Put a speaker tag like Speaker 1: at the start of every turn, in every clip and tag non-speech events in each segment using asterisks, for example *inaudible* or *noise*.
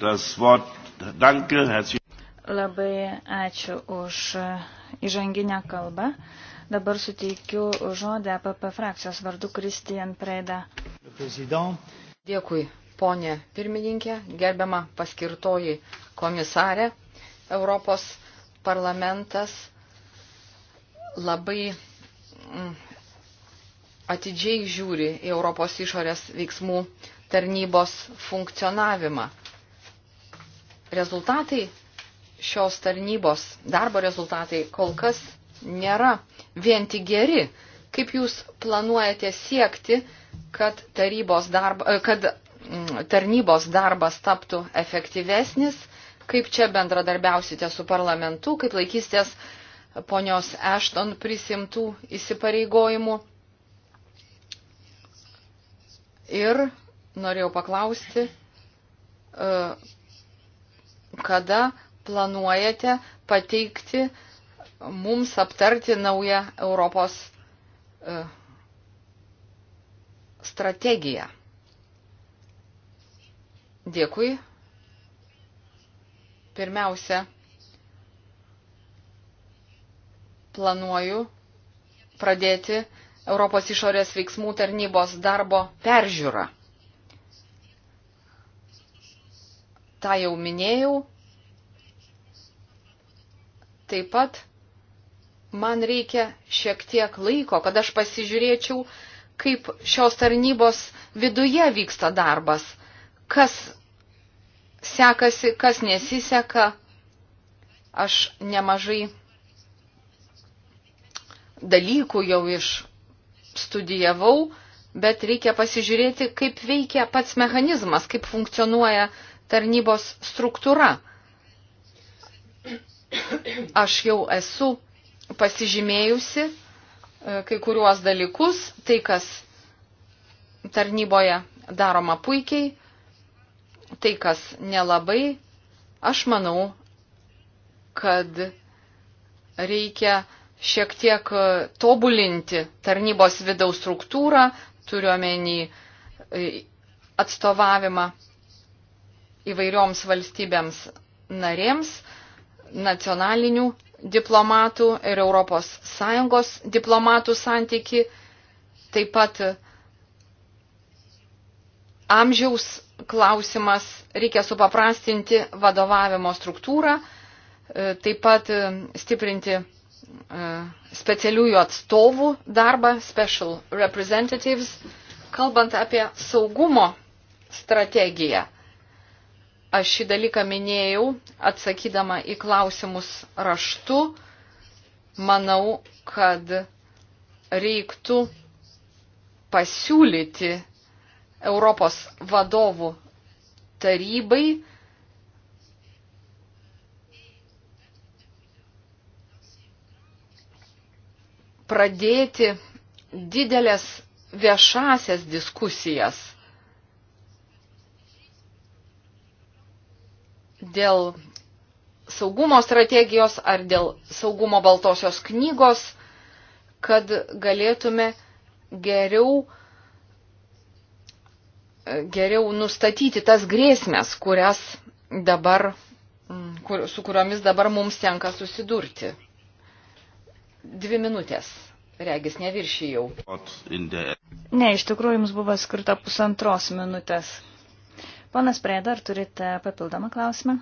Speaker 1: das Wort. Danke, herzlichen Labai ačiū už įžanginę kalbą. Dabar suteikiu žodį APP frakcijos vardu Kristijan Preida.
Speaker 2: Dėkui, ponė pirmininkė, gerbiama paskirtoji komisarė. Europos parlamentas labai mm, atidžiai žiūri į Europos išorės veiksmų tarnybos funkcionavimą rezultatai šios tarnybos, darbo rezultatai kol kas nėra vien tik geri. Kaip jūs planuojate siekti, kad, darba, e, kad mm, tarnybos darbas taptų efektyvesnis, kaip čia bendradarbiausite su parlamentu, kaip laikysitės ponios Ešton prisimtų įsipareigojimų. Ir norėjau paklausti, e, kada planuojate pateikti mums aptarti naują Europos e, strategiją. Dėkui. Pirmiausia, planuoju pradėti Europos išorės veiksmų tarnybos darbo peržiūrą. tą jau minėjau. Taip pat man reikia šiek tiek laiko, kad aš pasižiūrėčiau, kaip šios tarnybos viduje vyksta darbas, kas sekasi, kas nesiseka. Aš nemažai dalykų jau išstudijavau, bet reikia pasižiūrėti, kaip veikia pats mechanizmas, kaip funkcionuoja uh, tarnybos struktūra. Aš jau esu pasižymėjusi e, kai kuriuos dalykus, tai kas tarnyboje daroma puikiai, tai kas nelabai, aš manau, kad reikia šiek tiek e, tobulinti tarnybos vidaus struktūrą, turiuomenį e, atstovavimą įvairioms valstybėms narėms, nacionalinių diplomatų ir ES diplomatų santyki, taip pat amžiaus klausimas, reikia supaprastinti vadovavimo struktūrą, e, taip pat e, stiprinti e, specialiųjų atstovų darbą, special representatives, kalbant apie saugumo strategiją. Aš šį dalyką minėjau, atsakydama į klausimus raštu. Manau, kad reiktų pasiūlyti Europos vadovų tarybai pradėti didelės viešasias diskusijas dėl saugumo strategijos ar dėl saugumo baltosios knygos, kad galėtume geriau, geriau nustatyti tas grėsmės, kurias dabar, mm, kur, su kuriomis dabar mums tenka susidurti. Dvi minutės. Regis neviršijau.
Speaker 1: Ne, iš tikrųjų jums buvo skirta pusantros minutės. Ponas Preda, ar turite papildomą klausimą?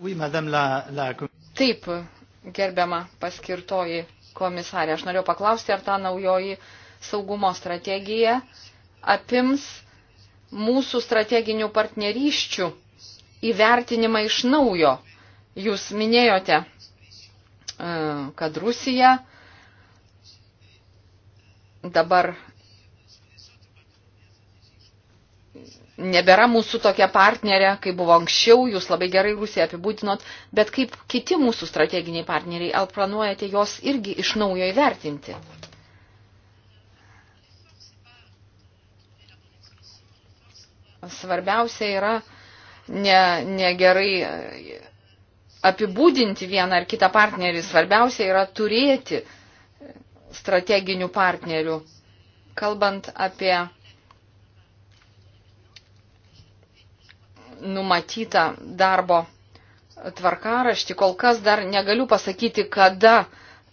Speaker 3: Oui, madame la, la...
Speaker 2: Taip, gerbiama paskirtoji komisarė, aš noriu paklausti, ar ta naujoji saugumo strategija apims mūsų strateginių partnerysčių įvertinimą iš naujo. Jūs minėjote, e, kad Rusija dabar nebėra mūsų tokia partnerė, kaip buvo anksčiau, jūs labai gerai Rusiją apibūdinot, bet kaip kiti mūsų strateginiai partneriai, ar planuojate jos irgi iš naujo įvertinti? Svarbiausia yra negerai ne, ne apibūdinti vieną ar kitą partnerį, svarbiausia yra turėti strateginių partnerių. Kalbant apie numatytą darbo tvarkaraštį. Kol kas dar negaliu pasakyti, kada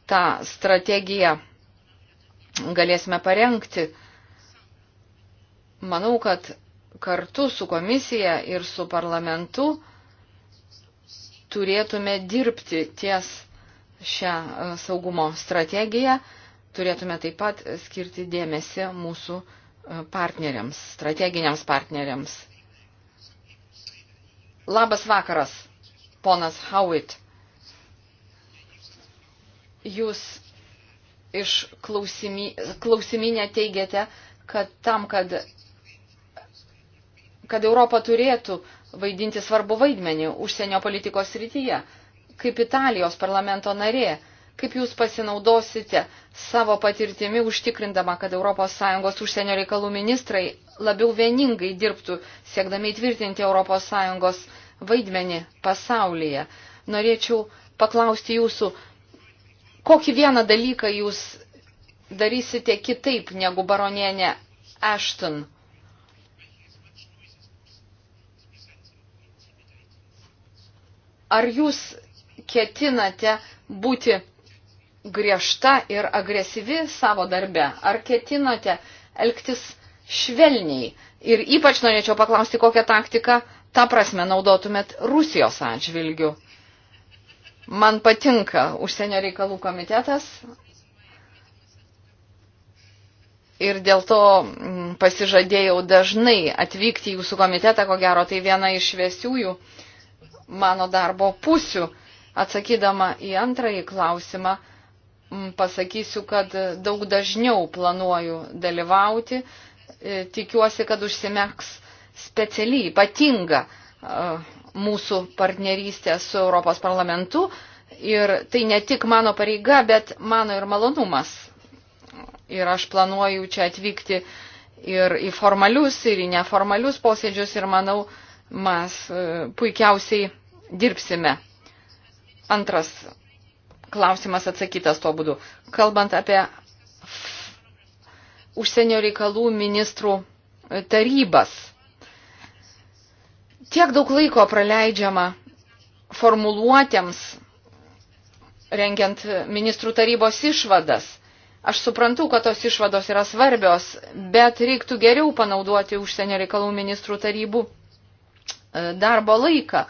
Speaker 2: tą strategiją galėsime parengti. Manau, kad kartu su komisija ir su parlamentu turėtume dirbti ties šią e, saugumo strategiją, turėtume taip pat skirti dėmesį mūsų e, partneriams, strateginiams partneriams. Labas vakaras, ponas Howitt. Jūs iš klausimy, klausiminę teigiate, kad tam, kad, kad Europa turėtų vaidinti svarbu vaidmenį užsienio politikos srityje, kaip Italijos parlamento narė, kaip jūs pasinaudosite savo patirtimi, užtikrindama, kad ES užsienio reikalų ministrai labiau vieningai dirbtų, siekdami įtvirtinti ES vaidmenį pasaulyje. Norėčiau paklausti jūsų, kokį vieną dalyką jūs darysite kitaip negu baronienė Ashton? Ar jūs ketinate būti griežta ir agresyvi savo darbe, ar ketinote elgtis švelniai? Ir ypač norėčiau paklausti, kokią taktiką tą prasme naudotumėt Rusijos atžvilgiu. Man patinka užsienio reikalų komitetas ir dėl to mm, pasižadėjau dažnai atvykti į jūsų komitetą, ko gero tai viena iš šviesiųjų mano darbo pusių. Atsakydama į antrąjį klausimą, pasakysiu, kad daug dažniau planuoju dalyvauti. E, tikiuosi, kad užsimeks specialiai ypatinga e, mūsų partnerystė su Europos parlamentu. Ir tai ne tik mano pareiga, bet mano ir malonumas. Ir aš planuoju čia atvykti ir į formalius, ir į neformalius posėdžius ir manau, mes e, puikiausiai dirbsime. Antras klausimas atsakytas tuo būdu. Kalbant apie užsienio reikalų ministrų tarybas, tiek daug laiko praleidžiama formuluotėms, rengiant ministrų tarybos išvadas. Aš suprantu, kad tos išvados yra svarbios, bet reiktų geriau panaudoti užsienio reikalų ministrų tarybų e, darbo laiką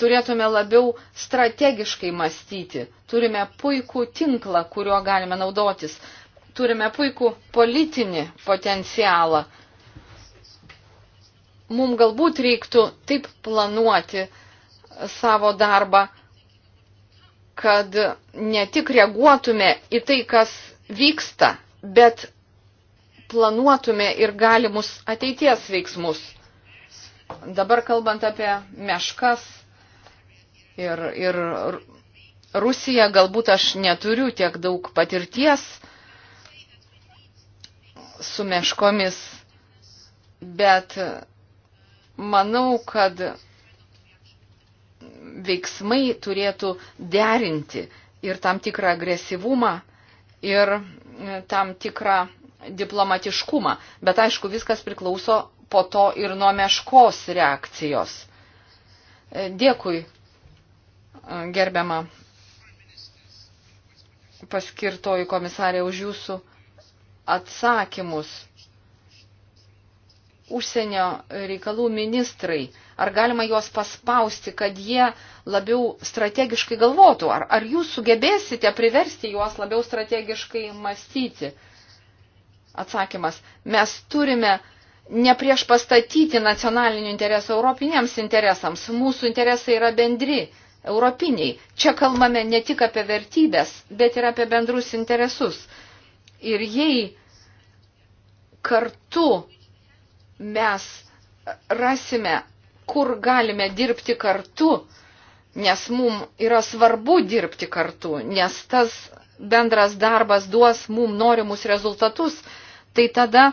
Speaker 2: turėtume labiau strategiškai mąstyti. Turime puikų tinklą, kuriuo galime naudotis. Turime puikų politinį potencialą. Mums galbūt reiktų taip planuoti savo darbą, kad ne tik reaguotume į tai, kas vyksta, bet planuotume ir galimus ateities veiksmus. Dabar kalbant apie meškas, ir, ir Rusija, galbūt aš neturiu tiek daug patirties su meškomis, bet manau, kad veiksmai turėtų derinti ir tam tikrą agresyvumą, ir tam tikrą diplomatiškumą. Bet aišku, viskas priklauso po to ir nuo meškos reakcijos. Dėkui gerbiama paskirtoji komisarė už jūsų atsakymus. Užsienio reikalų ministrai, ar galima juos paspausti, kad jie labiau strategiškai galvotų? Ar, ar jūs sugebėsite priversti juos labiau strategiškai mąstyti? Atsakymas. Mes turime neprieš pastatyti nacionalinių interesų europiniams interesams. Mūsų interesai yra bendri europiniai. Čia kalbame ne tik apie vertybės, bet ir apie bendrus interesus. Ir jei kartu mes rasime, kur galime dirbti kartu, nes mums yra svarbu dirbti kartu, nes tas bendras darbas duos mums norimus rezultatus, tai tada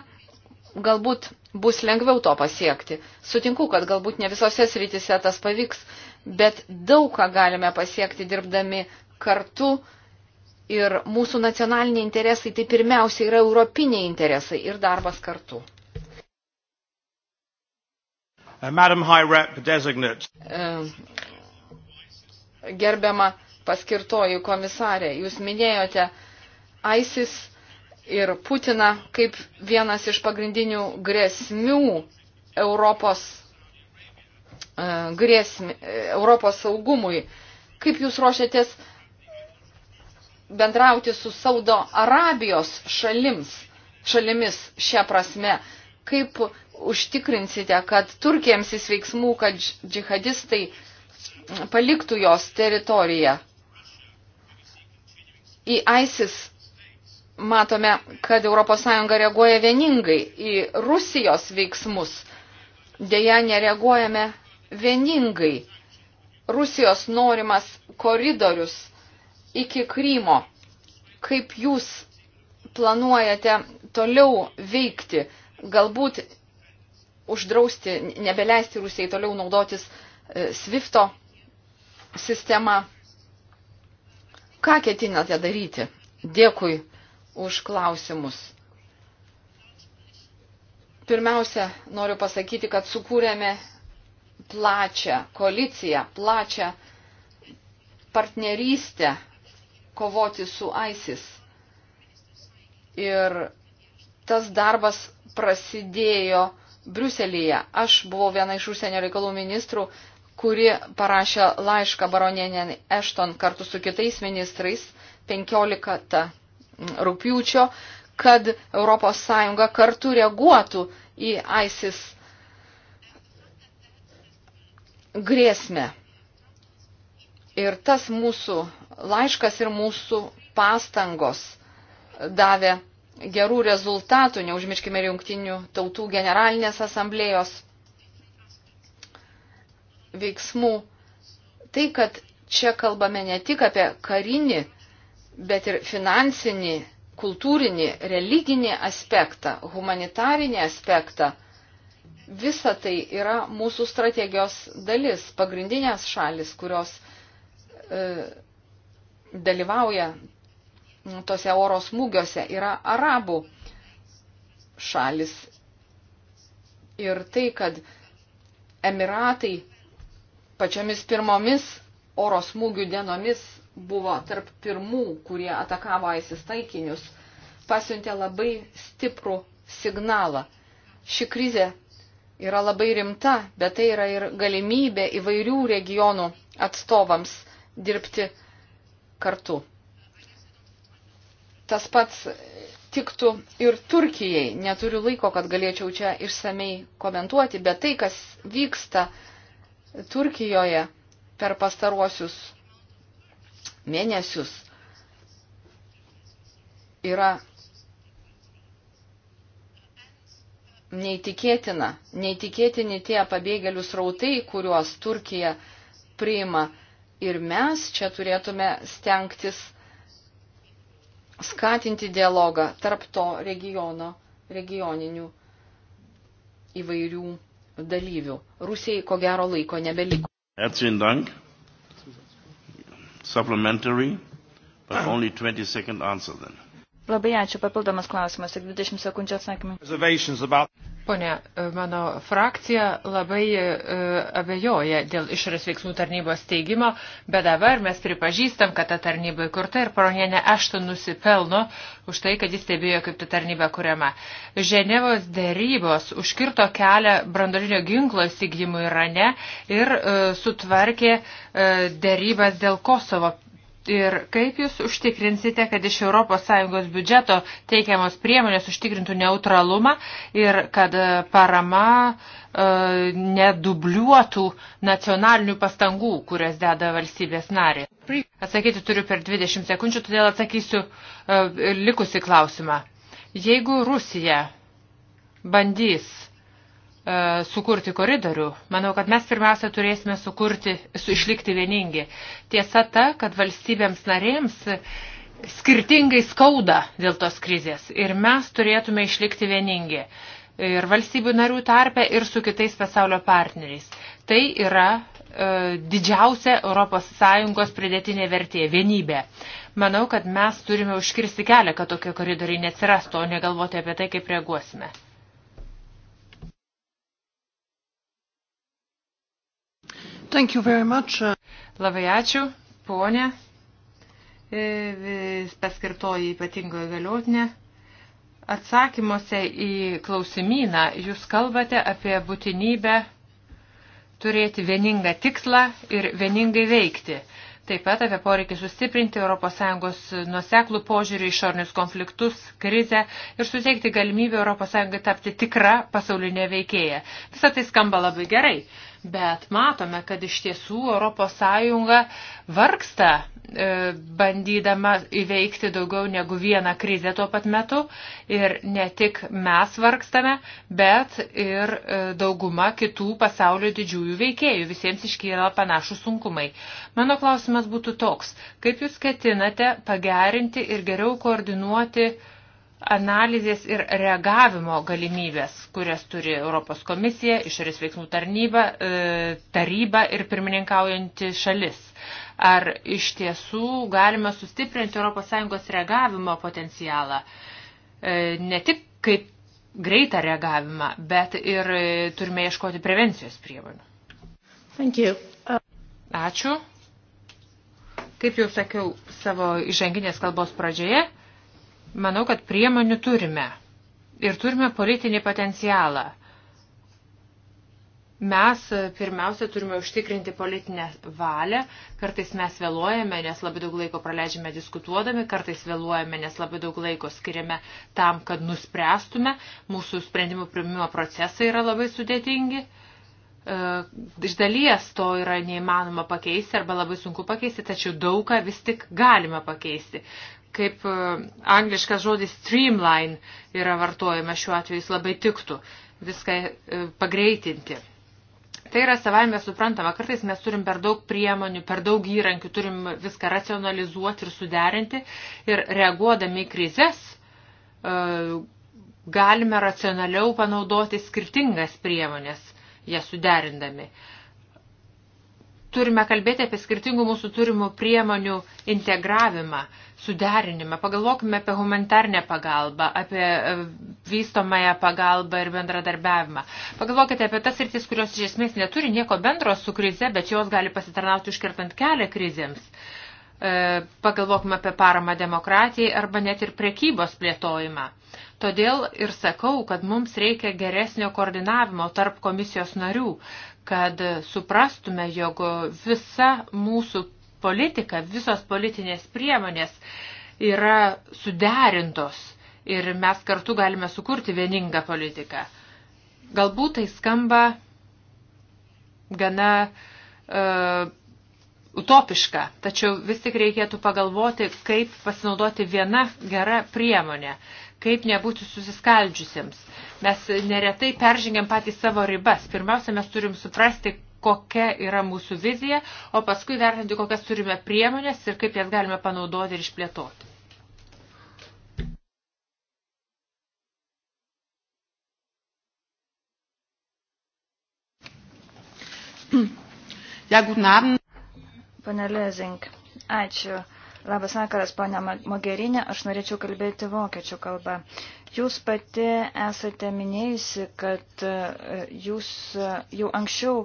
Speaker 2: galbūt bus lengviau to pasiekti. Sutinku, kad galbūt ne visose srityse tas pavyks, bet daug ką galime pasiekti dirbdami kartu. Ir mūsų nacionaliniai interesai tai pirmiausia yra europiniai interesai ir darbas kartu. Uh, uh, gerbiama paskirtoji komisarė, jūs minėjote ISIS ir Putiną kaip vienas iš pagrindinių grėsmių Europos E, grėsmė e, Europos saugumui. Kaip jūs ruošiatės bendrauti su Saudo Arabijos šalims, šalimis šią prasme? Kaip užtikrinsite, kad Turkijams įsveiksmų, kad džihadistai paliktų jos teritoriją? Į ISIS matome, kad ES reaguoja vieningai į Rusijos veiksmus. Deja, nereaguojame vieningai Rusijos norimas koridorius iki Krymo. Kaip jūs planuojate toliau veikti, galbūt uždrausti, nebeleisti Rusijai toliau naudotis e, Swifto sistema. Ką ketinate daryti? Dėkui už klausimus. Pirmiausia, noriu pasakyti, kad sukūrėme plačią koaliciją, plačią partnerystę kovoti su ISIS. Ir tas darbas prasidėjo Briuselėje. Aš buvau viena iš užsienio reikalų ministrų, kuri parašė laišką baronienė Ešton kartu su kitais ministrais 15 rūpiučio, kad ES kartu reaguotų į ISIS grėsmę. Ir tas mūsų laiškas ir mūsų pastangos davė gerų rezultatų, neužmirškime ir jungtinių tautų generalinės asamblėjos veiksmų. Tai, kad čia kalbame ne tik apie karinį, bet ir finansinį, kultūrinį, religinį aspektą, humanitarinį aspektą – Visa tai yra mūsų strategijos dalis, pagrindinės šalis, kurios e, dalyvauja tose oro smūgiuose, yra arabų šalis. Ir tai, kad Emiratai pačiomis pirmomis oro smūgių dienomis buvo tarp pirmų, kurie atakavo ISIS taikinius, pasiuntė labai stiprų signalą. Ši krizė yra labai rimta, bet tai yra ir galimybė įvairių regionų atstovams dirbti kartu. Tas pats tiktų ir Turkijai. Neturiu laiko, kad galėčiau čia išsamei komentuoti, bet tai, kas vyksta Turkijoje per pastaruosius mėnesius, yra neįtikėtina, neįtikėtini tie pabėgėlių srautai, kuriuos Turkija priima. Ir mes čia turėtume stengtis skatinti dialogą tarp to regiono, regioninių įvairių dalyvių. Rusijai ko gero laiko nebeliko.
Speaker 1: Herzlichen Dank. Supplementary, but *clears throat* only 20 second answer then. Labai ačiū. Papildomas klausimas, tik 20 sekundžių atsakymai. Pone, e, mano frakcija labai e,
Speaker 3: abejoja dėl išorės veiksmų tarnybos steigimo, bet dabar mes pripažįstam, kad ta tarnyba įkurta ir paronienė Ašton nusipelno už tai, kad jis stebėjo, kaip ta tarnyba kuriama. Ženevos dėrybos užkirto kelią brandolinio ginklo įsigymui Irane ir e, sutvarkė dėrybas dėl Kosovo Ir kaip jūs užtikrinsite, kad iš ES biudžeto teikiamos priemonės užtikrintų neutralumą ir kad e, parama e, nedubliuotų nacionalinių pastangų, kurias deda valstybės narė? Atsakyti turiu per 20 sekundžių, todėl atsakysiu e, likusi klausimą. Jeigu Rusija bandys E, sukurti koridorių. Manau, kad mes pirmiausia turėsime sukurti, su, išlikti vieningi. Tiesa ta, kad valstybėms narėms skirtingai skauda dėl tos krizės ir mes turėtume išlikti vieningi. Ir valstybių narių tarpe, ir su kitais pasaulio partneriais. Tai yra e, didžiausia ES pridėtinė vertė – vienybė. Manau, kad mes turime užkirsti kelią, kad tokie koridoriai neatsirastų, o negalvoti apie tai, kaip reaguosime. Labai ačiū, ponė, e, vis paskirtoji ypatingoje galiotinė. Atsakymuose į klausimyną jūs kalbate apie būtinybę turėti vieningą tikslą ir vieningai veikti. Taip pat apie poreikį sustiprinti ES nuoseklų požiūrį išornius konfliktus, krizę ir suteikti galimybę ES tapti tikra pasaulinė veikėja. Visą tai skamba labai gerai. Bet matome, kad iš tiesų ES vargsta e, bandydama įveikti daugiau negu vieną krizę tuo pat metu. Ir ne tik mes vargstame, bet ir e, dauguma kitų pasaulio didžiųjų veikėjų. Visiems iškyla panašus sunkumai. Mano klausimas būtų toks. Kaip Jūs ketinate pagerinti ir geriau koordinuoti uh, analizės ir reagavimo galimybės, kurias turi Europos komisija, išorės veiksmų tarnyba, e, taryba ir pirmininkaujanti šalis. Ar iš tiesų galime sustiprinti ES reagavimo potencialą? E, ne tik kaip greitą reagavimą, bet ir e, turime ieškoti prevencijos priemonių. Thank you. Uh... Ačiū. Kaip jau sakiau savo įžanginės kalbos pradžioje, Manau, kad priemonių turime. Ir turime politinį potencialą. Mes e, pirmiausia turime užtikrinti politinę valią, kartais mes vėluojame, nes labai daug laiko praleidžiame diskutuodami, kartais vėluojame, nes labai daug laiko skiriame tam, kad nuspręstume, mūsų sprendimų primimo procesai yra labai sudėtingi e, iš dalies to yra neįmanoma pakeisti arba labai sunku pakeisti, tačiau daugą vis tik galima pakeisti kaip e, angliškas žodis streamline yra vartojama šiuo atveju, jis labai tiktų viską e, pagreitinti. Tai yra savaime suprantama, kartais mes turim per daug priemonių, per daug įrankių, turim viską racionalizuoti ir suderinti ir reaguodami į krizės e, galime racionaliau panaudoti skirtingas priemonės, jas suderindami. Uh, turime kalbėti apie skirtingų mūsų turimų priemonių integravimą, suderinimą. Pagalvokime apie humanitarnę pagalbą, apie e, vystomąją pagalbą ir bendradarbiavimą. Pagalvokite apie tas rytis, kurios iš esmės neturi nieko bendro su krize, bet jos gali pasitarnauti užkertant kelią krizėms. E, pagalvokime apie paramą demokratijai arba net ir prekybos plėtojimą. Todėl ir sakau, kad mums reikia geresnio koordinavimo tarp komisijos narių, kad suprastume, jog visa mūsų politika, visos politinės priemonės yra suderintos ir mes kartu galime sukurti vieningą politiką. Galbūt tai skamba gana uh, utopiška, tačiau vis tik reikėtų pagalvoti, kaip pasinaudoti vieną gerą priemonę. Uh, kaip nebūti susiskaldžiusiems. Mes neretai peržengiam patys savo ribas. Pirmiausia, mes turim suprasti, kokia yra mūsų vizija, o paskui vertinti, kokias turime priemonės ir kaip jas galime panaudoti ir išplėtoti.
Speaker 1: Ja, guten Abend. Pane Lezink, ačiū. Labas vakaras, ponia Mogerinė, aš norėčiau kalbėti vokiečių kalbą. Jūs pati esate minėjusi, kad e, jūs e, jau anksčiau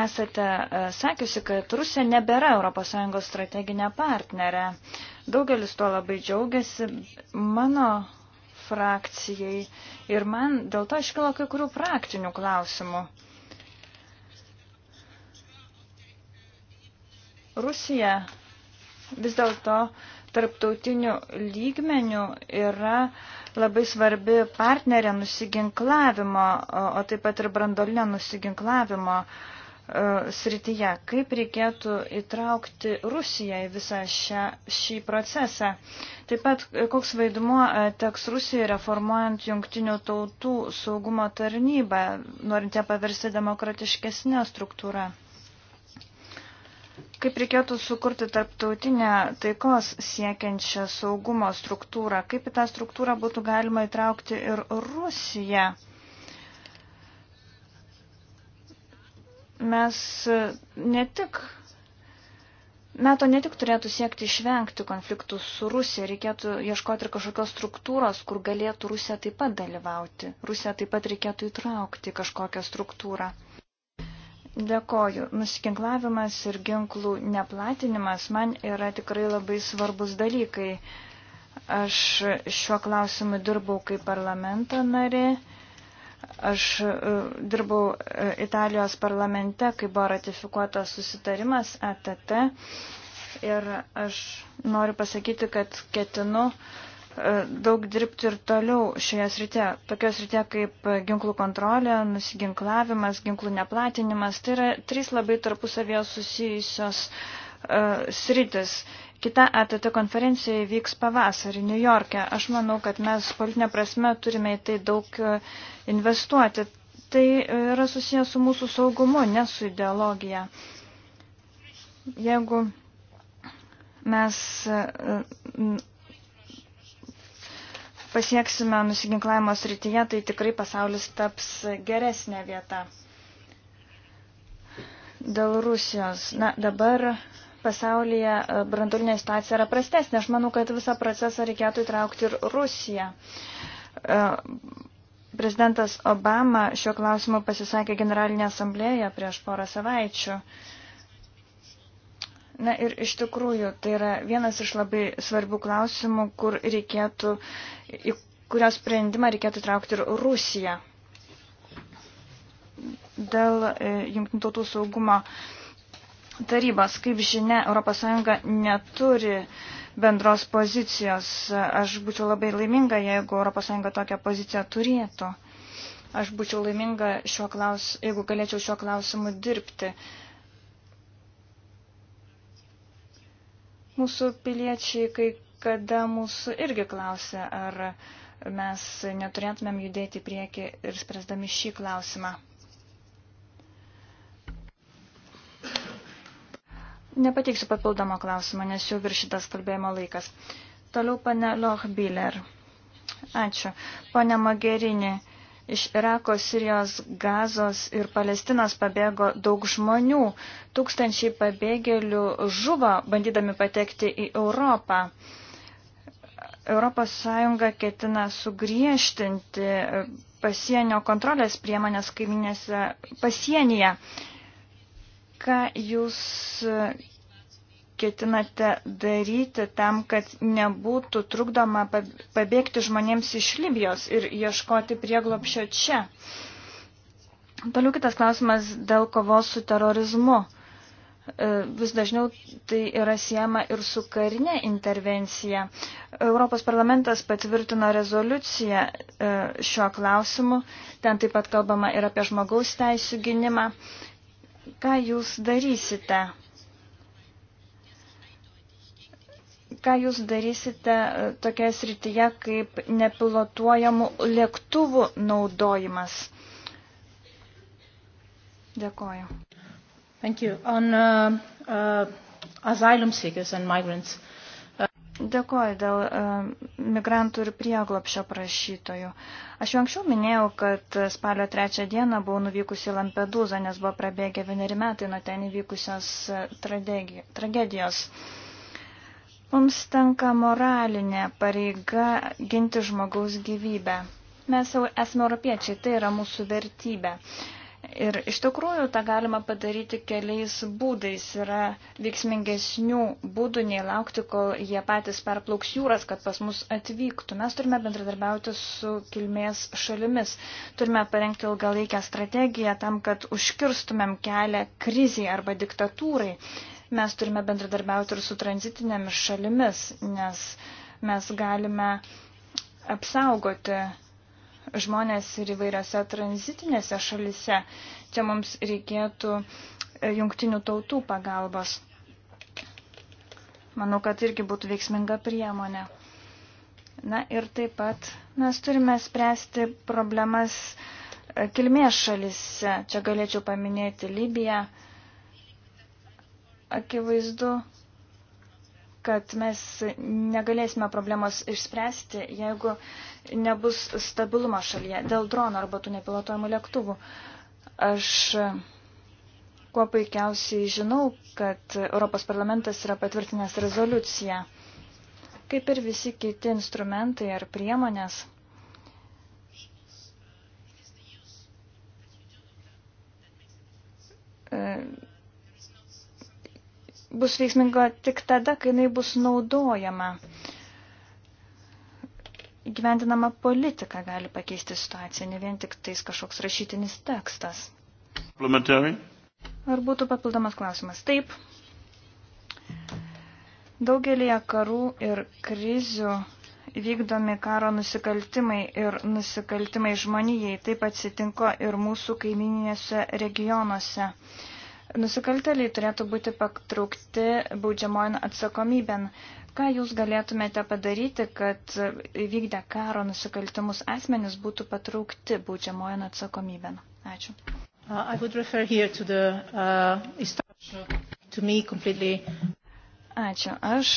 Speaker 1: esate e, sakiusi, kad Rusija nebėra ES strateginė partnerė. Daugelis tuo labai džiaugiasi. Mano frakcijai ir man dėl to iškilo kai kurių praktinių klausimų. Rusija Vis dėlto tarptautinių lygmenių yra labai svarbi partnerė nusiginklavimo, o taip pat ir brandolinio nusiginklavimo e, srityje. Kaip reikėtų įtraukti Rusiją į visą šią, šį procesą? Taip pat, e, koks vaidmuo e, teks Rusijai reformuojant jungtinių tautų saugumo tarnybą, norint ją paversti demokratiškesnę struktūrą? Kaip reikėtų sukurti tarptautinę taikos siekiančią saugumo struktūrą? Kaip į tą struktūrą būtų galima įtraukti ir Rusiją? Mes ne tik NATO ne tik turėtų siekti išvengti konfliktų su Rusija, reikėtų ieškoti ir kažkokios struktūros, kur galėtų Rusija taip pat dalyvauti. Rusija taip pat reikėtų įtraukti kažkokią struktūrą. Dėkoju. Nusikinklavimas ir ginklų neplatinimas man yra tikrai labai svarbus dalykai. Aš šiuo klausimu dirbau kaip parlamento narė. Aš e, dirbau e, Italijos parlamente, kai buvo ratifikuotas susitarimas ATT. Ir aš noriu pasakyti, kad ketinu uh, E, daug dirbti ir toliau šioje srityje. Tokios srityje kaip ginklų kontrolė, nusiginklavimas, ginklų neplatinimas. Tai yra trys labai tarpusavėje susijusios uh, sritis. Kita ATT konferencija vyks pavasarį New York'e. Aš manau, kad mes politinė prasme turime į tai daug e, investuoti. Tai yra susijęs su mūsų saugumu, ne su ideologija. Jeigu mes uh, pasieksime nusiginklavimo srityje, tai tikrai pasaulis taps geresnė vieta. Dėl Rusijos. Na, dabar pasaulyje e, brandulinė situacija yra prastesnė. Aš manau, kad visą procesą reikėtų įtraukti ir Rusiją. E, prezidentas Obama šiuo klausimu pasisakė Generalinė asamblėje prieš porą savaičių. Uh, Na ir iš tikrųjų, tai yra vienas iš labai svarbių klausimų, kur reikėtų, į kurio sprendimą reikėtų traukti ir Rusiją. Dėl e, Junktinių tautų saugumo tarybos, kaip žinia, ES neturi bendros pozicijos. Aš būčiau labai laiminga, jeigu ES tokią poziciją turėtų. Aš būčiau laiminga, šiuo klaus, jeigu galėčiau šiuo klausimu dirbti. Uh, Mūsų piliečiai kai kada mūsų irgi klausia, ar mes neturėtumėm judėti į priekį ir spręsdami šį klausimą. Nepateiksiu papildomą klausimą, nes jau viršytas kalbėjimo laikas. Toliau pane Lochbiller. Ačiū. Pane Magerinė. Iš Irako, Sirijos, Gazos ir Palestinos pabėgo daug žmonių. Tūkstančiai pabėgėlių žuvo, bandydami patekti į Europą. ES ketina sugriežtinti pasienio kontrolės priemonės kaiminėse pasienyje. Ką jūs ketinate daryti tam, kad nebūtų trukdoma pabėgti žmonėms iš Libijos ir ieškoti prieglopšio čia? Toliau kitas klausimas dėl kovos su terorizmu. E, vis dažniau tai yra siema ir su karinė intervencija. Europos parlamentas patvirtino rezoliuciją e, šiuo klausimu. Ten taip pat kalbama ir apie žmogaus teisų gynimą. Ką jūs darysite? ką jūs darysite e, tokia srityje kaip nepilotuojamų lėktuvų naudojimas? Dėkoju. Thank you. On uh, uh, asylum seekers and migrants. Uh... Dėkoju dėl uh, migrantų ir prieglopšio prašytojų. Aš jau anksčiau minėjau, kad spalio trečią dieną buvau nuvykusi į Lampedūzą, nes buvo prabėgę vieneri metai nuo ten įvykusios e, tragedijos. Uh, Mums tenka moralinė pareiga ginti žmogaus gyvybę. Mes jau esame europiečiai, tai yra mūsų vertybė. Ir iš tikrųjų tą galima padaryti keliais būdais. Yra veiksmingesnių būdų nei laukti, kol jie patys perplauks jūras, kad pas mus atvyktų. Mes turime bendradarbiauti su kilmės šalimis. Turime parengti ilgalaikę strategiją tam, kad užkirstumėm kelią kriziai arba diktatūrai. Mes turime bendradarbiauti ir su tranzitinėmis šalimis, nes mes galime apsaugoti žmonės ir įvairiose tranzitinėse šalise. Čia mums reikėtų e, jungtinių tautų pagalbos. Manau, kad irgi būtų veiksminga priemonė. Na ir taip pat mes turime spręsti problemas e, kilmės šalise. Čia galėčiau paminėti Libiją, akivaizdu, kad mes negalėsime problemos išspręsti, jeigu nebus stabilumo šalyje dėl dronų arba tų nepilotuojamų lėktuvų. Aš kuo puikiausiai žinau, kad Europos parlamentas yra patvirtinęs rezoliuciją. Kaip ir visi kiti instrumentai ar priemonės, e, bus veiksminga tik tada, kai jinai bus naudojama. Gyventinama politika gali pakeisti situaciją, ne vien tik tais kažkoks rašytinis tekstas. Ar būtų papildomas klausimas? Taip. Daugelie karų ir krizių vykdomi karo nusikaltimai ir nusikaltimai žmonijai. Taip atsitinko ir mūsų kaimininėse regionuose. Nusikalteliai turėtų būti patraukti baudžiamojant atsakomybėn. Ką jūs galėtumėte padaryti, kad įvykdę karo nusikaltimus asmenys būtų patraukti baudžiamojant atsakomybėn? Ačiū. Uh, the, uh, Ačiū. Aš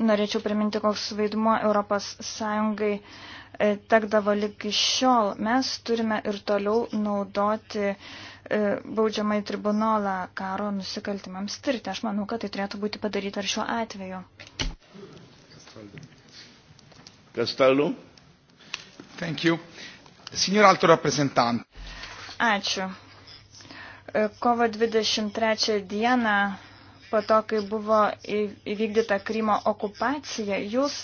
Speaker 1: norėčiau priminti, koks vaidmuo Europos Sąjungai e, tekdavo lygi šiol. Mes turime ir toliau naudoti uh, E, baudžiamą į tribunolą karo nusikaltimams tirti. Aš manau, kad tai turėtų būti padaryta ir šiuo atveju. Kastalų. Thank you. Signor Alto Representant. Ačiū. E, kovo 23 dieną po to, kai buvo įvykdyta Krymo okupacija, jūs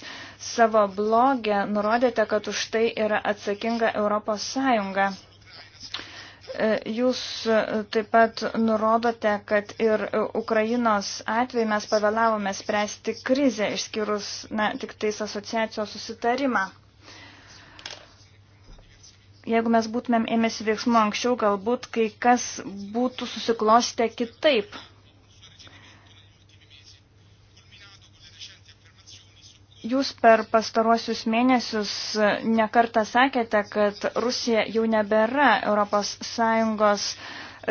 Speaker 1: savo blogę nurodėte, kad už tai yra atsakinga Europos Sąjunga. E, jūs e, taip pat nurodote, kad ir e, Ukrainos atveju mes pavėlavome spręsti krizę, išskyrus na, tik tais asociacijos susitarimą. Jeigu mes būtumėm ėmėsi veiksmų anksčiau, galbūt kai kas būtų susiklostę kitaip. Jūs per pastaruosius mėnesius nekartą sakėte, kad Rusija jau nebėra ES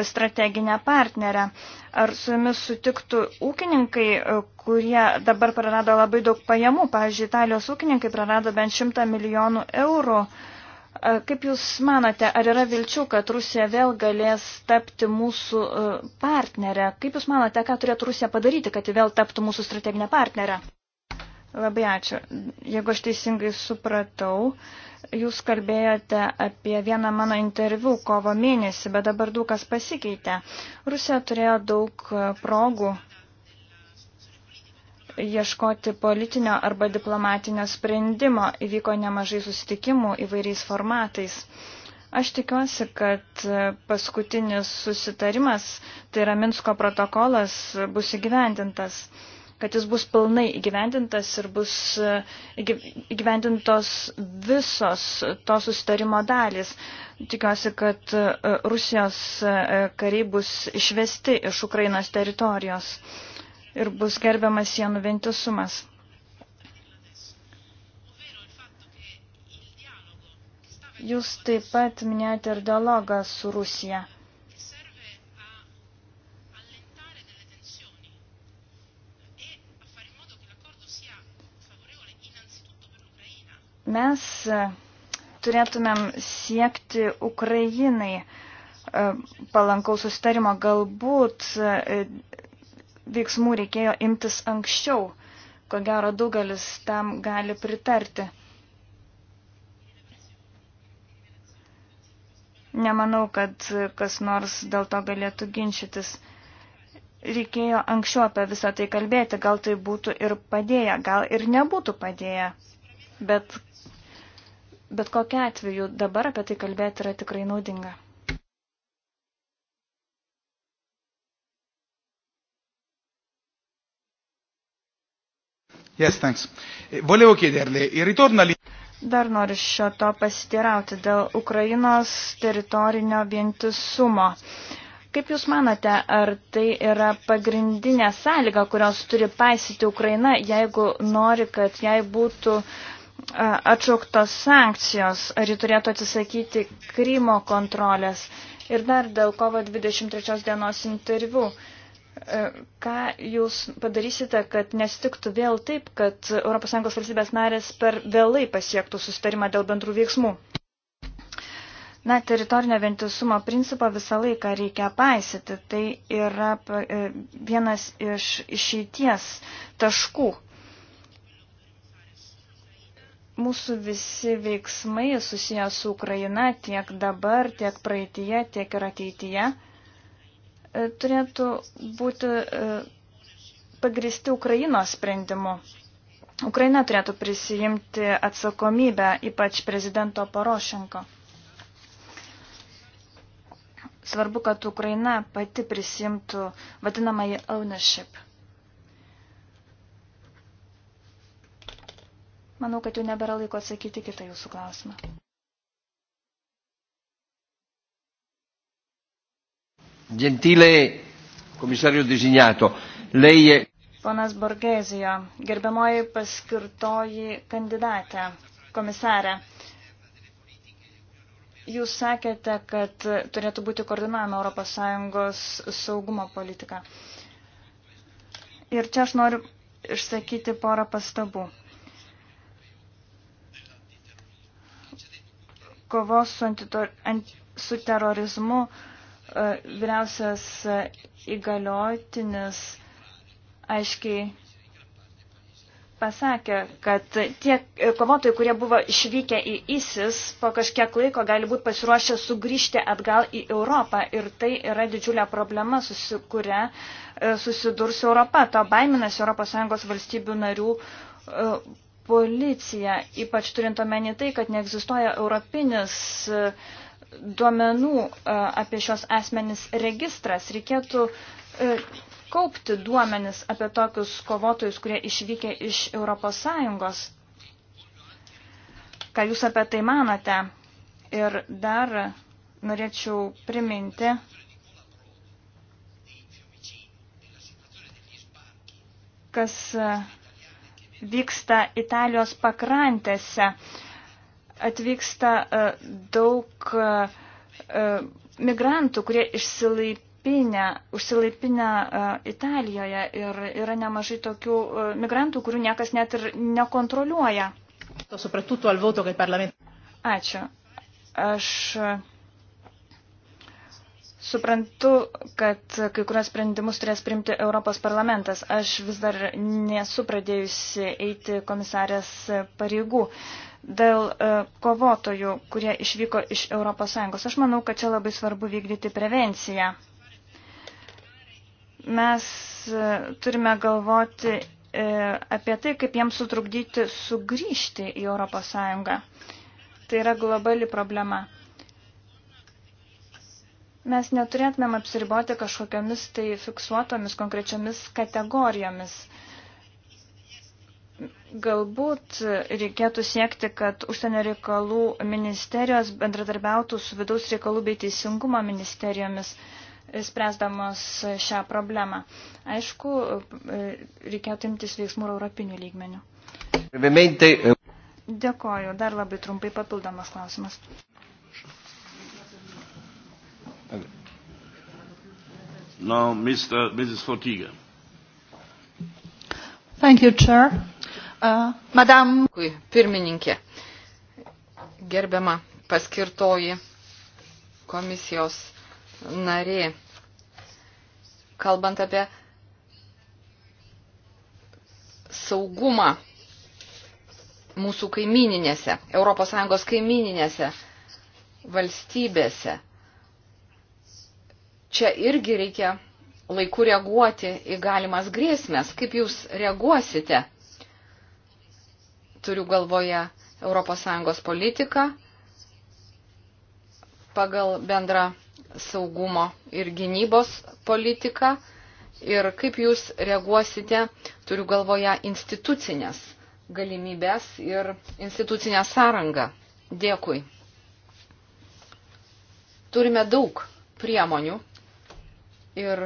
Speaker 1: strateginė partnerė. Ar su jumis sutiktų ūkininkai, kurie dabar prarado labai daug pajamų? Pavyzdžiui, Italijos ūkininkai prarado bent 100 milijonų eurų. Kaip Jūs manote, ar yra vilčių, kad Rusija vėl galės tapti mūsų e, partnerę? Kaip Jūs manote, ką turėtų Rusija padaryti, kad ji vėl taptų mūsų strateginę partnerę? Labai ačiū. Jeigu aš teisingai supratau, jūs kalbėjote apie vieną mano interviu kovo mėnesį, bet dabar daug kas pasikeitė. Rusija turėjo daug progų ieškoti politinio arba diplomatinio sprendimo. Įvyko nemažai susitikimų įvairiais formatais. Aš tikiuosi, kad paskutinis susitarimas, tai yra Minsko protokolas, bus įgyvendintas kad jis bus pilnai įgyvendintas ir bus e, įgyvendintos visos to susitarimo dalys. Tikiuosi, kad e, Rusijos e, kariai bus išvesti iš Ukrainos teritorijos ir bus gerbiamas sienų vientisumas. Jūs taip pat minėjote ir dialogą su Rusija. Mes e, turėtumėm siekti Ukrainai e, palankaus sustarimo. Galbūt e, veiksmų reikėjo imtis anksčiau. Ko gero daugelis tam gali pritarti. Nemanau, kad kas nors dėl to galėtų ginčytis. Reikėjo anksčiau apie visą tai kalbėti, gal tai būtų ir padėję, gal ir nebūtų padėję. Bet bet kokia atveju dabar apie tai kalbėti yra tikrai naudinga.
Speaker 3: Yes, thanks. Volevo chiederle, il ritorno lì.
Speaker 1: Dar noriu šio to pasitirauti dėl Ukrainos teritorinio vientisumo. Kaip Jūs manote, ar tai yra pagrindinė sąlyga, kurios turi paisyti Ukraina, jeigu nori, kad jai būtų uh, atšauktos sankcijos, ar ji turėtų atsisakyti Krymo kontrolės. Ir dar dėl kovo 23 dienos interviu. Ką jūs padarysite, kad nestiktų vėl taip, kad ES valstybės narės per vėlai pasiektų sustarimą dėl bendrų veiksmų? Na, teritorinio vientisumo principą visą laiką reikia paisyti. Tai yra e, vienas iš išeities taškų mūsų visi veiksmai susijęs su Ukraina tiek dabar, tiek praeitie, tiek ir ateityje e, turėtų būti e, pagristi Ukrainos sprendimu. Ukraina turėtų prisijimti atsakomybę, ypač prezidento Porošenko. Svarbu, kad Ukraina pati prisimtų vadinamąjį ownership. Manau, kad jau nebėra laiko atsakyti kitą jūsų klausimą.
Speaker 3: Gentile komisario designato, lei è...
Speaker 1: Ponas Borgezijo, gerbiamoji paskirtoji kandidatė, komisarė. Jūs sakėte, kad turėtų būti koordinuojama ES saugumo politika. Ir čia aš noriu išsakyti porą pastabų. kovos su, antitor, ant, su terorizmu e, vyriausias įgaliotinis aiškiai pasakė, kad tie e, kovotojai, kurie buvo išvykę į ISIS, po kažkiek laiko gali būti pasiruošę sugrįžti atgal į Europą. Ir tai yra didžiulė problema, susi, kuria e, susidurs Europa. To baiminas ES valstybių narių policija, ypač turint omeny tai, kad neegzistuoja europinis e, duomenų e, apie šios asmenis registras. Reikėtų e, kaupti duomenis apie tokius kovotojus, kurie išvykė iš ES. Ką jūs apie tai manote? Ir dar norėčiau priminti, kas vyksta Italijos pakrantėse. Atvyksta e, daug e, e, migrantų, kurie išsilaipinę, užsilaipinę Italijoje ir yra nemažai tokių migrantų, kurių niekas net ir nekontroliuoja. Ačiū. Aš Suprantu, kad kai kurios sprendimus turės priimti Europos parlamentas. Aš vis dar nesu pradėjusi eiti komisarės pareigų dėl e, kovotojų, kurie išvyko iš ES. Aš manau, kad čia labai svarbu vykdyti prevenciją. Mes e, turime galvoti e, apie tai, kaip jiems sutrukdyti sugrįžti į ES. Tai yra globali problema. Mes neturėtumėm apsiriboti kažkokiamis tai fiksuotomis konkrečiomis kategorijomis. Galbūt reikėtų siekti, kad užsienio reikalų ministerijos bendradarbiautų su vidaus reikalų bei teisingumo ministerijomis, e, spręsdamos šią problemą. Aišku, e, reikėtų imtis veiksmų europinių lygmenių. E, Dėkoju. Dar labai trumpai papildomas klausimas. Now, Mr. Mrs. Fortiga. Thank you, Chair.
Speaker 2: Uh, Madam. Pirmininkė, gerbiama paskirtoji komisijos narė, kalbant apie saugumą mūsų kaimininėse, ES kaimininėse valstybėse čia irgi reikia laiku reaguoti į galimas grėsmės. Kaip jūs reaguosite? Turiu galvoje ES politiką pagal bendrą saugumo ir gynybos politiką ir kaip jūs reaguosite, turiu galvoje, institucinės galimybės ir institucinę sąrangą. Dėkui. Turime daug priemonių ir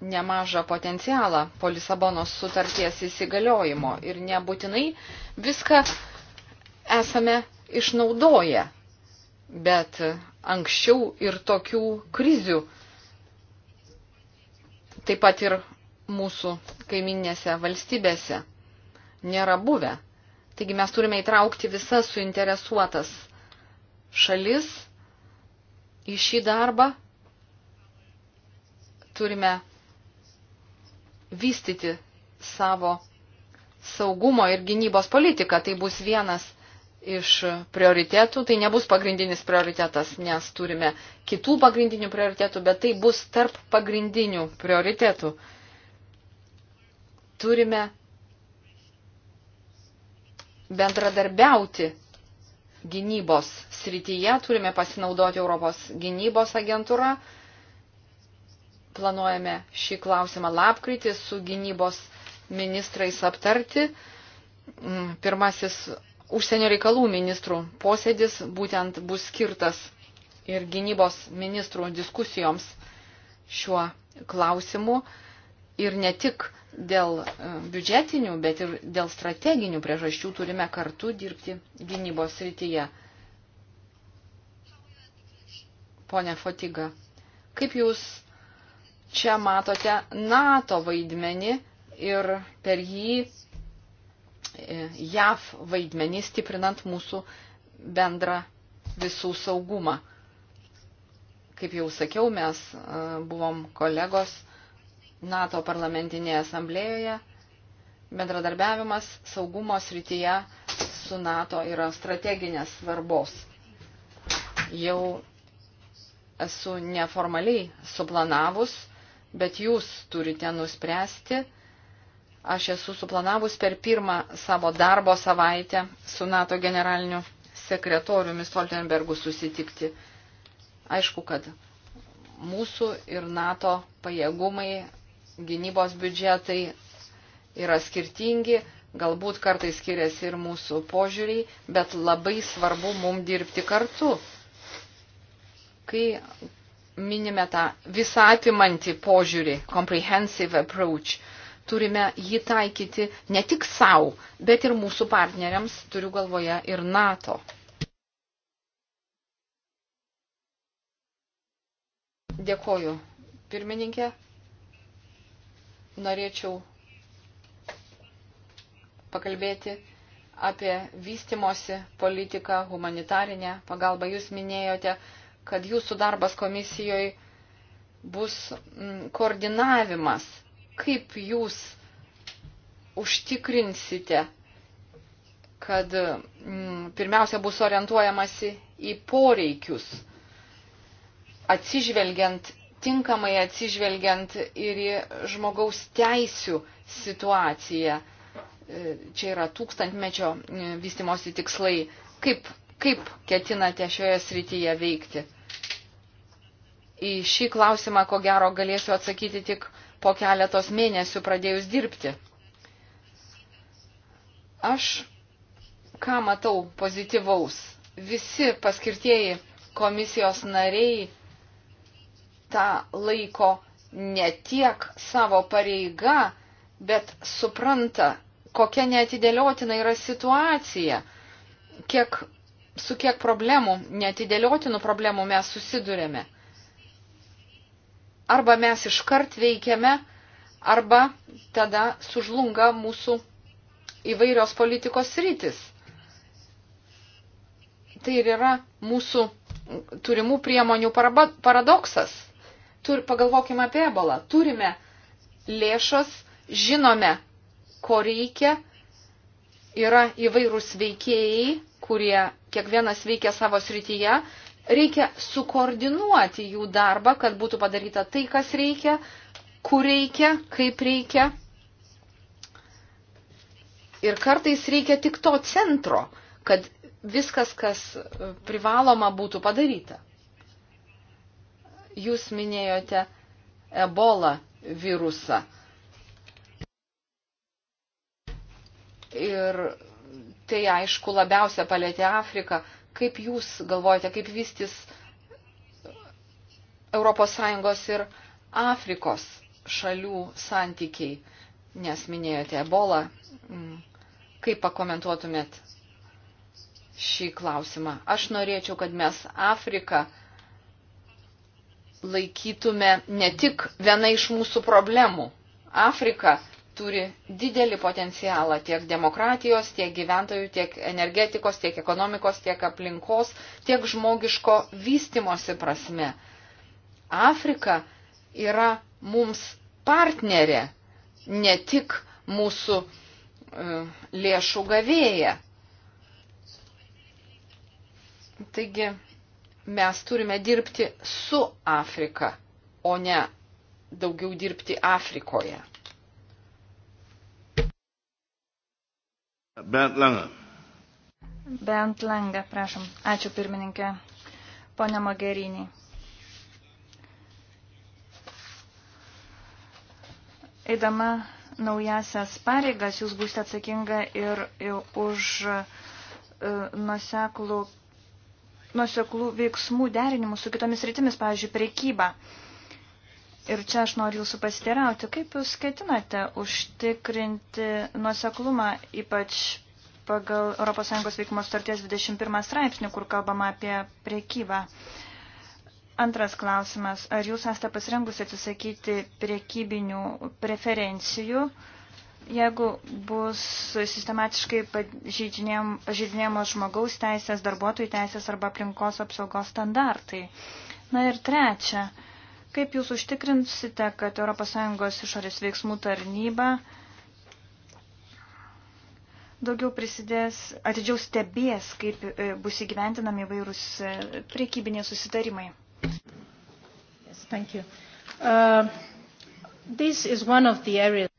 Speaker 2: nemažą potencialą po Lisabonos sutarties įsigaliojimo ir nebūtinai viską esame išnaudoję, bet anksčiau ir tokių krizių taip pat ir mūsų kaiminėse valstybėse nėra buvę. Taigi mes turime įtraukti visas suinteresuotas šalis į šį darbą turime vystyti savo saugumo ir gynybos politiką. Tai bus vienas iš prioritetų, tai nebus pagrindinis prioritetas, nes turime kitų pagrindinių prioritetų, bet tai bus tarp pagrindinių prioritetų. Turime bendradarbiauti gynybos srityje, turime pasinaudoti Europos gynybos agentūrą, planuojame šį klausimą lapkritį su gynybos ministrais aptarti. Mm, pirmasis užsienio reikalų ministrų posėdis būtent bus skirtas ir gynybos ministrų diskusijoms šiuo klausimu ir ne tik dėl e, biudžetinių, bet ir dėl strateginių priežasčių turime kartu dirbti gynybos srityje. Pone Fotiga, kaip Jūs Čia matote NATO vaidmenį ir per jį e, JAV vaidmenį stiprinant mūsų bendrą visų saugumą. Kaip jau sakiau, mes e, buvom kolegos NATO parlamentinėje asamblėjoje. Bendradarbiavimas saugumo srityje su NATO yra strateginės svarbos. Jau esu neformaliai suplanavus bet jūs turite nuspręsti. Aš esu suplanavus per pirmą savo darbo savaitę su NATO generaliniu sekretoriumi Stoltenbergu susitikti. Aišku, kad mūsų ir NATO pajėgumai, gynybos biudžetai yra skirtingi, galbūt kartais skiriasi ir mūsų požiūriai, bet labai svarbu mum dirbti kartu. Kai minime tą visatimantį požiūrį, comprehensive approach. Turime jį taikyti ne tik savo, bet ir mūsų partneriams, turiu galvoje ir NATO. Dėkoju, pirmininkė. Norėčiau pakalbėti apie vystimosi politiką, humanitarinę pagalbą. Jūs minėjote, kad jūsų darbas komisijoje bus mm, koordinavimas, kaip jūs užtikrinsite, kad mm, pirmiausia bus orientuojamasi į poreikius, atsižvelgiant, tinkamai atsižvelgiant ir į žmogaus teisių situaciją. E, čia yra tūkstantmečio e, vystimosi tikslai. Kaip, kaip ketinate šioje srityje veikti? į šį klausimą, ko gero, galėsiu atsakyti tik po keletos mėnesių pradėjus dirbti. Aš ką matau pozityvaus? Visi paskirtieji komisijos nariai tą laiko ne tiek savo pareiga, bet supranta, kokia neatidėliotina yra situacija, kiek, su kiek problemų, neatidėliotinų problemų mes susidurėme. Arba mes iškart veikiame, arba tada sužlunga mūsų įvairios politikos rytis. Tai ir yra mūsų turimų priemonių paradoksas. Tur, pagalvokime apie ebolą. Turime lėšas, žinome, ko reikia, yra įvairūs veikėjai, kurie kiekvienas veikia savo srityje, Reikia sukoordinuoti jų darbą, kad būtų padaryta tai, kas reikia, kur reikia, kaip reikia. Ir kartais reikia tik to centro, kad viskas, kas privaloma, būtų padaryta. Jūs minėjote ebola virusą. Ir tai aišku labiausia palėtė Afriką, Kaip jūs galvojate, kaip vystys ES ir Afrikos šalių santykiai, nes minėjote ebolą, mm. kaip pakomentuotumėt šį klausimą? Aš norėčiau, kad mes Afriką laikytume ne tik viena iš mūsų problemų. Afrika turi didelį potencialą tiek demokratijos, tiek gyventojų, tiek energetikos, tiek ekonomikos, tiek aplinkos, tiek žmogiško vystimosi prasme. Afrika yra mums partnerė, ne tik mūsų e, lėšų gavėja. Taigi mes turime dirbti su Afrika, o ne daugiau dirbti Afrikoje.
Speaker 1: Bent Lange. Bent Lange, prašom. Ačiū pirmininkė. Pone Mogerinį. Eidama naujasias pareigas, jūs būsite atsakinga ir, ir už e, nuseklų, nuseklų veiksmų derinimus su kitomis rytimis, pavyzdžiui, prekybą. Ir čia aš noriu jūsų pasiteirauti, kaip jūs ketinate užtikrinti nuoseklumą, ypač pagal ES veikimo starties 21 straipsnį, kur kalbama apie priekybą. Antras klausimas, ar jūs esate pasirengusi atsisakyti priekybinių preferencijų, jeigu bus sistematiškai pažydinėjamos žmogaus teisės, darbuotojų teisės arba aplinkos apsaugos standartai? Na ir trečia, Kaip jūs užtikrinsite, kad ES išorės veiksmų tarnyba daugiau prisidės, atidžiau stebės, kaip e, bus įgyventinami įvairūs e, priekybiniai susitarimai? Yes, thank you. Uh, this is one of the areas.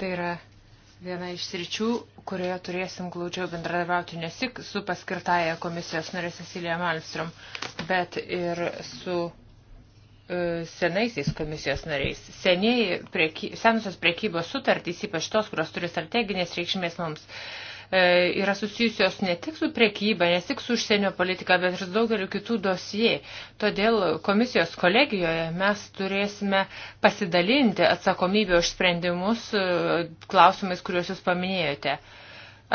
Speaker 1: Tai yra viena
Speaker 3: iš sričių, kurioje turėsim glaudžiau bendradarbiauti ne tik su paskirtaja komisijos narė Cecilija Malmström, bet ir su E, senaisiais komisijos nariais. Seniai prieky, senusios priekybos sutartys, ypač tos, kurios turi strateginės reikšmės mums, e, yra susijusios ne tik su priekyba, ne tik su užsienio politika, bet ir su daugeliu kitų dosijai. Todėl komisijos kolegijoje mes turėsime pasidalinti atsakomybę už sprendimus e, klausimais, kuriuos jūs paminėjote.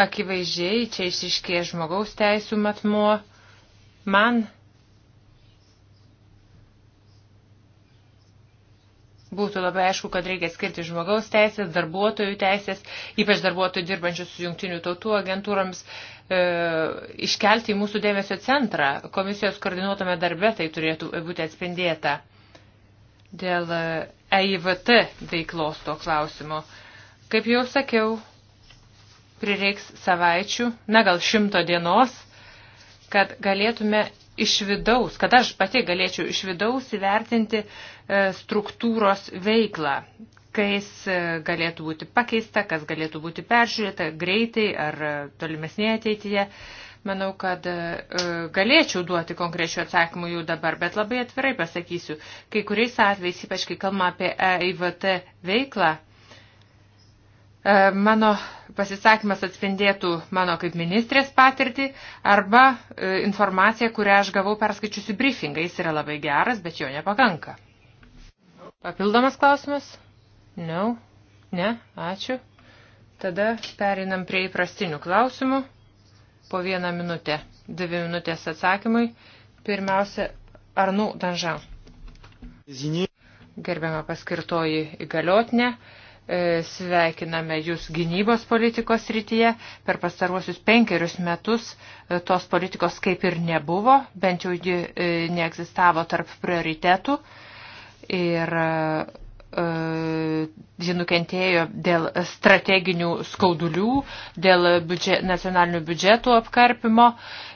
Speaker 3: Akivaizdžiai čia išiškė žmogaus teisų matmo. Man Būtų labai aišku, kad reikia skirti žmogaus teisės, darbuotojų teisės, ypač darbuotojų dirbančių su jungtinių tautų agentūroms, e, iškelti į mūsų dėmesio centrą. Komisijos koordinuotame darbe tai turėtų būti atspindėta dėl EIVT e veiklos to klausimo. Kaip jau sakiau, prireiks savaičių, na gal šimto dienos, kad galėtume iš vidaus, kad aš pati galėčiau iš vidaus įvertinti E, struktūros veiklą, kas e, galėtų būti pakeista, kas galėtų būti peržiūrėta greitai ar e, tolimesnėje ateityje. Manau, kad galėčiau duoti konkrečių atsakymų jau dabar, bet labai atvirai pasakysiu, kai kuriais atvejais, ypač kai kalbama apie EIVT veiklą, mano pasisakymas atspindėtų mano kaip ministrės patirtį arba informaciją, kurią aš gavau perskaičiusi briefingą. Jis yra labai geras, bet jo nepakanka. Papildomas klausimas? Ne, no. ne, ačiū. Tada perinam prie įprastinių klausimų. Po vieną minutę, dvi minutės atsakymui. Pirmiausia, Arnų Danžan. Gerbiama paskirtoji įgaliotinė, e, sveikiname Jūs gynybos politikos rytyje. Per pastaruosius penkerius metus e, tos politikos kaip ir nebuvo, bent jau ji e, neegzistavo tarp prioritetų ir e, ji nukentėjo dėl strateginių skaudulių, dėl biudžet, nacionalinių biudžetų apkarpimo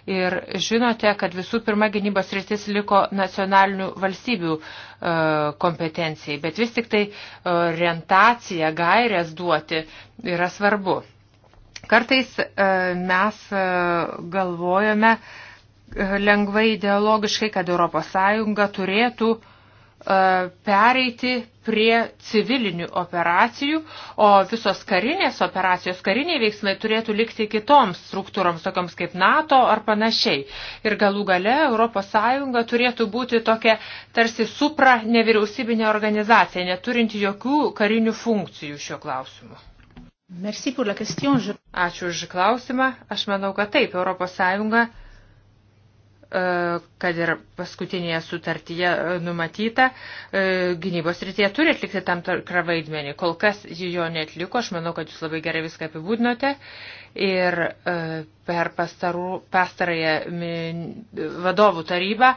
Speaker 3: ir žinote, kad visų pirma gynybos rytis liko nacionalinių valstybių e, kompetencijai, bet vis tik tai e, orientacija, gairės duoti yra svarbu. Kartais mes galvojame lengvai ideologiškai, kad ES turėtų E, pereiti prie civilinių operacijų, o visos karinės operacijos, kariniai veiksmai turėtų likti kitoms struktūroms, tokiams kaip NATO ar panašiai. Ir galų gale ES turėtų būti tokia tarsi supra nevyriausybinė organizacija, neturinti jokių karinių funkcijų šiuo klausimu. Ačiū už klausimą. Aš manau, kad taip, ES E, kad ir paskutinėje sutartyje e, numatyta, e, gynybos rytyje turi atlikti tam tikrą vaidmenį. Kol kas ji jo netliko, aš manau, kad jūs labai gerai viską apibūdinote. Ir per pastarų, pastarąją vadovų tarybą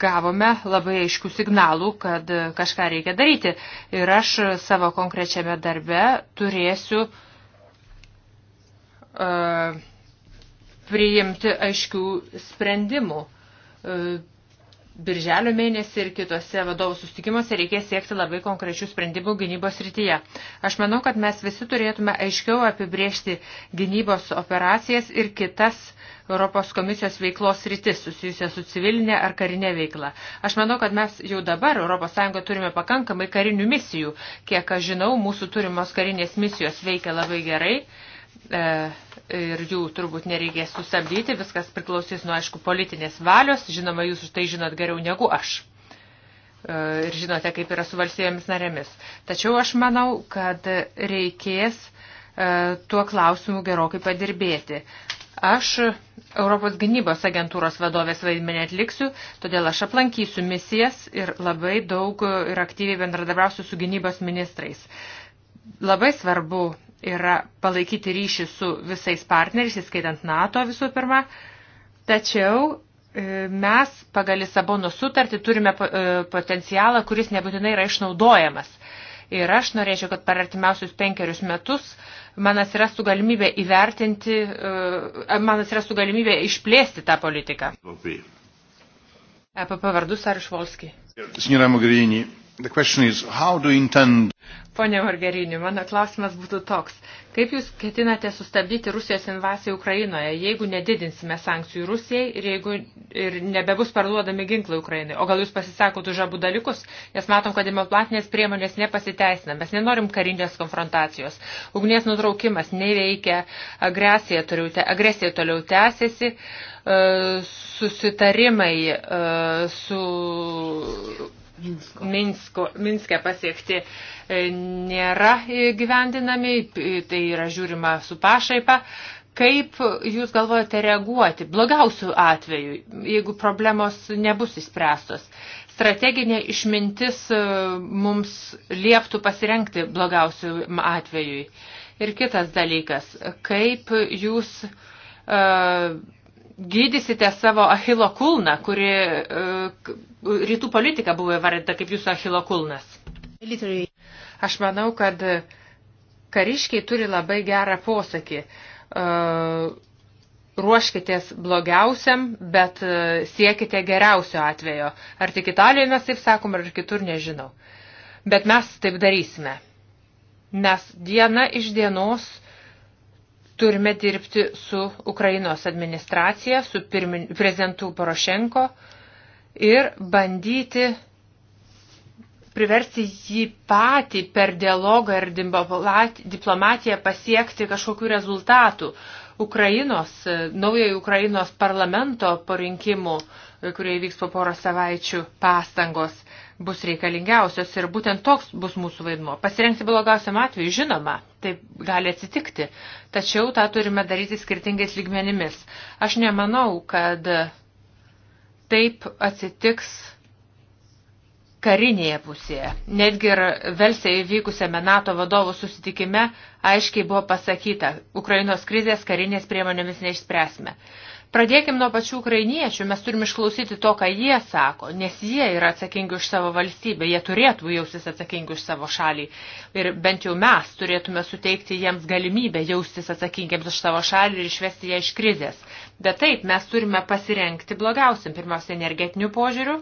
Speaker 3: gavome labai aiškių signalų, kad kažką reikia daryti. Ir aš savo konkrečiame darbe turėsiu uh, priimti aiškių sprendimų. E, Birželio mėnesį ir kitose vadovų sustikimuose reikės siekti labai konkrečių sprendimų gynybos rytyje. Aš manau, kad mes visi turėtume aiškiau apibriežti gynybos operacijas ir kitas Europos komisijos veiklos rytis susijusia su civilinė ar karinė veikla. Aš manau, kad mes jau dabar ES turime pakankamai karinių misijų. Kiek aš žinau, mūsų turimos karinės misijos veikia labai gerai. E, ir jų turbūt nereikės sustabdyti, viskas priklausys nuo, aišku, politinės valios, žinoma, jūs už tai žinot geriau negu aš. E, ir žinote, kaip yra su valstybėmis narėmis. Tačiau aš manau, kad reikės e, tuo klausimu gerokai padirbėti. Aš Europos gynybos agentūros vadovės vaidmenį atliksiu, todėl aš aplankysiu misijas ir labai daug ir aktyviai bendradarbiausiu su gynybos ministrais. Labai svarbu yra palaikyti ryšį su visais partneriais, įskaitant NATO visų pirma, tačiau e, mes pagal Lisabono sutartį turime e, potencialą, kuris nebūtinai yra išnaudojamas. Ir aš norėčiau, kad per artimiausius penkerius metus man atsirastų galimybė įvertinti, e, man atsirastų galimybė išplėsti tą politiką. Apie pavardus ar išvolskį?
Speaker 1: Signora Mogherini, Is, intend...
Speaker 3: Pone Margerini, mano klausimas būtų toks. Kaip Jūs ketinate sustabdyti Rusijos invasiją Ukrainoje, jeigu nedidinsime sankcijų Rusijai ir jeigu ir nebebus parduodami ginklai Ukrainai? O gal Jūs pasisakot už abu dalykus, nes matom, kad demokratinės priemonės nepasiteisina. Mes nenorim karinės konfrontacijos. Ugnies nutraukimas neveikia, agresija, toliau, agresija toliau tęsiasi, e, susitarimai e, su Minsko. Minsko, Minske pasiekti e, nėra gyvendinami, tai yra žiūrima su pašaipa. Kaip jūs galvojate reaguoti blogiausių atveju, jeigu problemos nebus įspręstos? Strateginė išmintis e, mums lieptų pasirenkti blogiausių atvejui. Ir kitas dalykas, kaip jūs uh, gydysite savo Achilo kulną, kuri e, rytų politika buvo įvardinta kaip jūsų Achilo kulnas? Aš manau, kad kariškiai turi labai gerą posakį. E, ruoškitės blogiausiam, bet e, siekite geriausio atvejo. Ar tik Italijoje mes taip sakom, ar kitur nežinau. Bet mes taip darysime. Nes diena iš dienos uh, Turime dirbti su Ukrainos administracija, su pirmin, prezidentu Porošenko ir bandyti priversti jį patį per dialogą ir diplomatiją pasiekti kažkokių rezultatų. Ukrainos, naujojo Ukrainos parlamento parinkimų, kurie vyks po poro savaičių pastangos bus reikalingiausios ir būtent toks bus mūsų vaidmuo. Pasirengti blogiausiam atveju, žinoma, taip gali atsitikti, tačiau tą turime daryti skirtingais lygmenimis. Aš nemanau, kad taip atsitiks karinėje pusėje. Netgi ir Velsėje įvykusiame NATO vadovų susitikime aiškiai buvo pasakyta, Ukrainos krizės karinės priemonėmis neišspręsime. Pradėkim nuo pačių ukrainiečių, mes turim išklausyti to, ką jie sako, nes jie yra atsakingi už savo valstybę, jie turėtų jaustis atsakingi už savo šalį ir bent jau mes turėtume suteikti jiems galimybę jaustis atsakingiams už savo šalį ir išvesti ją iš krizės. Bet taip, mes turime pasirenkti blogiausiam, pirmiausia, energetinių požiūrių,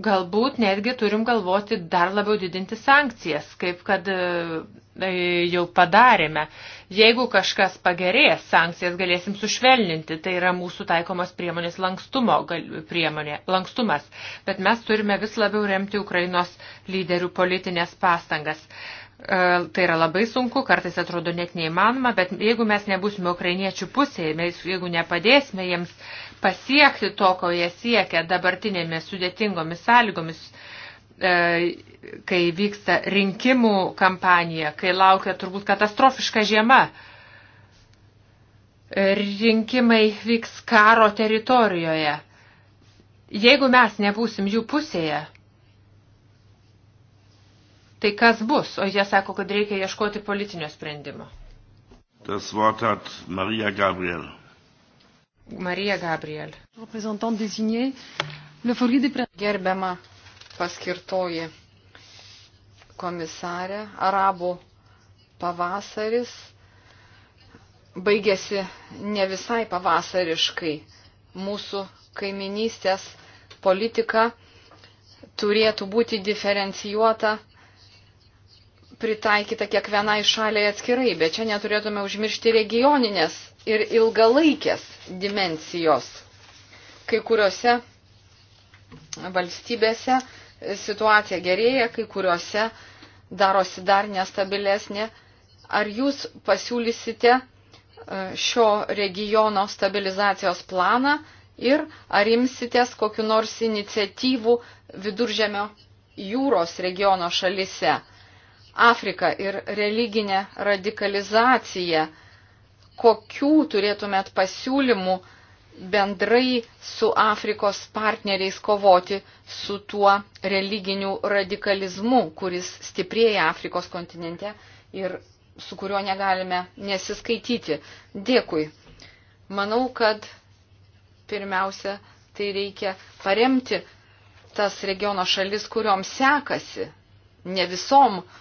Speaker 3: Galbūt netgi turim galvoti dar labiau didinti sankcijas, kaip kad e, e, jau padarėme. Jeigu kažkas pagerės, sankcijas galėsim sušvelninti, tai yra mūsų taikomos priemonės lankstumo priemonė, lankstumas. Bet mes turime vis labiau remti Ukrainos lyderių politinės pastangas. Uh, E, tai yra labai sunku, kartais atrodo net neįmanoma, bet jeigu mes nebusime ukrainiečių pusėje, mes, jeigu nepadėsime jiems pasiekti to, ko jie siekia dabartinėmis sudėtingomis sąlygomis, e, kai vyksta rinkimų kampanija, kai laukia turbūt katastrofiška žiema, rinkimai vyks karo teritorijoje. Jeigu mes nebūsim jų pusėje, tai kas bus? O jie sako, kad reikia ieškoti politinio sprendimo.
Speaker 1: Das Wort hat Maria Gabriel.
Speaker 3: Marija Gabriel.
Speaker 2: Gerbiama paskirtoji komisarė, arabų pavasaris baigėsi ne visai pavasariškai. Mūsų kaiminystės politika turėtų būti diferencijuota pritaikyta kiekvienai šaliai atskirai, bet čia neturėtume užmiršti regioninės ir ilgalaikės dimensijos. Kai kuriuose valstybėse situacija gerėja, kai kuriuose darosi dar nestabilesnė. Ar jūs pasiūlysite e, šio regiono stabilizacijos planą ir ar imsitės kokiu nors iniciatyvų viduržemio jūros regiono šalise? Afriką ir religinę radikalizaciją. Kokių turėtumėt pasiūlymų bendrai su Afrikos partneriais kovoti su tuo religiniu radikalizmu, kuris stiprėja Afrikos kontinente ir su kuriuo negalime nesiskaityti. Dėkui. Manau, kad pirmiausia, tai reikia paremti tas regiono šalis, kuriuom sekasi. Ne visom uh,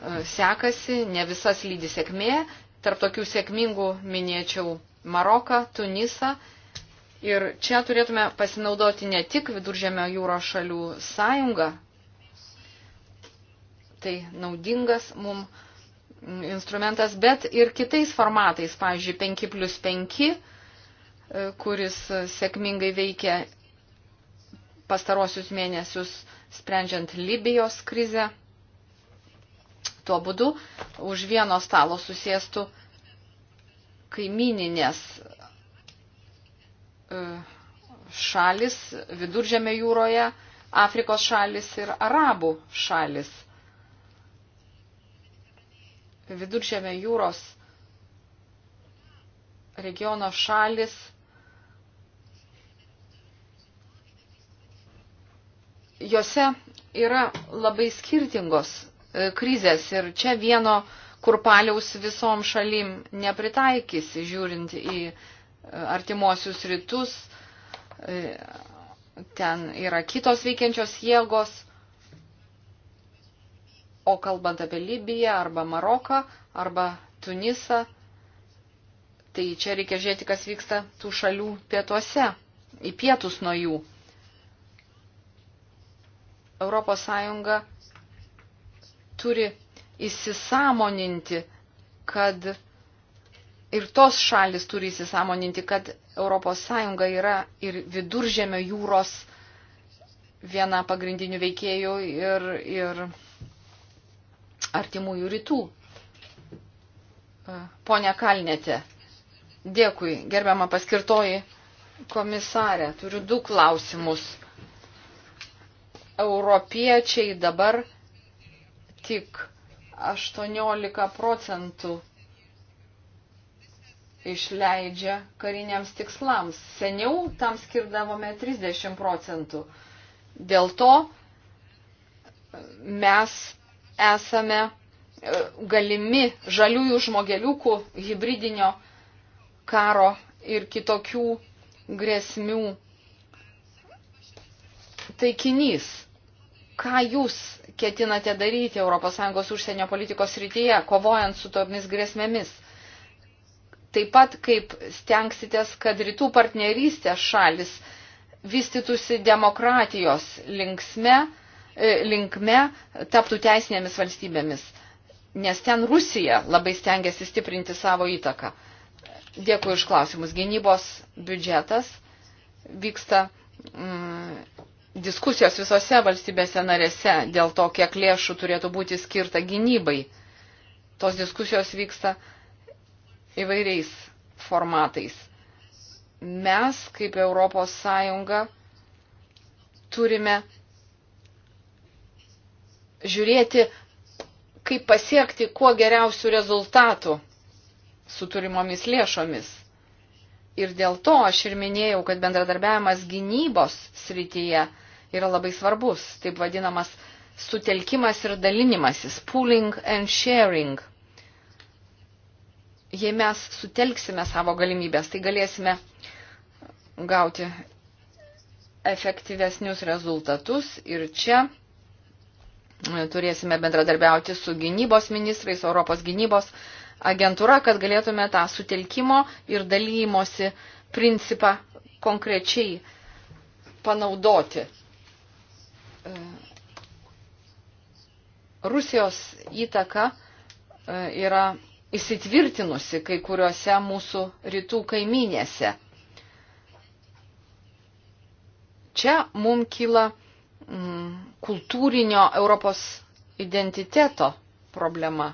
Speaker 2: E, sekasi, ne visas lydi sėkmė. Tarp tokių sėkmingų minėčiau Maroką, Tunisą. Ir čia turėtume pasinaudoti ne tik Viduržėmio jūros šalių sąjungą, tai naudingas mums instrumentas, bet ir kitais formatais, pavyzdžiui, 5 plus 5, e, kuris sėkmingai veikia pastarosius mėnesius sprendžiant Libijos krizę. Tuo būdu už vieno stalo susėstų kaimininės e, šalis viduržėme jūroje, Afrikos šalis ir Arabų šalis. Viduržėme jūros regiono šalis jose yra labai skirtingos E, krizės ir čia vieno kurpaliaus visom šalim nepritaikysi, žiūrint į e, artimuosius rytus, e, ten yra kitos veikiančios jėgos, o kalbant apie Libiją arba Maroką arba Tunisą, tai čia reikia žiūrėti, kas vyksta tų šalių pietuose, į pietus nuo jų. Europos Sąjunga turi įsisamoninti, kad ir tos šalis turi įsisamoninti, kad ES yra ir viduržėmio jūros viena pagrindinių veikėjų ir, ir artimųjų rytų. Pone Kalnėte, dėkui, gerbiama paskirtoji komisarė, turiu du klausimus. Europiečiai dabar tik 18 procentų išleidžia kariniams tikslams. Seniau tam skirdavome 30 procentų. Dėl to mes esame e, galimi žaliųjų žmogeliukų hybridinio karo ir kitokių grėsmių taikinys ką jūs ketinate daryti ES užsienio politikos rytyje, kovojant su tomis grėsmėmis? Taip pat, kaip stengsitės, kad rytų partnerystės šalis vystytųsi demokratijos linksme, e, linkme, taptų teisinėmis valstybėmis, nes ten Rusija labai stengiasi stiprinti savo įtaką. Dėkui iš klausimus. Gynybos biudžetas vyksta mm, diskusijos visose valstybėse narėse dėl to, kiek lėšų turėtų būti skirta gynybai. Tos diskusijos vyksta įvairiais formatais. Mes, kaip Europos Sąjunga, turime žiūrėti, kaip pasiekti kuo geriausių rezultatų su turimomis lėšomis. Ir dėl to aš ir minėjau, kad bendradarbiavimas gynybos srityje yra labai svarbus, taip vadinamas sutelkimas ir dalinimasis, pooling and sharing. Jei mes sutelksime savo galimybės, tai galėsime gauti efektyvesnius rezultatus ir čia turėsime bendradarbiauti su gynybos ministrais, Europos gynybos ministrais agentūra, kad galėtume tą sutelkimo ir dalymosi principą konkrečiai panaudoti. E, Rusijos įtaka e, yra įsitvirtinusi kai kuriuose mūsų rytų kaiminėse. Čia mums kyla mm, kultūrinio Europos identiteto problema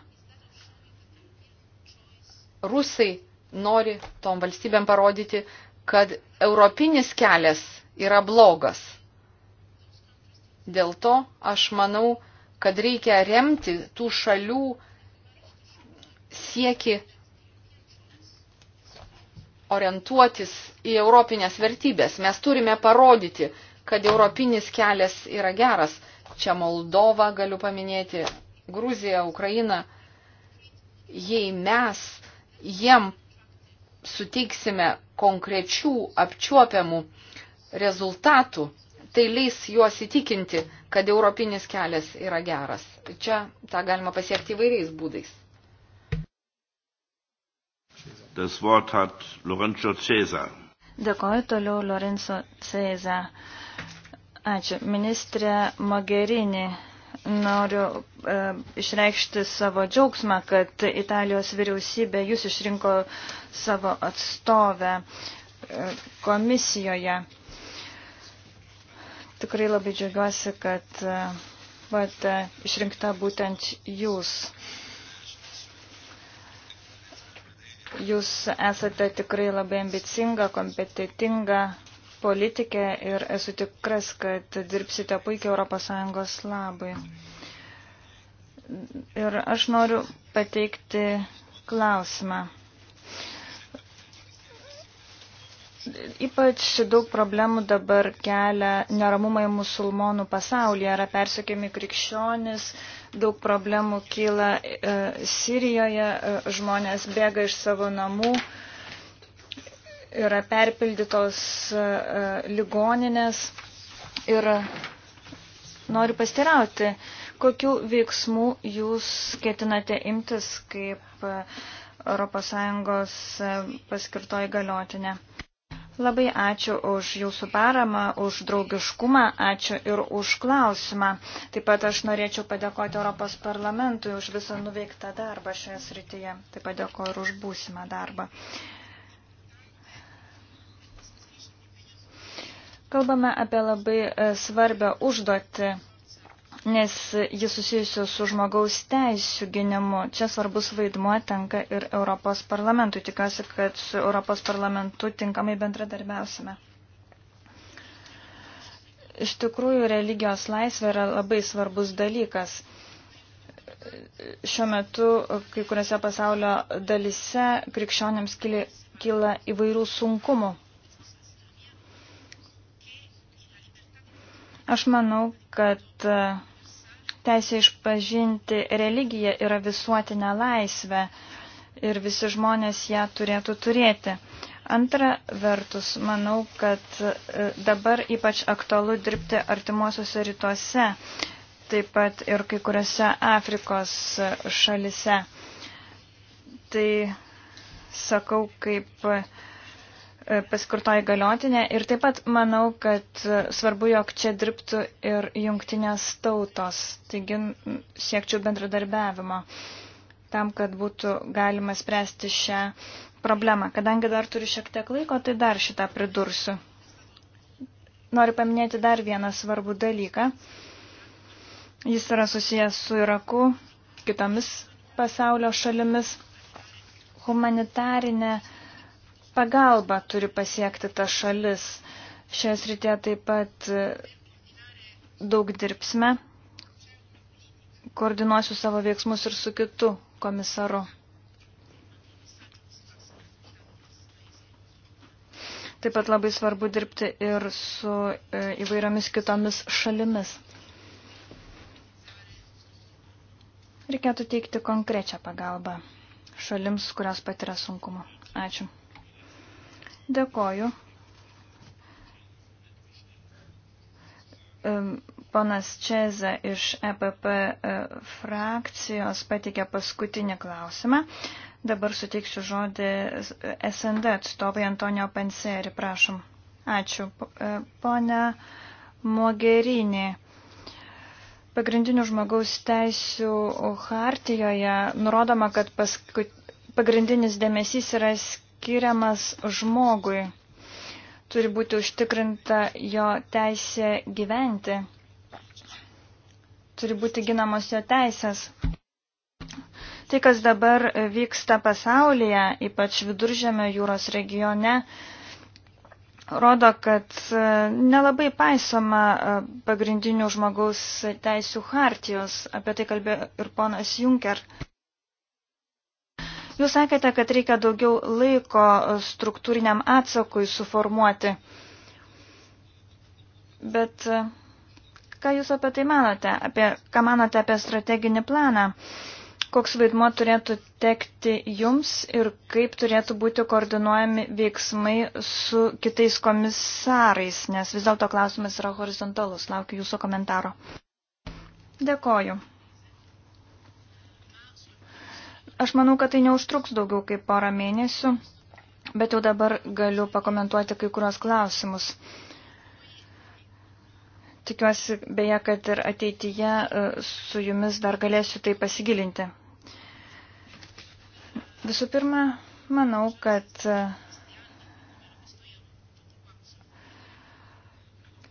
Speaker 2: rusai nori tom valstybėm parodyti, kad europinis kelias yra blogas. Dėl to aš manau, kad reikia remti tų šalių sieki orientuotis į europinės vertybės. Mes turime parodyti, kad europinis kelias yra geras. Čia Moldova galiu paminėti, Gruzija, Ukraina. Jei mes jiem suteiksime konkrečių apčiuopiamų rezultatų, tai leis juos įtikinti, kad europinis kelias yra geras. Čia tą galima pasiekti įvairiais būdais.
Speaker 1: Das Wort hat Lorenzo Cesar. Dėkoju toliau Lorenzo Cesar. Ačiū. Ministrė Magerini noriu e, išreikšti savo džiaugsmą, kad Italijos vyriausybė jūs išrinko savo atstovę e, komisijoje. Tikrai labai džiaugiuosi, kad e, buvote išrinkta būtent jūs. Jūs esate tikrai labai ambicinga, kompetitinga politikė ir esu tikras, kad dirbsite puikiai ES labai. Ir aš noriu pateikti klausimą. Ypač daug problemų dabar kelia neramumai musulmonų pasaulyje, yra persiekiami krikščionis, daug problemų kyla e, Sirijoje, e, žmonės bėga iš savo namų. E, yra perpildytos e, ligoninės ir noriu pastirauti, kokiu veiksmu jūs ketinate imtis kaip ES e, paskirtoji galiotinė. Labai ačiū už jūsų paramą, už draugiškumą, ačiū ir už klausimą. Taip pat aš norėčiau padėkoti Europos parlamentui už visą nuveiktą darbą šioje srityje. Taip pat dėkoju ir už būsimą darbą. Kalbame apie labai e, svarbę užduotį, nes jis susijusi su žmogaus teisų gynimu. Čia svarbus vaidmuo tenka ir Europos parlamentui. Tikiuosi, kad su Europos parlamentu tinkamai bendradarbiausime. Iš tikrųjų, religijos laisvė yra labai svarbus dalykas šiuo metu kai kuriuose pasaulio dalise krikščionėms kyla įvairių sunkumų. Aš manau, kad e, teisė išpažinti religiją yra visuotinė laisvė ir visi žmonės ją turėtų turėti. Antra vertus, manau, kad e, dabar ypač aktualu dirbti artimuosiuose rytuose, taip pat ir kai kuriuose Afrikos šalise. Tai sakau kaip paskurtoji galiotinė ir taip pat manau, kad svarbu, jog čia dirbtų ir jungtinės tautos, taigi siekčiau bendradarbiavimo tam, kad būtų galima spręsti šią problemą. Kadangi dar turiu šiek tiek laiko, tai dar šitą pridursiu. Noriu paminėti dar vieną svarbų dalyką. Jis yra susijęs su Iraku, kitomis pasaulio šalimis. Humanitarinė uh, pagalba turi pasiekti tas šalis. Šioje srityje taip pat e, daug dirbsime. Koordinuosiu savo veiksmus ir su kitu komisaru. Taip pat labai svarbu dirbti ir su e, įvairiomis kitomis šalimis. Reikėtų teikti konkrečią pagalbą šalims, kurios patiria sunkumų. Ačiū. Dėkoju. Ponas Čeza iš EPP e, frakcijos patikė paskutinį klausimą. Dabar suteiksiu žodį SND atstovai Antonio Panseri, prašom. Ačiū. E, pone Mogerinė. Pagrindinių žmogaus teisų hartijoje nurodoma, kad paskut... pagrindinis dėmesys yra skirtas skiriamas žmogui. Turi būti užtikrinta jo teisė gyventi. Turi būti ginamos jo teisės. Tai, kas dabar vyksta pasaulyje, ypač viduržėme jūros regione, rodo, kad e, nelabai paisoma e, pagrindinių žmogaus teisų hartijos. Apie tai kalbėjo ir ponas Junker. Jūs sakėte, kad reikia daugiau laiko struktūriniam atsakui suformuoti. Bet e, ką jūs apie tai manote? Apie, ką manote apie strateginį planą? Koks vaidmo turėtų tekti jums ir kaip turėtų būti koordinuojami veiksmai su kitais komisarais, nes vis dėlto klausimas yra horizontalus. Laukiu jūsų komentaro. Dėkoju. Aš manau, kad tai neužtruks daugiau kaip porą mėnesių, bet jau dabar galiu pakomentuoti kai kurios klausimus. Tikiuosi beje, kad ir ateityje e, su jumis dar galėsiu tai pasigilinti. Visų pirma, manau, kad e,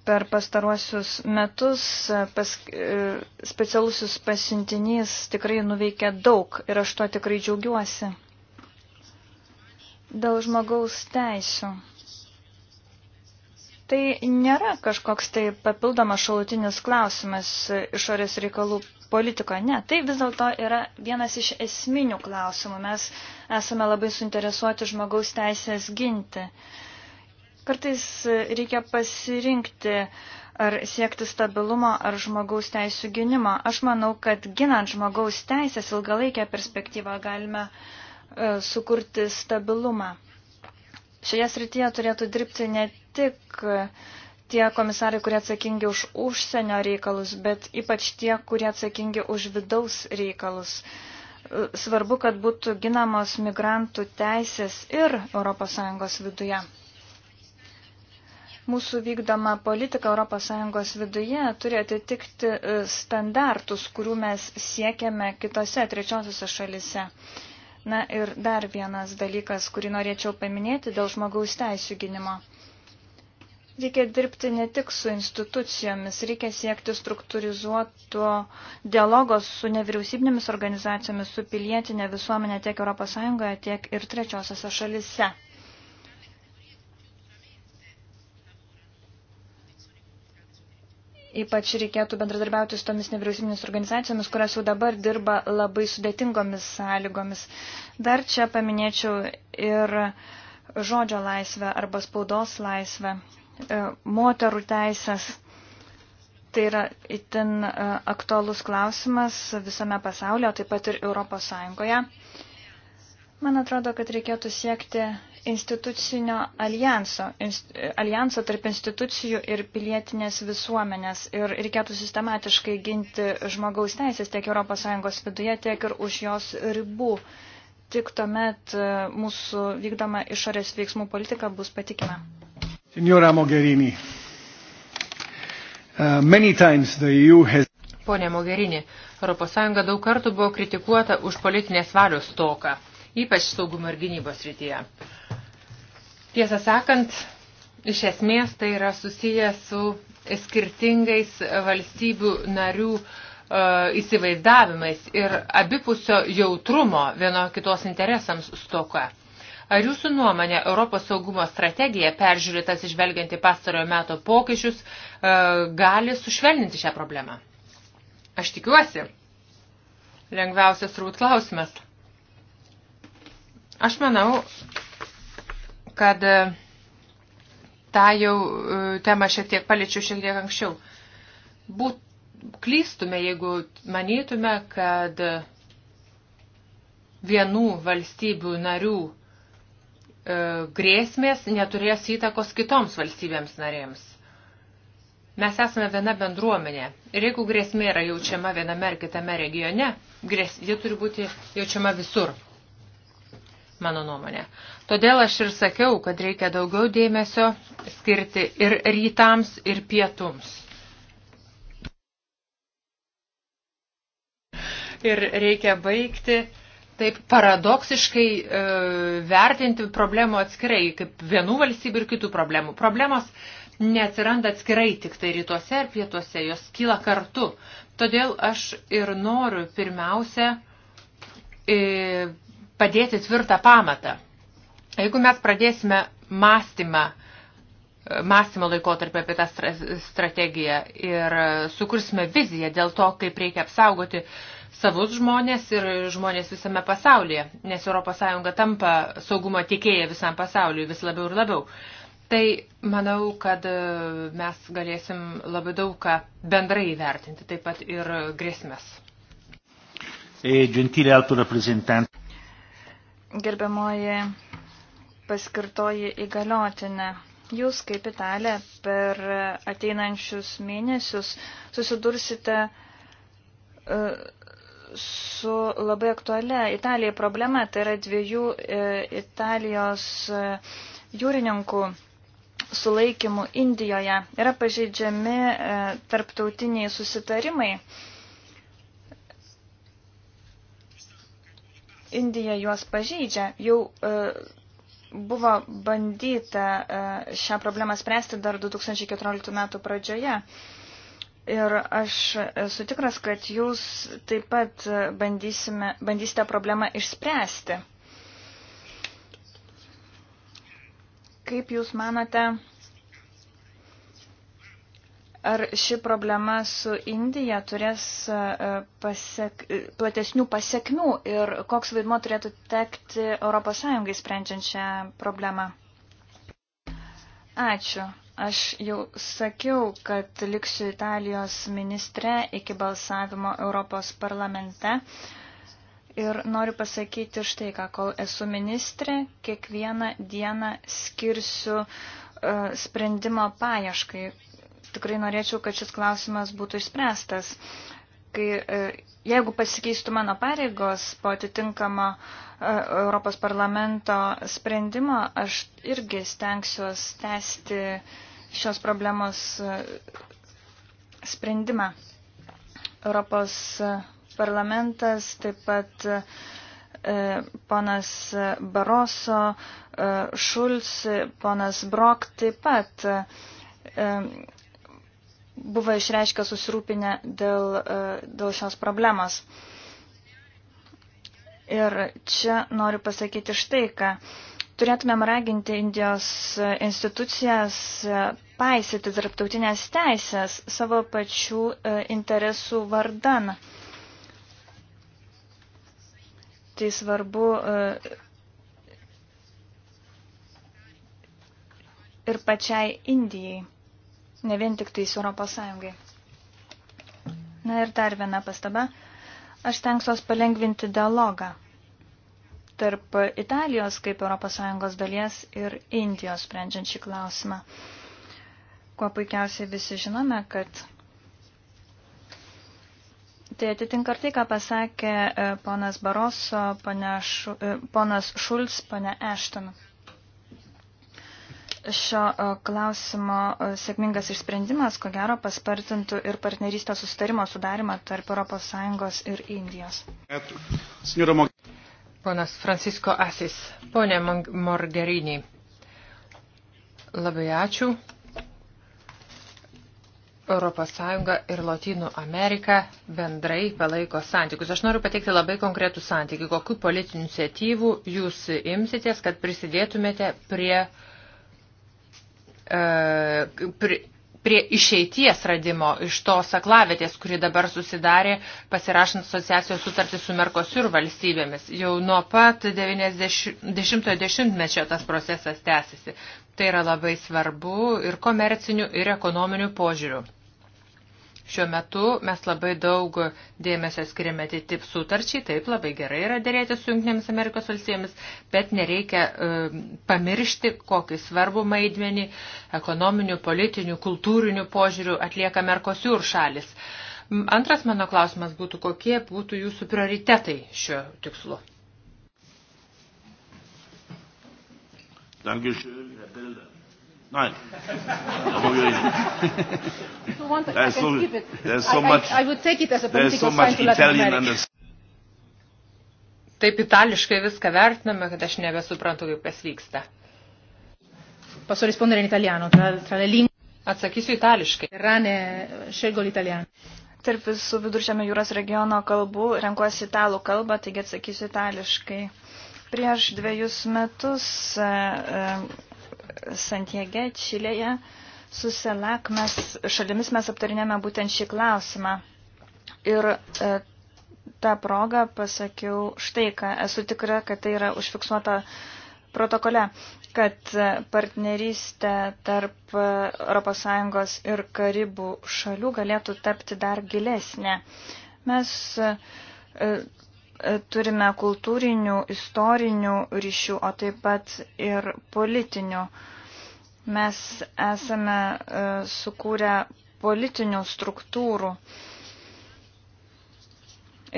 Speaker 1: per pastaruosius metus e, pas, e, specialusis pasiuntinys tikrai nuveikė daug ir aš tuo tikrai džiaugiuosi. Dėl žmogaus teisų. Tai nėra kažkoks tai papildomas šalutinis klausimas išorės reikalų politikoje. Ne, tai vis dėlto yra vienas iš esminių klausimų. Mes esame labai suinteresuoti žmogaus teisės ginti. Uh, Kartais reikia pasirinkti ar siekti stabilumo ar žmogaus teisų gynimo. Aš manau, kad ginant žmogaus teisės ilgalaikę perspektyvą galime e, sukurti stabilumą. Šioje srityje turėtų dirbti ne tik e, tie komisarai, kurie atsakingi už užsienio reikalus, bet ypač tie, kurie atsakingi už vidaus reikalus. E, svarbu, kad būtų ginamos migrantų teisės ir ES viduje mūsų vykdoma politika ES viduje turi atitikti e, standartus, kurių mes siekiame kitose trečiosiuose šalise. Na ir dar vienas dalykas, kurį norėčiau paminėti dėl žmogaus teisų gynimo. Reikia dirbti ne tik su institucijomis, reikia siekti struktūrizuoto dialogo su nevyriausybinėmis organizacijomis, su pilietinė visuomenė tiek ES, tiek ir trečiosiose šalise. Ypač reikėtų bendradarbiauti su tomis nevyriausybinės organizacijomis, kurios jau dabar dirba labai sudėtingomis sąlygomis. Dar čia paminėčiau ir žodžio laisvę arba spaudos laisvę, e, moterų teisės. Tai yra itin e, aktualus klausimas visame pasaulyje, taip pat ir Europos Sąjungoje. Man atrodo, kad reikėtų siekti institucinio aljanso, inst, aljanso tarp institucijų ir pilietinės visuomenės ir reikėtų sistematiškai ginti žmogaus teisės tiek ES viduje, tiek ir už jos ribų. Tik tuomet e, mūsų vykdoma išorės veiksmų politika bus patikima. Signora Mogherini,
Speaker 3: uh, many times the EU has...
Speaker 1: Pone Mogherini,
Speaker 3: ES daug kartų buvo kritikuota už politinės valios stoką, ypač saugumo ir gynybos rytyje. Tiesą sakant, iš esmės tai yra susiję su skirtingais valstybių narių e, įsivaizdavimais ir abipusio jautrumo vieno kitos interesams stoka. Ar jūsų nuomonė Europos saugumo strategija, peržiūrėtas išvelgiant į pastarojo meto pokyčius, e, gali sušvelninti šią problemą? Aš tikiuosi. Lengviausias turbūt klausimas. Aš manau, kad e, tą jau e, temą šiek tiek paliečiu šiek tiek anksčiau. Būt, klystume, jeigu manytume, kad vienų valstybių narių e, grėsmės neturės įtakos kitoms valstybėms narėms. Mes esame viena bendruomenė ir jeigu grėsmė yra jaučiama viename ar kitame regione, grės, ji turi būti jaučiama visur mano nuomonė. Todėl aš ir sakiau, kad reikia daugiau dėmesio skirti ir rytams, ir pietums. Ir reikia baigti taip paradoksiškai e, vertinti problemų atskirai, kaip vienų valstybių ir kitų problemų. Problemos neatsiranda atskirai tik tai rytuose ir pietuose, jos kyla kartu. Todėl aš ir noriu pirmiausia e, padėti tvirtą pamatą. Jeigu mes pradėsime mąstymą, mąstymo laikotarpį apie tą strategiją ir sukursime viziją dėl to, kaip reikia apsaugoti savus žmonės ir žmonės visame pasaulyje, nes ES tampa saugumo tikėję visam pasauliu vis labiau ir labiau. Tai manau, kad e, mes galėsim labai daug ką bendrai įvertinti, taip pat ir grėsmės. E, gentile alto rappresentante.
Speaker 1: Gerbiamoji paskirtoji įgaliotinė. Jūs kaip Italė per ateinančius mėnesius susidursite e, su labai aktualia Italijai problema, tai yra dviejų e, Italijos e, jūrininkų sulaikymų Indijoje. Yra pažeidžiami tarptautiniai susitarimai. Indija juos pažeidžia. Jau e, buvo bandyta e, šią problemą spręsti dar 2014 metų pradžioje. Ir aš esu tikras, kad jūs taip pat bandysite problemą išspręsti. Kaip jūs manote, Ar ši problema su Indija turės e, pasek, e, platesnių pasiekmių ir koks vaidmo turėtų tekti ES sprendžiant šią problemą? Ačiū. Aš jau sakiau, kad liksiu Italijos ministre iki balsavimo Europos parlamente. Ir noriu pasakyti štai ką, kol esu ministrė, kiekvieną dieną skirsiu uh, sprendimo paieškai, tikrai norėčiau, kad šis klausimas būtų išspręstas. Kai, e, jeigu pasikeistų mano pareigos po atitinkamo e, Europos parlamento sprendimo, aš irgi stengsiuos tęsti šios problemos e, sprendimą. Europos parlamentas taip pat ponas Baroso, Šulc, ponas Brok taip pat buvo išreiškę susirūpinę dėl, e, dėl šios problemos. Ir čia noriu pasakyti štai, ką turėtumėm raginti Indijos institucijas e, paisyti tarptautinės teisės savo pačių e, interesų vardan. Tai svarbu ir pačiai Indijai ne vien tik tais Europos Sąjungai. Na ir dar viena pastaba. Aš tenksiuos palengvinti dialogą tarp Italijos kaip ES dalies ir Indijos sprendžiant šį klausimą. Kuo puikiausiai visi žinome, kad tai atitinka ir tai, ką pasakė e, ponas Baroso, e, ponas Šulc, ponė Ešton šio e, klausimo e, sėkmingas išsprendimas, ko gero, paspartintų ir partnerystės sustarimo sudarimą tarp ES ir Indijos. Ponas Francisko
Speaker 3: Asis, ponė Morgerinį, labai ačiū. ES ir Lotynų Amerika bendrai palaiko santykius. Aš noriu pateikti labai konkretų santykių. Kokiu politinių iniciatyvų jūs imsitės, kad prisidėtumėte prie uh, E, prie, prie išeities radimo iš tos aklavėtės, kuri dabar susidarė pasirašant asociacijos sutartį su Merkosiur valstybėmis. Jau nuo pat 90-mečio tas procesas tęsiasi. Tai yra labai svarbu ir komercinių, ir ekonominių požiūrių. Šiuo metu mes labai daug dėmesio skiriame TTIP sutarčiai, taip labai gerai yra dėrėti su Junktinėmis Amerikos valstybėmis, bet nereikia e, pamiršti, kokį svarbų maidmenį ekonominių, politinių, kultūrinių požiūrių atlieka Merkosiūr šalis. Antras mano klausimas būtų, kokie būtų jūsų prioritetai šiuo tikslu. Dankeschön, Herr Bilder. Nein. so want, there's so, there's so I, much, I, I would take it as a political so sign to Latin America. Taip itališkai viską vertiname, kad aš nebesuprantu, kaip kas vyksta. Posso rispondere in italiano, tra, tra le lingue. Atsakysiu itališkai. Rane, scelgo l'italiano.
Speaker 1: Tarp visų viduržėmio jūros regiono kalbų renkuosi italų kalbą, taigi atsakysiu itališkai. Prieš dviejus metus e, e, Santiege, Čilėje, su SELAK mes, šalimis mes aptarinėme būtent šį klausimą. Ir e, tą progą pasakiau štai, ką esu tikra, kad tai yra užfiksuota protokole, kad e, partnerystė tarp ES ir Karibų šalių galėtų tapti dar gilesnė. Mes e, E, turime kultūrinių, istorinių ryšių, o taip pat ir politinių. Mes esame e, sukūrę politinių struktūrų.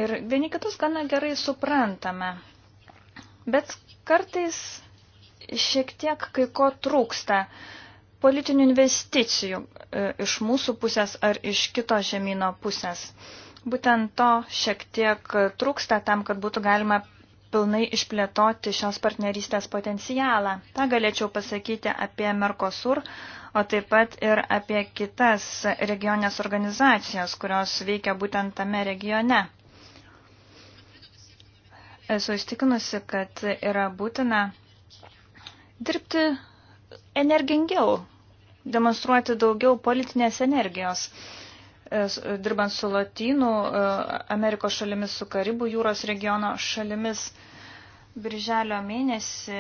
Speaker 1: Ir vieni kitus gana gerai suprantame. Bet kartais šiek tiek kai ko trūksta politinių investicijų e, iš mūsų pusės ar iš kito žemynų pusės. Būtent to šiek tiek trūksta tam, kad būtų galima pilnai išplėtoti šios partnerystės potencialą. Ta galėčiau pasakyti apie Mercosur, o taip pat ir apie kitas regionės organizacijas, kurios veikia būtent tame regione. Esu įstikinusi, kad yra būtina dirbti energingiau, demonstruoti daugiau politinės energijos. E, dirbant su Latinų e, Amerikos šalimis, su Karibų jūros regiono šalimis. Birželio mėnesį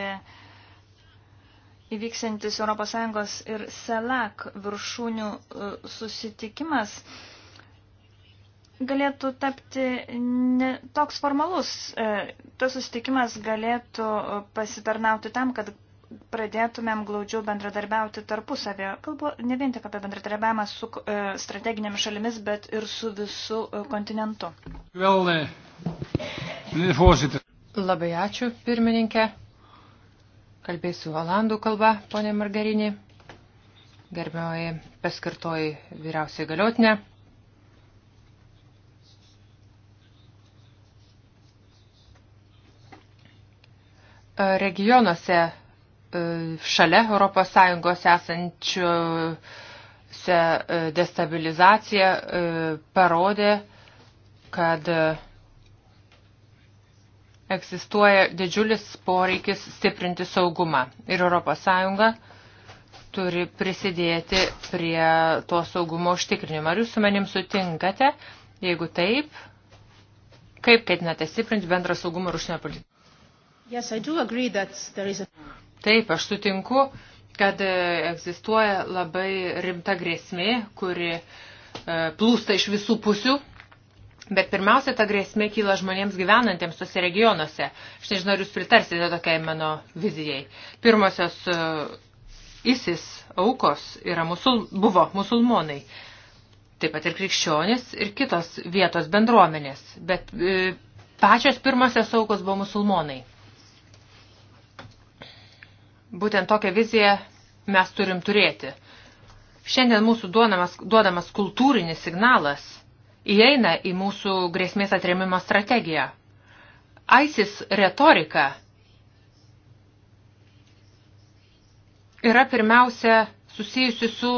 Speaker 1: įvyksantis ES ir SELAC viršūnių e, susitikimas galėtų tapti ne, toks formalus. Tas susitikimas galėtų pasitarnauti tam, kad pradėtumėm glaudžiau bendradarbiauti tarpusavėje. Kalbu ne vien tik apie bendradarbiavimą su e, strateginėmis šalimis, bet ir su visu e, kontinentu. Vėl, eh,
Speaker 3: Labai ačiū, pirmininkė. Kalbėsiu valandų kalbą, ponė Margarinį. Gerbiamoji paskirtoji vyriausiai galiotinė. Regionuose E, šalia ES esančiuose e, destabilizacija e, parodė, kad egzistuoja didžiulis poreikis stiprinti saugumą. Ir ES turi prisidėti prie to saugumo užtikrinimo. Ar jūs su manim sutinkate? Jeigu taip, kaip ketinate stiprinti bendrą saugumą ir užsienio politiką? Yes, I do agree that there is a... Taip, aš sutinku, kad e, egzistuoja labai rimta grėsmė, kuri e, plūsta iš visų pusių. Bet pirmiausia, ta grėsmė kyla žmonėms gyvenantiems tose regionuose. Aš nežinau, ar jūs pritarsite tokiai mano vizijai. Pirmosios e, ISIS aukos yra musul, buvo musulmonai, taip pat ir krikščionis ir kitos vietos bendruomenės. Bet pačios pirmosios aukos buvo musulmonai. Būtent tokią viziją mes turim turėti. Šiandien mūsų duodamas, duodamas kultūrinis signalas įeina į mūsų grėsmės atremimo strategiją. ISIS retorika yra pirmiausia susijusi su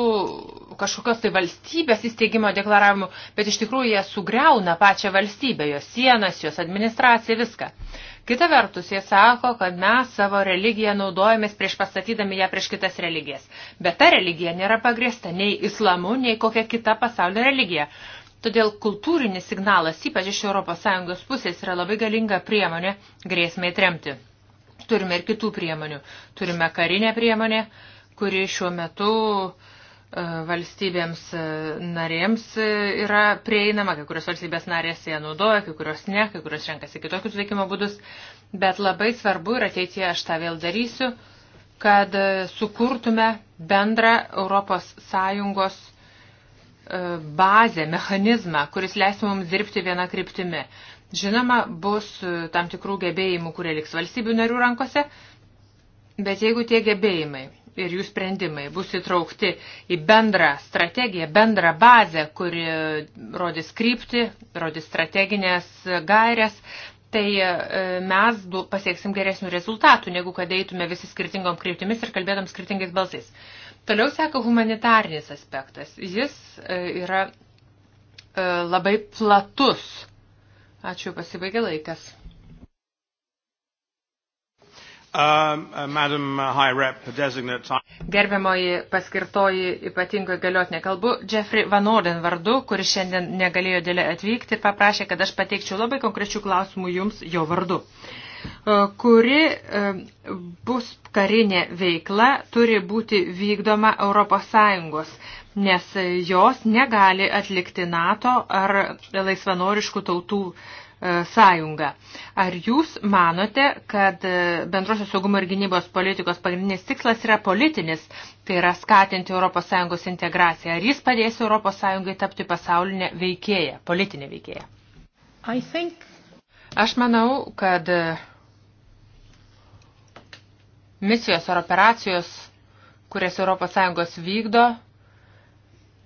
Speaker 3: kažkokios tai valstybės įsteigimo deklaravimu, bet iš tikrųjų jie sugriauna pačią valstybę, jos sienas, jos administraciją, viską. Kita vertus, jie sako, kad mes savo religiją naudojamės prieš pastatydami ją prieš kitas religijas. Bet ta religija nėra pagrėsta nei islamu, nei kokia kita pasaulio religija. Todėl kultūrinis signalas, ypač iš ES pusės, yra labai galinga priemonė grėsmei tremti. Turime ir kitų priemonių. Turime karinę priemonę. priemonę kuri šiuo metu e, valstybėms e, narėms e, yra prieinama, kai kurios valstybės narės ją naudoja, kai kurios ne, kai kurios renkasi kitokius veikimo būdus, bet labai svarbu ir ateityje aš tą vėl darysiu, kad sukurtume bendrą Europos Sąjungos bazę, mechanizmą, kuris leis mums dirbti vieną kryptimį. Žinoma, bus tam tikrų gebėjimų, kurie liks valstybių narių rankose, bet jeigu tie gebėjimai ir jų sprendimai bus įtraukti į bendrą strategiją, bendrą bazę, kuri rodys krypti, rodys strateginės gairias, tai e, mes pasieksim geresnių rezultatų, negu kad eitume visi skirtingom kryptimis ir kalbėdam skirtingais balsais. Toliau seka humanitarnis aspektas. Jis e, yra e, labai platus. Ačiū, pasibaigė laikas.
Speaker 1: Um, uh, uh,
Speaker 3: Gerbiamoji paskirtoji ypatingo įgaliotinė kalbu, Jeffrey Van Orden vardu, kuris šiandien negalėjo dėlė atvykti ir paprašė, kad aš pateikčiau labai konkrečių klausimų jums jo vardu. Uh, kuri bus karinė veikla turi būti vykdoma ES, nes jos negali atlikti NATO ar laisvanoriškų tautų E, sąjungą. Ar jūs manote, kad e, bendrosios saugumo ir gynybos politikos pagrindinis tikslas yra politinis, tai yra skatinti ES integraciją? Ar jis padės ES tapti pasaulinę veikėją, politinę veikėją? I think... Aš manau, kad e, misijos ar operacijos, kurias ES vykdo,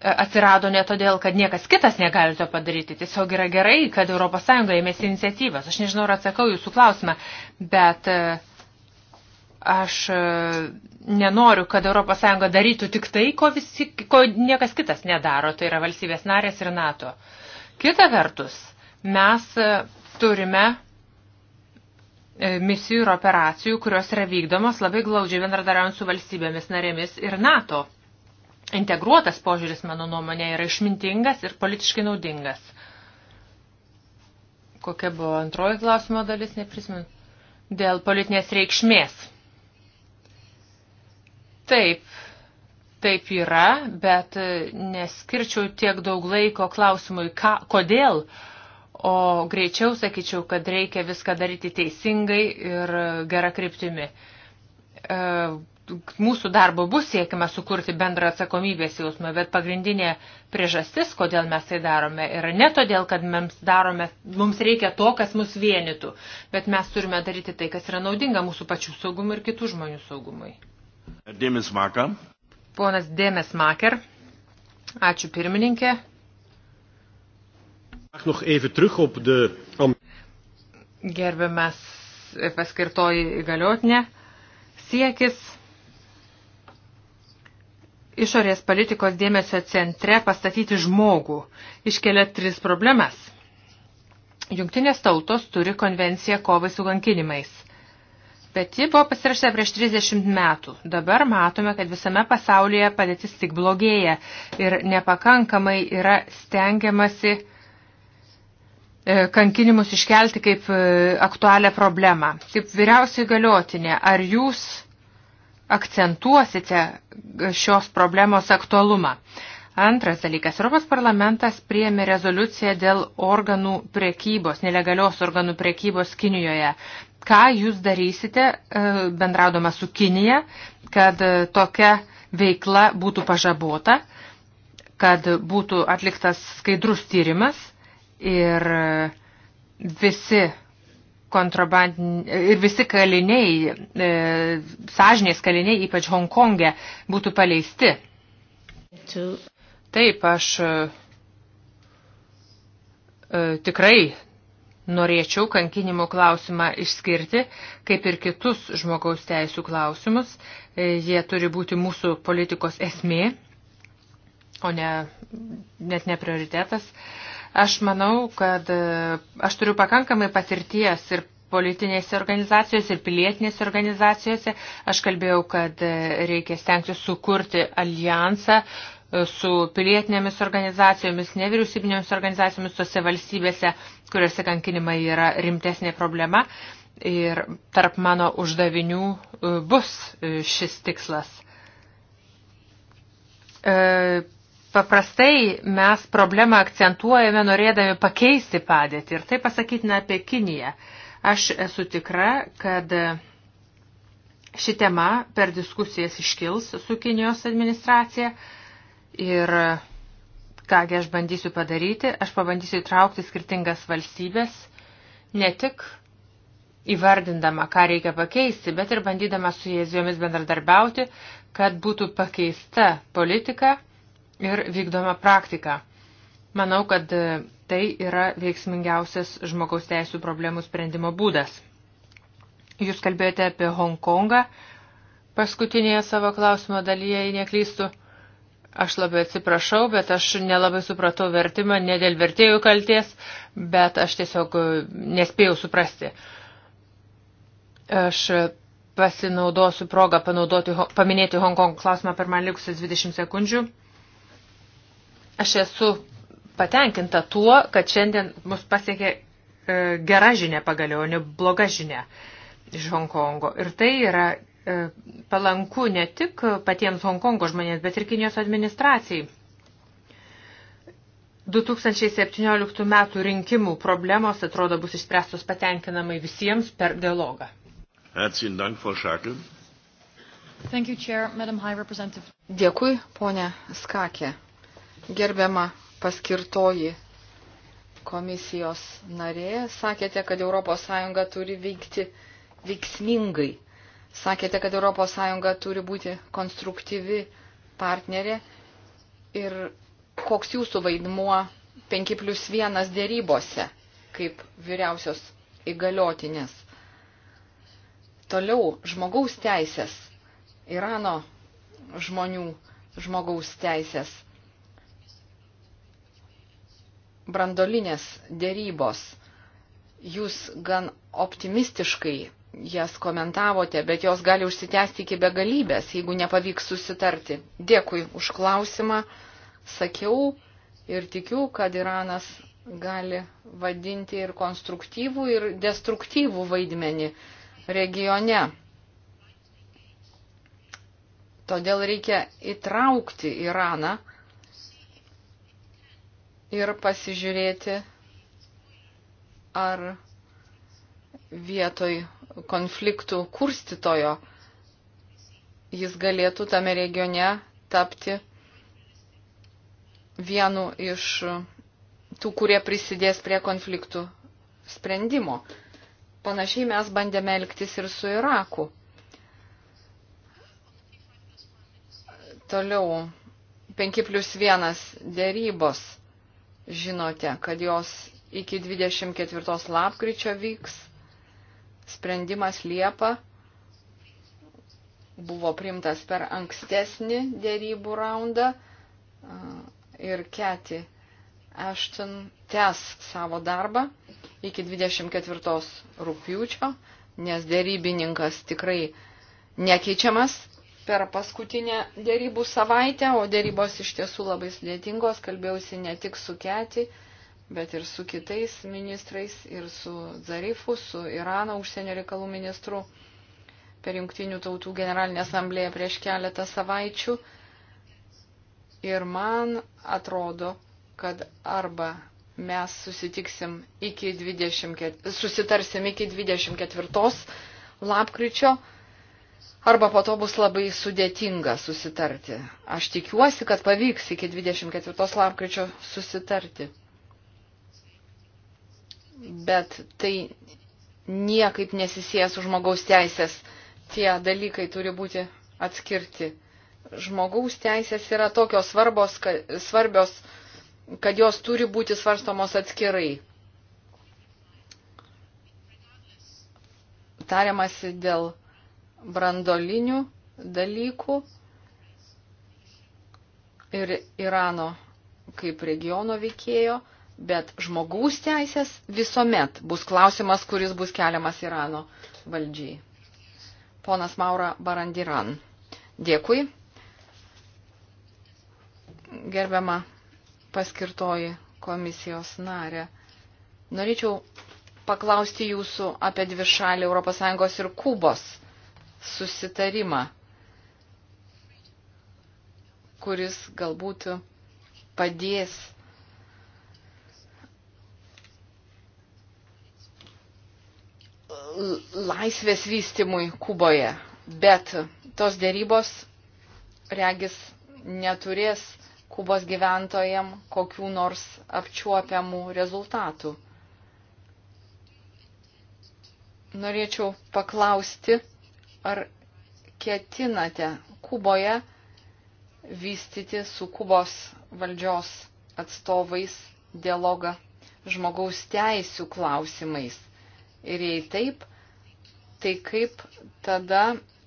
Speaker 3: atsirado ne todėl, kad niekas kitas negali to padaryti. Tiesiog yra gerai, kad ES ėmėsi iniciatyvas. Aš nežinau, ar atsakau jūsų klausimą, bet e, aš e, nenoriu, kad ES darytų tik tai, ko, visi, ko niekas kitas nedaro. Tai yra valstybės narės ir NATO. Kita vertus, mes e, turime misijų ir operacijų, kurios yra vykdomos labai glaudžiai bendradarbiaujant su valstybėmis narėmis ir NATO integruotas požiūris, mano nuomonė, yra išmintingas ir politiškai naudingas. Kokia buvo antroji klausimo dalis, neprisimenu. Dėl politinės reikšmės. Taip, taip yra, bet e, neskirčiau tiek daug laiko klausimui, ką, kodėl, o greičiau sakyčiau, kad reikia viską daryti teisingai ir e, gerą kryptimi e, mūsų darbo bus siekima sukurti bendrą atsakomybės jausmą, bet pagrindinė priežastis, kodėl mes tai darome, yra ne todėl, kad mums, darome, mums reikia to, kas mus vienytų, bet mes turime daryti tai, kas yra naudinga mūsų pačių saugumui ir kitų žmonių saugumui. Dėmes Maker. Ponas Dėmes Maker. Ačiū pirmininkė. Gerbiamas paskirtoji įgaliotinė. Siekis išorės politikos dėmesio centre pastatyti žmogų iškelia tris problemas. Jungtinės tautos turi konvenciją kovai su kankinimais. Bet ji buvo pasirašyta prieš 30 metų. Dabar matome, kad visame pasaulyje padėtis tik blogėja ir nepakankamai yra stengiamasi e, kankinimus iškelti kaip e, aktualią problemą. Kaip vyriausiai galiotinė, ar jūs akcentuosite šios problemos aktualumą. Antras dalykas. Europos parlamentas priėmė rezoliuciją dėl organų prekybos, nelegalios organų prekybos Kinijoje. Ką jūs darysite, e, bendraudama su Kinija, kad e, tokia veikla būtų pažabota, kad būtų atliktas skaidrus tyrimas ir e, visi kontrabandiniai ir visi kaliniai, e, sąžinės kaliniai, ypač Hongkonge, būtų paleisti. Taip, aš e, e, tikrai norėčiau kankinimo klausimą išskirti, kaip ir kitus žmogaus teisų klausimus. E, jie turi būti mūsų politikos esmė, o ne, net ne prioritetas. E, Aš manau, kad e, aš turiu pakankamai patirties ir politinėse organizacijose ir pilietinėse organizacijose. Aš kalbėjau, kad e, reikia stengti sukurti alijansą e, su pilietinėmis organizacijomis, nevyriausybinėmis organizacijomis tose valstybėse, kuriuose kankinimai yra rimtesnė problema. Ir tarp mano uždavinių bus šis tikslas. Paprastai mes problemą akcentuojame norėdami pakeisti padėtį ir tai pasakytina apie Kiniją. Aš esu tikra, kad ši tema per diskusijas iškils su Kinijos administracija ir kągi aš bandysiu padaryti, aš pabandysiu įtraukti skirtingas valstybės, ne tik įvardindama, ką reikia pakeisti, bet ir bandydama su jais jomis bendradarbiauti, kad būtų pakeista politika ir vykdomą praktiką. Manau, kad tai yra veiksmingiausias žmogaus teisų problemų sprendimo būdas. Jūs kalbėjote apie Hongkongą paskutinėje savo klausimo dalyje, jei neklystu. Aš labai atsiprašau, bet aš nelabai supratau vertimą, ne dėl vertėjų kalties, bet aš tiesiog nespėjau suprasti. Aš pasinaudosiu progą panaudoti, paminėti Hongkong klausimą per man likusias 20 sekundžių. Aš esu patenkinta tuo, kad šiandien mus pasiekė e, gera žinia pagaliau, ne bloga žinia iš Hongkongo. Ir tai yra e, palanku ne tik patiems Hongkongo žmonėms, bet ir Kinijos administracijai. 2017 metų rinkimų problemos atrodo bus išspręstos patenkinamai visiems per dialogą.
Speaker 2: Dėkui, ponė Skakė. Gerbiama paskirtoji komisijos narė, sakėte, kad ES turi veikti veiksmingai. Sakėte, kad ES turi būti konstruktyvi partnerė. Ir koks jūsų vaidmuo 5 plus 1 dėrybose kaip vyriausios įgaliotinės? Toliau žmogaus teisės, Irano žmonių žmogaus teisės brandolinės dėrybos. Jūs gan optimistiškai jas komentavote, bet jos gali užsitęsti iki begalybės, jeigu nepavyks susitarti. Dėkui už klausimą. Sakiau ir tikiu, kad Iranas gali vadinti ir konstruktyvų, ir destruktyvų vaidmenį regione. Todėl reikia įtraukti Iraną ir pasižiūrėti, ar vietoj konfliktų kurstytojo jis galėtų tame regione tapti vienu iš tų, kurie prisidės prie konfliktų sprendimo. Panašiai mes bandėme elgtis ir su Iraku. Toliau 5 plus 1 dėrybos žinote, kad jos iki 24 lapkričio vyks. Sprendimas Liepa buvo primtas per ankstesnį dėrybų raundą ir Keti Ashton tęs savo darbą iki 24 rūpiučio, nes dėrybininkas tikrai nekeičiamas per paskutinę dėrybų savaitę, o dėrybos iš tiesų labai sudėtingos, kalbėjausi ne tik su Keti, bet ir su kitais ministrais, ir su Zarifu, su Irano užsienio reikalų ministru per Junktinių tautų generalinę asamblėją prieš keletą savaičių. Ir man atrodo, kad arba mes susitiksim iki 20, susitarsim iki 24 lapkričio, arba po to bus labai sudėtinga susitarti. Aš tikiuosi, kad pavyks iki 24 lapkričio susitarti. Bet tai niekaip nesisėjęs su žmogaus teisės. Tie dalykai turi būti atskirti. Žmogaus teisės yra tokios svarbos, kad, svarbios, kad jos turi būti svarstomos atskirai. Tariamasi dėl brandolinių dalykų ir Irano kaip regiono veikėjo, bet žmogaus teisės visuomet bus klausimas, kuris bus keliamas Irano valdžiai. Ponas Maura Barandiran. Dėkui. Gerbiama paskirtoji komisijos narė. Norėčiau paklausti jūsų apie dvišalį ES ir Kubos susitarimą, kuris galbūt padės laisvės vystimui Kuboje. Bet tos dėrybos, regis, neturės Kubos gyventojam kokių nors apčiuopiamų rezultatų. Norėčiau paklausti, ar ketinate Kuboje vystyti su Kubos valdžios atstovais dialogą žmogaus teisų klausimais? Ir jei taip, tai kaip tada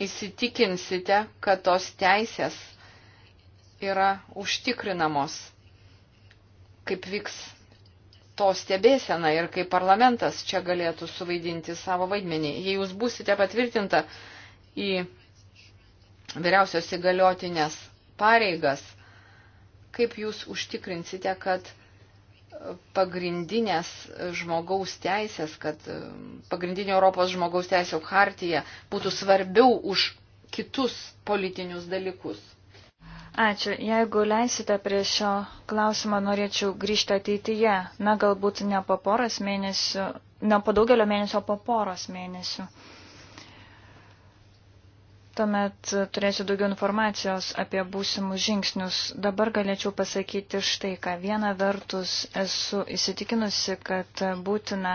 Speaker 2: įsitikinsite, kad tos teisės yra užtikrinamos, kaip vyks to stebėsena ir kaip parlamentas čia galėtų suvaidinti savo vaidmenį. Jei jūs būsite patvirtinta, į vyriausios įgaliotinės pareigas, kaip jūs užtikrinsite, kad pagrindinės žmogaus teisės, kad e, pagrindinė Europos žmogaus teisų hartija būtų svarbiau už kitus politinius dalykus.
Speaker 1: Ačiū. Jeigu leisite prie šio klausimo, norėčiau grįžti ateityje. Na, galbūt ne po poros mėnesių, ne po daugelio mėnesio, po poros mėnesių. Tuomet turėsiu daugiau informacijos apie būsimus žingsnius. Dabar galėčiau pasakyti štai ką. Viena vertus esu įsitikinusi, kad būtina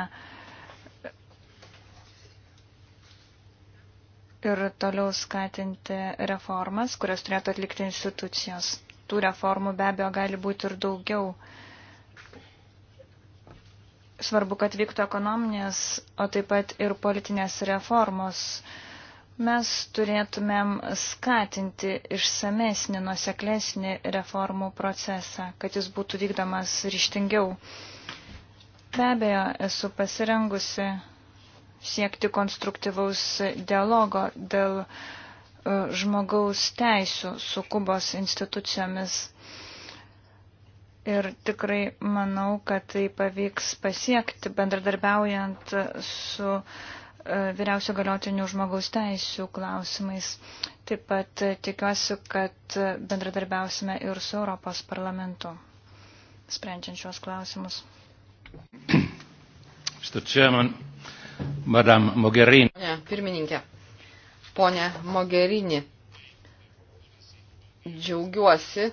Speaker 1: ir toliau skatinti reformas, kurias turėtų atlikti institucijos. Tų reformų be abejo gali būti ir daugiau svarbu, kad vyktų ekonominės, o taip pat ir politinės reformos. Mes turėtumėm skatinti išsamesnį, nuseklesnį reformų procesą, kad jis būtų vykdomas ryštingiau. Be abejo, esu pasirengusi siekti konstruktyvaus dialogo dėl e, žmogaus teisų su Kubos institucijomis. Ir tikrai manau, kad tai pavyks pasiekti bendradarbiaujant su uh, E, vyriausio galiotinių žmogaus teisų klausimais. Taip pat tikiuosi, kad bendradarbiausime ir su Europos parlamentu, sprendžiant šios klausimus. Mr. Chairman, Madame Mogherini. Ne, pirmininkė, ponė
Speaker 2: Mogherini, džiaugiuosi,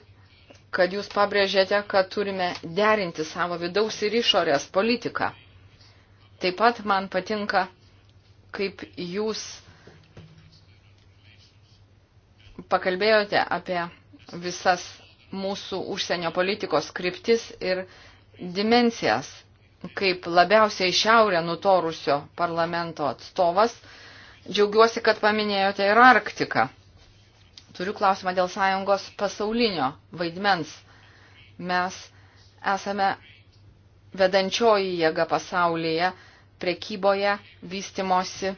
Speaker 2: kad jūs pabrėžėte, kad turime derinti savo vidaus ir išorės politiką. Taip pat man patinka kaip jūs pakalbėjote apie visas mūsų užsienio politikos kryptis ir dimensijas, kaip labiausiai šiaurę nutorusio parlamento atstovas. Džiaugiuosi, kad paminėjote ir Arktiką. Turiu klausimą dėl sąjungos pasaulinio vaidmens. Mes esame vedančioji jėga pasaulyje prekyboje, vystimosi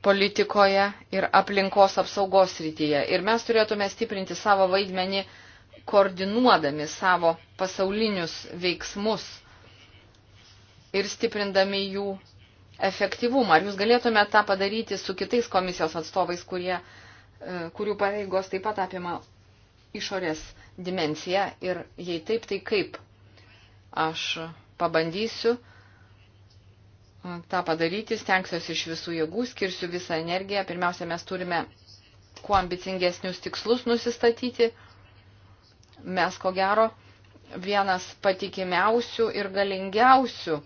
Speaker 2: politikoje ir aplinkos apsaugos srityje. Ir mes turėtume stiprinti savo vaidmenį, koordinuodami savo pasaulinius veiksmus ir stiprindami jų efektyvumą. Ar jūs galėtume tą padaryti su kitais komisijos atstovais, kurie, e, kurių pareigos taip pat apima išorės dimensiją ir jei taip, tai kaip? Aš pabandysiu Mm, tą padaryti, stengsiuosi iš visų jėgų, skirsiu visą energiją. Pirmiausia, mes turime kuo ambicingesnius tikslus nusistatyti. Mes, ko gero, vienas patikimiausių ir galingiausių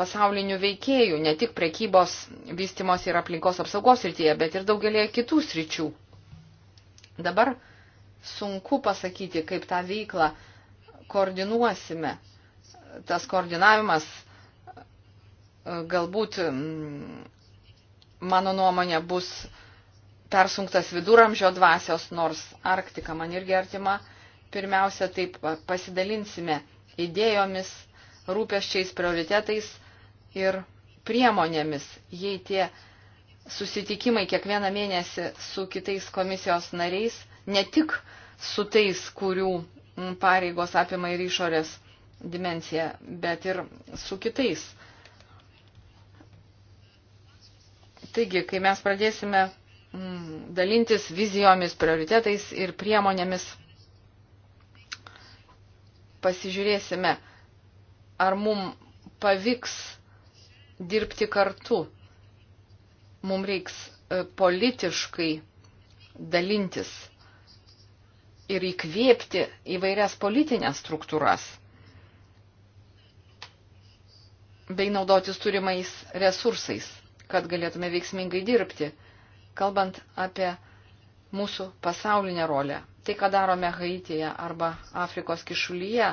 Speaker 2: pasaulinių veikėjų, ne tik prekybos, vystimos ir aplinkos apsaugos srityje, bet ir daugelėje kitų sričių. Dabar sunku pasakyti, kaip tą veiklą koordinuosime. Tas koordinavimas galbūt mm, mano nuomonė bus persunktas viduramžio dvasios, nors Arktika man irgi artima. Pirmiausia, taip pasidalinsime idėjomis, rūpeščiais, prioritetais ir priemonėmis, jei tie susitikimai kiekvieną mėnesį su kitais komisijos nariais, ne tik su tais, kurių mm, pareigos apima ir išorės dimensiją, bet ir su kitais Taigi, kai mes pradėsime mm, dalintis vizijomis, prioritetais ir priemonėmis, pasižiūrėsime, ar mum pavyks dirbti kartu. Mum reiks e, politiškai dalintis ir įkvėpti įvairias politinės struktūras bei naudotis turimais resursais kad galėtume veiksmingai dirbti. Kalbant apie mūsų pasaulinę rolę, tai, ką darome Haityje arba Afrikos kišulyje,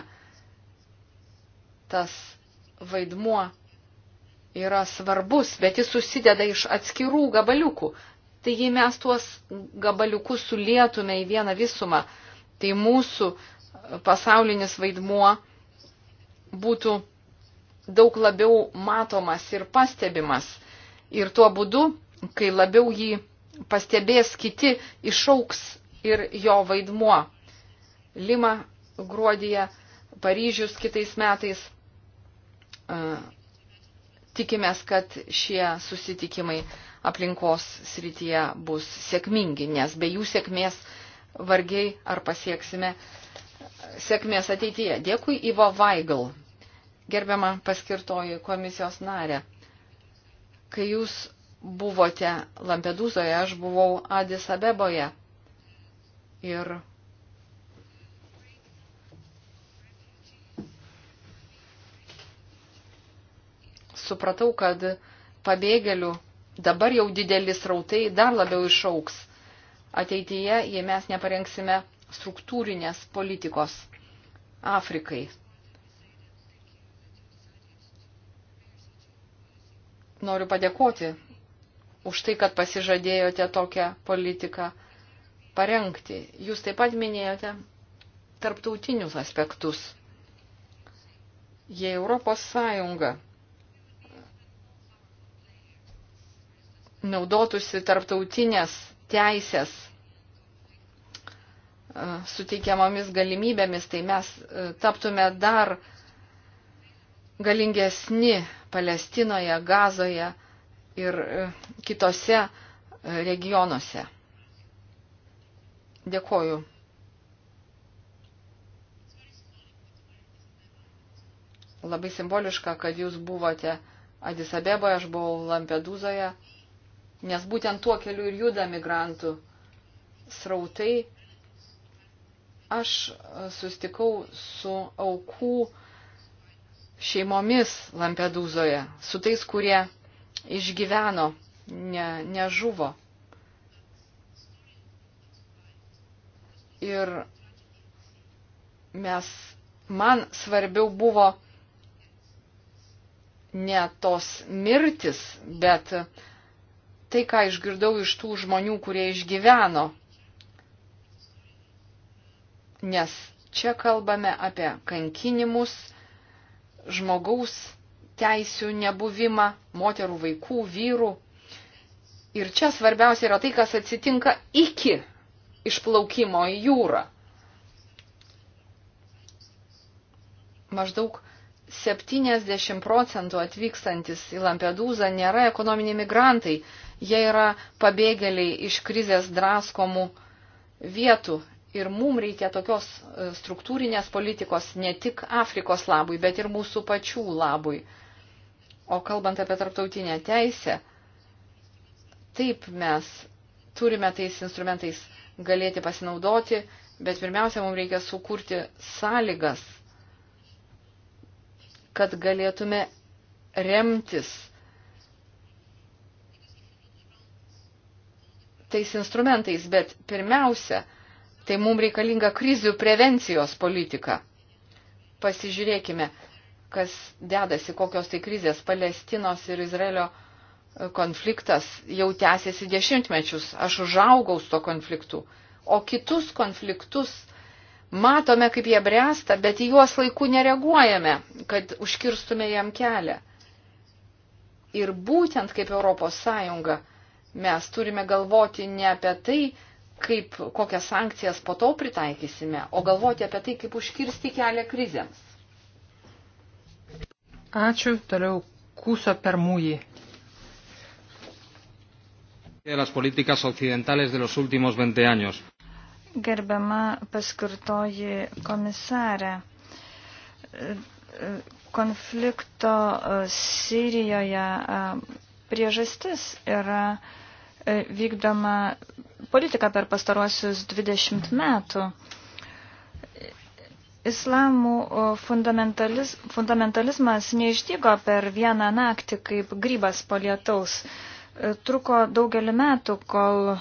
Speaker 2: tas vaidmuo yra svarbus, bet jis susideda iš atskirų gabaliukų. Tai jei mes tuos gabaliukus sulietume į vieną visumą, tai mūsų pasaulinis vaidmuo būtų daug labiau matomas ir pastebimas ir tuo būdu, kai labiau jį pastebės kiti, išauks ir jo vaidmuo. Lima gruodėje, Paryžius kitais metais. Tikimės, kad šie susitikimai aplinkos srityje bus sėkmingi, nes be jų sėkmės vargiai ar pasieksime sėkmės ateityje. Dėkui Ivo Vaigl, gerbiama paskirtoji komisijos narė. Kai jūs buvote Lampedūzoje, aš buvau Adis Abeboje. Ir supratau, kad pabėgėlių dabar jau didelis rautai dar labiau išauks ateityje, jei mes neparengsime struktūrinės politikos Afrikai. Noriu padėkoti už tai, kad pasižadėjote tokią politiką parengti. Jūs taip pat minėjote tarptautinius aspektus. Jei Europos Sąjunga naudotųsi tarptautinės teisės e, suteikiamomis galimybėmis, tai mes e, taptume dar uh, galingesni Palestinoje, Gazoje ir e, kitose e, regionuose. Dėkoju. Labai simboliška, kad jūs buvote Adisabeboje, aš buvau Lampedūzoje, nes būtent tuo keliu ir juda migrantų srautai. Aš e, sustikau su aukų šeimomis Lampedūzoje, su tais, kurie išgyveno, ne, nežuvo. Ir mes, man svarbiau buvo ne tos mirtis, bet tai, ką išgirdau iš tų žmonių, kurie išgyveno. Nes čia kalbame apie kankinimus, žmogaus teisių nebuvimą, moterų, vaikų, vyrų. Ir čia svarbiausia yra tai, kas atsitinka iki išplaukimo į jūrą. Maždaug 70 procentų atvykstantis į Lampedūzą nėra ekonominiai migrantai, jie yra pabėgėliai iš krizės draskomų vietų Ir mums reikia tokios e, struktūrinės politikos ne tik Afrikos labui, bet ir mūsų pačių labui. O kalbant apie tarptautinę teisę, taip mes turime tais instrumentais galėti pasinaudoti, bet pirmiausia, mums reikia sukurti sąlygas, kad galėtume remtis tais instrumentais, bet pirmiausia, Tai mums reikalinga krizių prevencijos politika. Pasižiūrėkime, kas dedasi, kokios tai krizės Palestinos ir Izraelio e, konfliktas jau tęsiasi dešimtmečius. Aš užaugau su to konfliktu. O kitus konfliktus matome, kaip jie bręsta, bet į juos laiku nereaguojame, kad užkirstume jam kelią. Ir būtent kaip Europos Sąjunga mes turime galvoti ne apie tai, kaip kokias sankcijas po to pritaikysime, o galvoti apie tai, kaip užkirsti kelią krizėms.
Speaker 3: Ačiū, toliau kūso per mūjį.
Speaker 1: Gerbiama paskirtoji komisarė, konflikto Sirijoje priežastis yra vykdoma politiką per pastaruosius 20 metų. Islamų fundamentaliz, fundamentalizmas neišdygo per vieną naktį kaip grybas po lietaus. E, truko daugelį metų, kol e,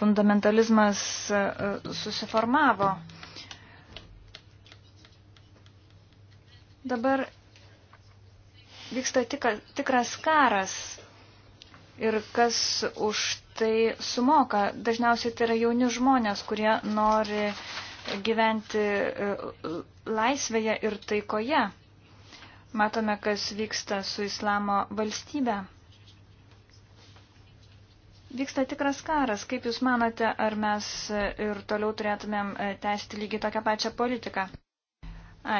Speaker 1: fundamentalizmas e, susiformavo. Dabar vyksta tikras karas ir kas už tai sumoka. Dažniausiai tai yra jauni žmonės, kurie nori gyventi e, laisvėje ir taikoje. Matome, kas vyksta su islamo valstybe. Vyksta tikras karas. Kaip Jūs manote, ar mes ir toliau turėtumėm e, tęsti lygiai tokią pačią politiką?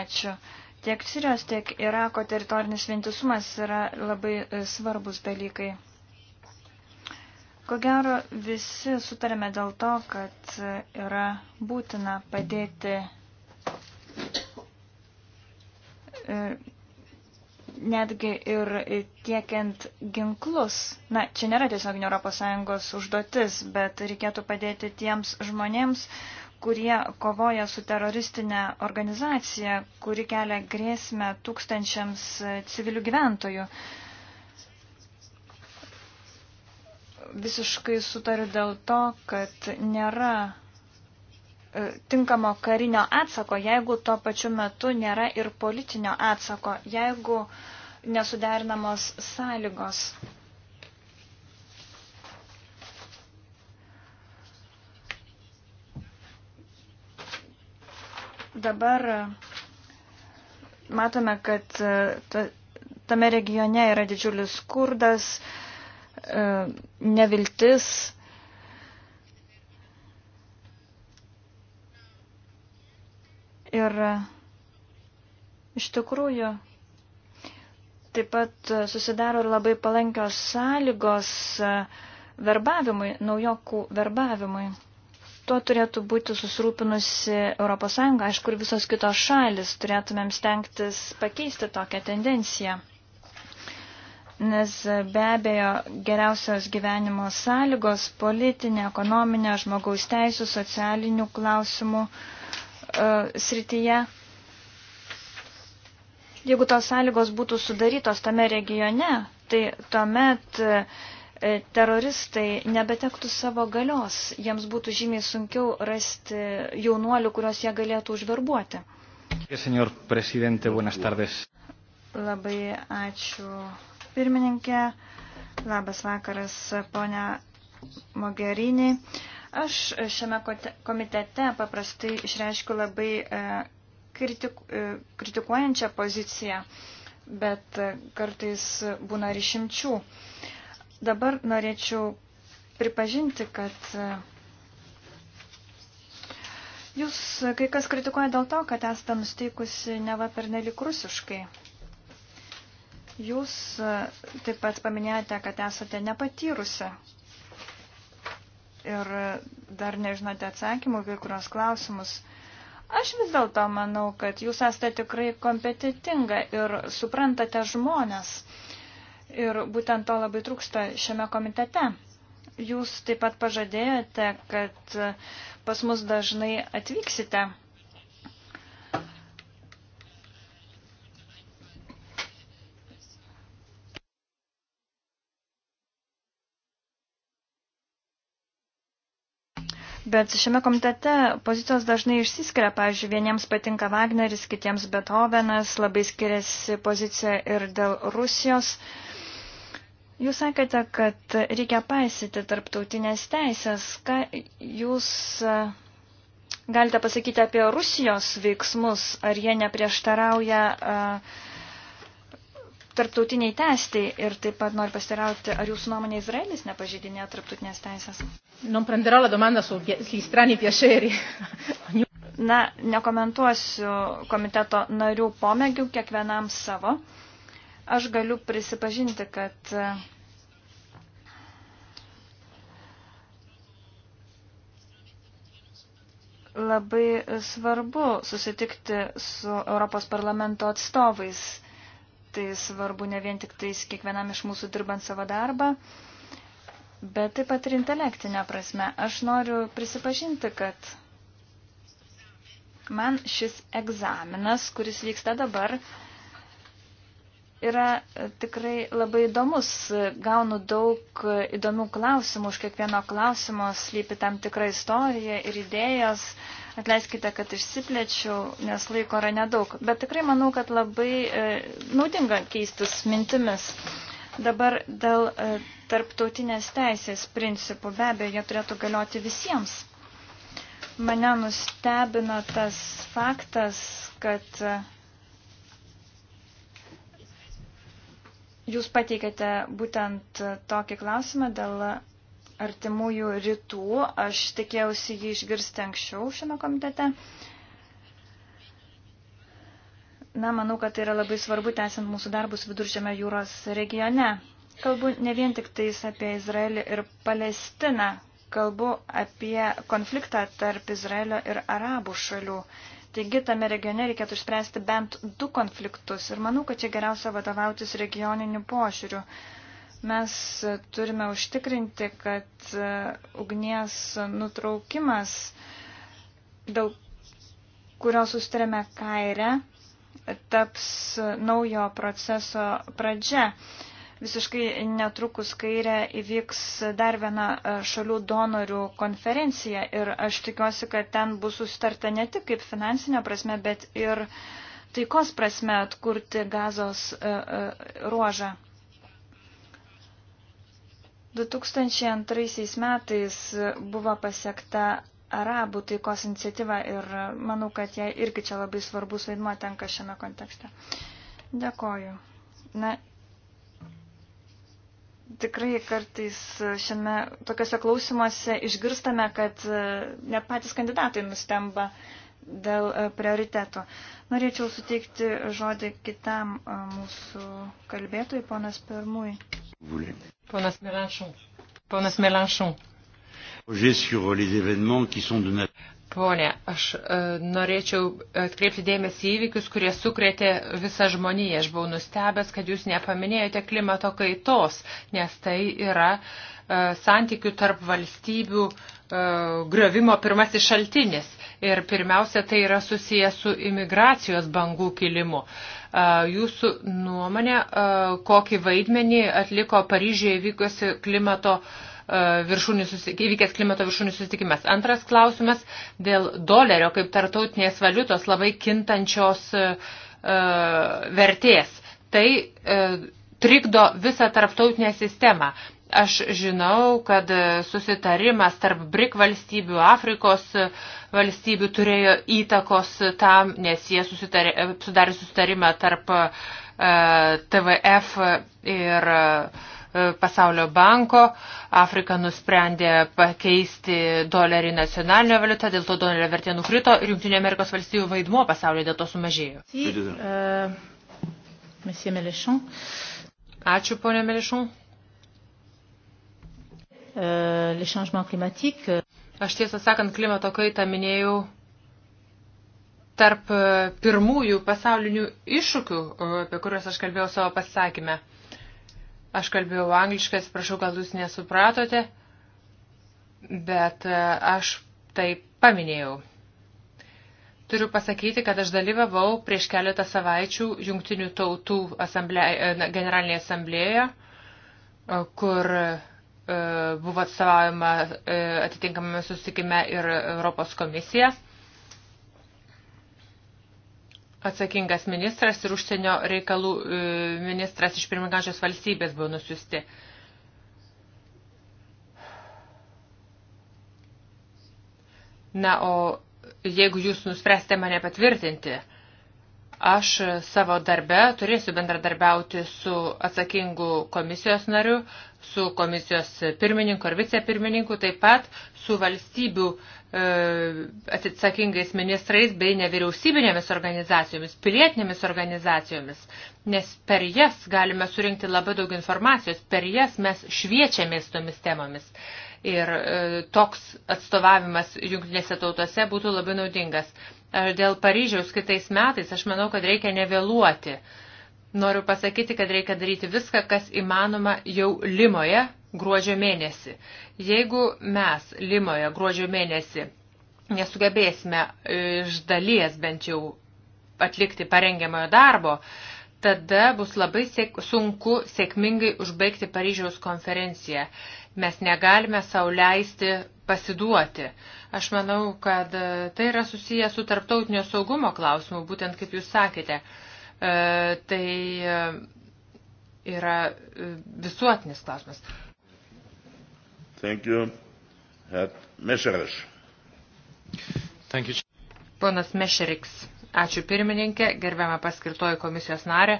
Speaker 1: Ačiū. Tiek Sirijos, tiek Irako teritorinis vientisumas yra labai e, svarbus dalykai. Ko gero, visi sutarėme dėl to, kad yra būtina padėti e, netgi ir tiekiant ginklus. Na, čia nėra tiesiog ES užduotis, bet reikėtų padėti tiems žmonėms, kurie kovoja su teroristinė organizacija, kuri kelia grėsmę tūkstančiams civilių gyventojų. Uh, visiškai sutariu dėl to, kad nėra e, tinkamo karinio atsako, jeigu tuo pačiu metu nėra ir politinio atsako, jeigu nesuderinamos sąlygos. Dabar e, matome, kad e, tame regione yra didžiulis skurdas, E, neviltis. Ir e, iš tikrųjų taip pat susidaro ir labai palankios sąlygos e, verbavimui, naujokų verbavimui. Tuo turėtų būti susirūpinusi ES, aišku, ir visos kitos šalis turėtumėm stengtis pakeisti tokią tendenciją nes be abejo geriausios gyvenimo sąlygos politinė, ekonominė, žmogaus teisų, socialinių klausimų uh, srityje. Jeigu tos sąlygos būtų sudarytos tame regione, tai tuomet e, teroristai nebetektų savo galios, jiems būtų žymiai sunkiau rasti jaunuolių, kuriuos jie galėtų užverbuoti. Senor prezidente, buenas tardes. Labai ačiū pirmininkė. Labas vakaras, ponia Mogerinį. Aš šiame komitete paprastai išreiškiu labai e, kritiku, e, kritikuojančią poziciją, bet e, kartais būna ir išimčių. Dabar norėčiau pripažinti, kad jūs kai kas kritikuoja dėl to, kad esate nusteikusi neva pernelik rusiškai. Jūs e, taip pat paminėjote, kad esate nepatyrusi ir e, dar nežinote atsakymų kai kurios klausimus. Aš vis dėlto manau, kad jūs esate tikrai kompetitinga ir suprantate žmonės. Ir būtent to labai trūksta šiame komitete. Jūs taip pat pažadėjote, kad e, pas mus dažnai atvyksite Bet šiame komitete pozicijos dažnai išsiskiria, pavyzdžiui, vieniems patinka Wagneris, kitiems Beethovenas, labai skiriasi pozicija ir dėl Rusijos. Jūs sakėte, kad reikia paisyti tarptautinės teisės. Ką jūs e, galite pasakyti apie Rusijos veiksmus? Ar jie neprieštarauja uh, tarptautiniai testai ir taip pat noriu pasirauti, ar jūsų nuomonė Izraelis nepažydinė tarptautinės teisės? Non prenderò la domanda sugli strani piaceri. *laughs* Na, nekomentuosiu komiteto narių pomegių, kiekvienam savo. Aš galiu prisipažinti, kad e, labai svarbu susitikti su Europos parlamento atstovais tai svarbu ne vien tik tais kiekvienam iš mūsų dirbant savo darbą, bet taip pat ir intelektinė prasme. Aš noriu prisipažinti, kad man šis egzaminas, kuris vyksta dabar, yra tikrai labai įdomus. Gaunu daug įdomių klausimų. Už kiekvieno klausimo slypi tam tikra istorija ir idėjos. Atleiskite, kad išsiplečiau, nes laiko yra nedaug. Bet tikrai manau, kad labai e, naudinga keistis mintimis. Dabar dėl e, tarptautinės teisės principų be abejo jie turėtų galioti visiems. Mane nustebino tas faktas, kad Jūs pateikėte būtent tokį klausimą dėl artimųjų rytų. Aš tikėjausi jį išgirsti anksčiau šiame komitete. Na, manau, kad tai yra labai svarbu tęsiant mūsų darbus viduržėme jūros regione. Kalbu ne vien tik tais apie Izraelį ir Palestiną, kalbu apie konfliktą tarp Izraelio ir arabų šalių. Taigi tame regione reikėtų išspręsti bent du konfliktus ir manau, kad čia geriausia vadovautis regioniniu požiūriu. Mes turime užtikrinti, kad e, ugnies nutraukimas, dėl kurio sustarėme kairę, taps naujo proceso pradžia. Visiškai netrukus kairė įvyks dar viena e, šalių donorių konferencija ir aš tikiuosi, kad ten bus sustarta ne tik kaip finansinė prasme, bet ir taikos prasme atkurti gazos e, e, ruožą. 2002 metais buvo pasiekta arabų taikos iniciatyva ir manau, kad jai irgi čia labai svarbus vaidmuo tenka šiame kontekste. Dėkoju. Na, tikrai kartais šiame tokiuose klausimuose išgirstame, kad e, ne patys kandidatai nustemba dėl e, prioritetų. Norėčiau suteikti žodį kitam e, mūsų kalbėtojui, ponas Pirmui.
Speaker 3: Ponas Melanchon. Ponas Melanchon. Pone, aš e, norėčiau atkreipti dėmesį įvykius, kurie sukrėtė visą žmoniją. Aš buvau nustebęs, kad jūs nepaminėjote klimato kaitos, nes tai yra e, santykių tarp valstybių e, gravimo pirmasis šaltinis. Ir pirmiausia, tai yra susijęs su imigracijos bangų kilimu. E, jūsų nuomonė, e, kokį vaidmenį atliko Paryžėje vykusi klimato kaitos įvykęs e, klimato viršūnių susitikimas. Antras klausimas dėl dolerio kaip tartautinės valiutos labai kintančios e, e, vertės. Tai trikdo visą tarptautinę sistemą. Aš žinau, kad susitarimas tarp BRIC valstybių, Afrikos valstybių turėjo įtakos tam, nes jie susitarė, sudarė susitarimą tarp TVF ir uh, E, Pasaulio banko. Afrika nusprendė pakeisti dolerį nacionalinę valiutą, dėl to dolerio vertė nukrito ir Junktinio Amerikos valstybių vaidmuo pasaulyje dėl to sumažėjo. E, Ačiū, ponė Melišon. E, aš tiesą sakant, klimato kaitą minėjau tarp pirmųjų pasaulinių iššūkių, apie kuriuos aš kalbėjau savo pasakymę. Aš kalbėjau angliškai, atsiprašau, gal jūs nesupratote, bet e, aš tai paminėjau. Turiu pasakyti, kad aš dalyvavau prieš keletą savaičių Jungtinių tautų asamblė, e, generalinėje asamblėje, e, kur buvo atstovaujama atitinkamame susitikime ir Europos komisija atsakingas ministras ir užsienio reikalų e, ministras iš pirmininkančios valstybės buvo nusiusti. Na, o jeigu jūs nuspręsite mane patvirtinti, aš savo darbe turėsiu bendradarbiauti su atsakingu komisijos nariu, su komisijos pirmininku ar vicepirmininku, taip pat su valstybių e, atsakingais ministrais bei nevyriausybinėmis organizacijomis, pilietinėmis organizacijomis, nes per jas galime surinkti labai daug informacijos, per jas mes šviečiamės tomis temomis. Ir e, toks atstovavimas jungtinėse tautose būtų labai naudingas. Dėl Paryžiaus kitais metais aš manau, kad reikia nevėluoti. E, Noriu pasakyti, kad reikia daryti viską, kas įmanoma jau Limoje gruodžio mėnesį. Jeigu mes Limoje gruodžio mėnesį nesugebėsime iš dalies bent jau atlikti parengiamojo darbo, tada bus labai sėk, sunku sėkmingai užbaigti Paryžiaus konferenciją. Mes negalime sauliaisti pasiduoti. Aš manau, kad tai yra susiję su tarptautinio saugumo klausimu, būtent kaip jūs sakėte. Uh, E, tai e, yra e, visuotinis klausimas.
Speaker 1: Thank you. Thank you.
Speaker 3: Ponas Mešeriks, ačiū pirmininkė, gerbiamą paskirtojų komisijos narę.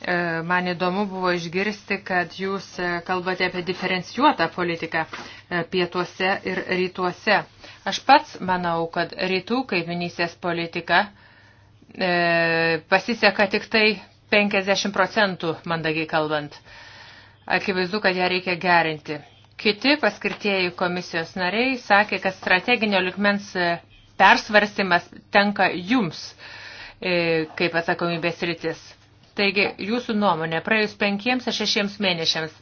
Speaker 3: E, man įdomu buvo išgirsti, kad jūs e, kalbate apie diferencijuotą politiką e, pietuose ir rytuose. Aš pats manau, kad rytų kaiminysės politika e, pasiseka tik tai 50 procentų, mandagiai kalbant. Akivaizdu, kad ją reikia gerinti. Kiti paskirtieji komisijos nariai sakė, kad strateginio likmens persvarstymas tenka jums e, kaip atsakomybės rytis. Taigi, jūsų nuomonė, praėjus penkiems ar šešiems mėnešiams,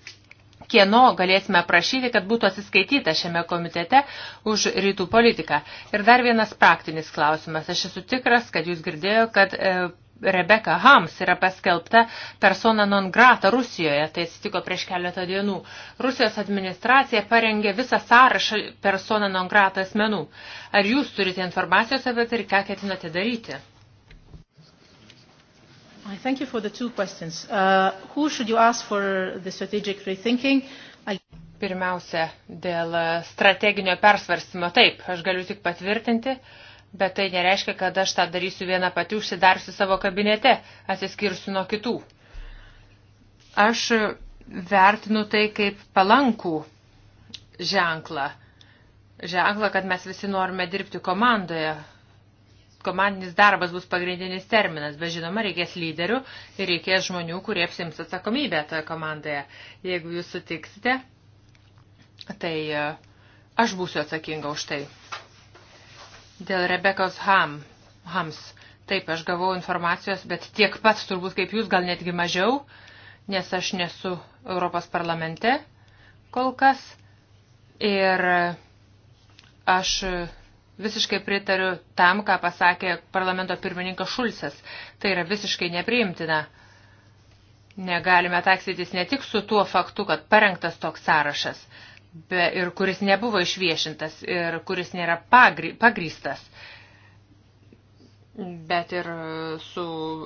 Speaker 3: kieno galėsime prašyti, kad būtų atsiskaityta šiame komitete už rytų politiką. Ir dar vienas praktinis klausimas. Aš esu tikras, kad jūs girdėjo, kad e, Rebeka Hams yra paskelbta persona non grata Rusijoje, tai atsitiko prieš keletą dienų. Rusijos administracija parengė visą sąrašą persona non grata asmenų. Ar jūs turite informacijos apie tai ir ką ketinate daryti? I thank you for the two questions. Uh, who should you ask for the strategic rethinking? I... Pirmiausia, dėl strateginio persvarstymo taip, aš galiu tik patvirtinti, bet tai nereiškia, kad aš tą darysiu vieną pati užsidarsiu savo kabinete, atsiskirsiu nuo kitų. Aš vertinu tai kaip palankų ženklą. Ženklą, kad mes visi norime dirbti komandoje, komandinis darbas bus pagrindinis terminas, bet žinoma, reikės lyderių ir reikės žmonių, kurie apsims atsakomybę toje komandoje. Jeigu jūs sutiksite, tai e, aš būsiu atsakinga už tai. Dėl Rebekos Ham, Hams. Taip, aš gavau informacijos, bet tiek pat turbūt kaip jūs, gal netgi mažiau, nes aš nesu Europos parlamente kol kas. Ir e, aš Visiškai pritariu tam, ką pasakė parlamento pirmininkas Šulcas. Tai yra visiškai nepriimtina. Negalime taksytis ne tik su tuo faktu, kad parengtas toks sąrašas, be, ir kuris nebuvo išviešintas, ir kuris nėra pagry, pagrystas, bet ir su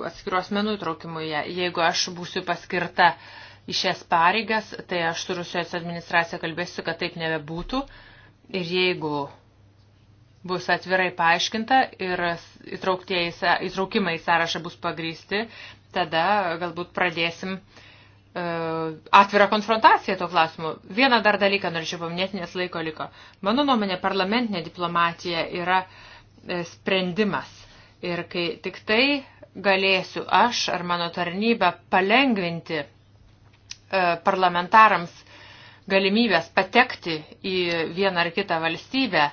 Speaker 3: atskiruos menų įtraukimu. Jeigu aš būsiu paskirta į šias pareigas, tai aš su Rusijos administracija kalbėsiu, kad taip nebebūtų. Ir jeigu bus atvirai paaiškinta ir įtraukimai į sąrašą bus pagrysti, tada galbūt pradėsim e, atvirą konfrontaciją to klausimu. Vieną dar dalyką norėčiau paminėti, nes laiko liko. Mano nuomonė, parlamentinė diplomatija yra e, sprendimas. Ir kai tik tai galėsiu aš ar mano tarnybą palengvinti e, parlamentarams galimybės patekti į vieną ar kitą valstybę,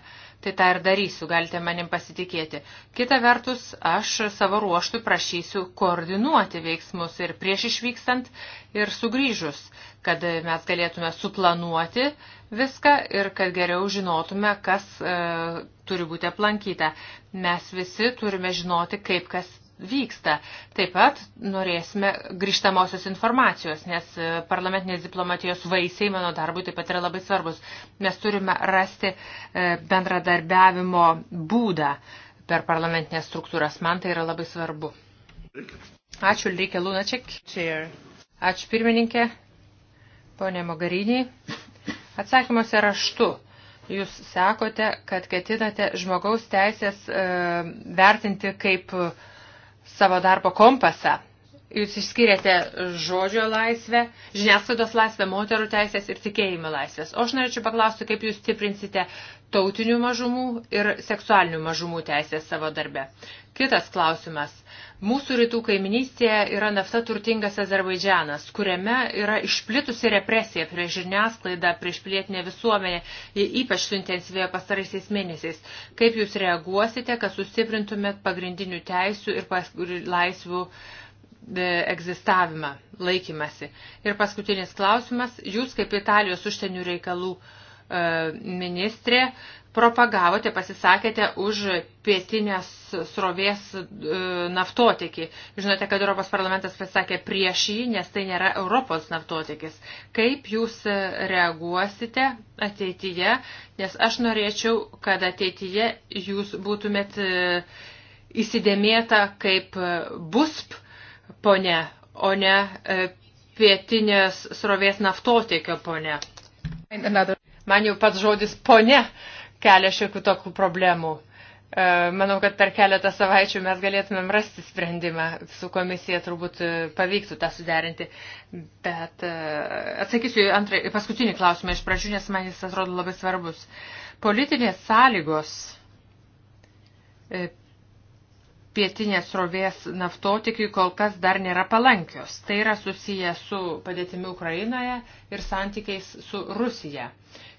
Speaker 3: tai tą ir darysiu, galite manim pasitikėti. Kita vertus, aš savo ruoštų prašysiu koordinuoti veiksmus ir prieš išvykstant ir sugrįžus, kad mes galėtume suplanuoti viską ir kad geriau žinotume, kas e, turi būti aplankyta. Mes visi turime žinoti, kaip kas vyksta. Taip pat norėsime grįžtamosios informacijos, nes e, parlamentinės diplomatijos vaisiai mano darbui taip pat yra labai svarbus. Mes turime rasti e, bendradarbiavimo būdą per parlamentinės struktūras. Man tai yra labai svarbu. Ačiū, Lyrikė Lunačik. Ačiū, pirmininkė. Pone Mogariniai. Atsakymuose raštu. Jūs sakote, kad ketinate žmogaus teisės e, vertinti kaip savo darbo kompasą Jūs išskiriate žodžio laisvę, žiniasklaidos laisvę, moterų teisės ir tikėjimo laisvės. O aš norėčiau paklausti, kaip jūs stiprinsite tautinių mažumų ir seksualinių mažumų teisės savo darbe. Kitas klausimas. Mūsų rytų kaiminystėje yra nafta turtingas Azerbaidžianas, kuriame yra išplitusi represija prieš žiniasklaidą, prieš pilietinę visuomenę, ypač suintensyvėjo pastaraisiais mėnesiais. Kaip jūs reaguosite, kad sustiprintumėt pagrindinių teisių ir laisvių uh, E, egzistavimą, laikymasi. Ir paskutinis klausimas. Jūs kaip Italijos užsienio reikalų e, ministrė propagavote, pasisakėte už pietinės srovės e, naftotikį. Žinote, kad Europos parlamentas pasisakė prieš jį, nes tai nėra Europos naftotikis. Kaip jūs reaguosite ateityje, nes aš norėčiau, kad ateityje jūs būtumėt įsidėmėta kaip BUSP, ponė, o ne e, pietinės srovės naftotiekio ponė. Man jau pats žodis ponė kelia šiokių tokių problemų. E, manau, kad per keletą savaičių mes galėtumėm rasti sprendimą. Su komisija turbūt e, pavyktų tą suderinti. Bet atsakysiu antrą, paskutinį klausimą iš pradžių, nes man jis atrodo labai svarbus. Politinės sąlygos pietinės srovės naftotikiui kol kas dar nėra palankios. Tai yra susiję su padėtimi Ukrainoje ir santykiais su Rusija.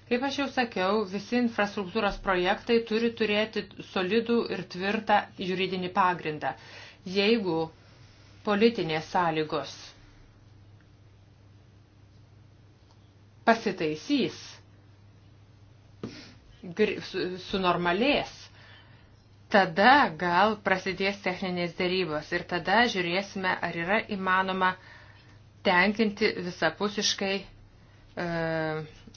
Speaker 3: Kaip aš jau sakiau, visi infrastruktūros projektai turi turėti solidų ir tvirtą juridinį pagrindą. Jeigu politinės sąlygos pasitaisys, sunormalės, tada gal prasidės techninės dėrybos ir tada žiūrėsime, ar yra įmanoma tenkinti visapusiškai e,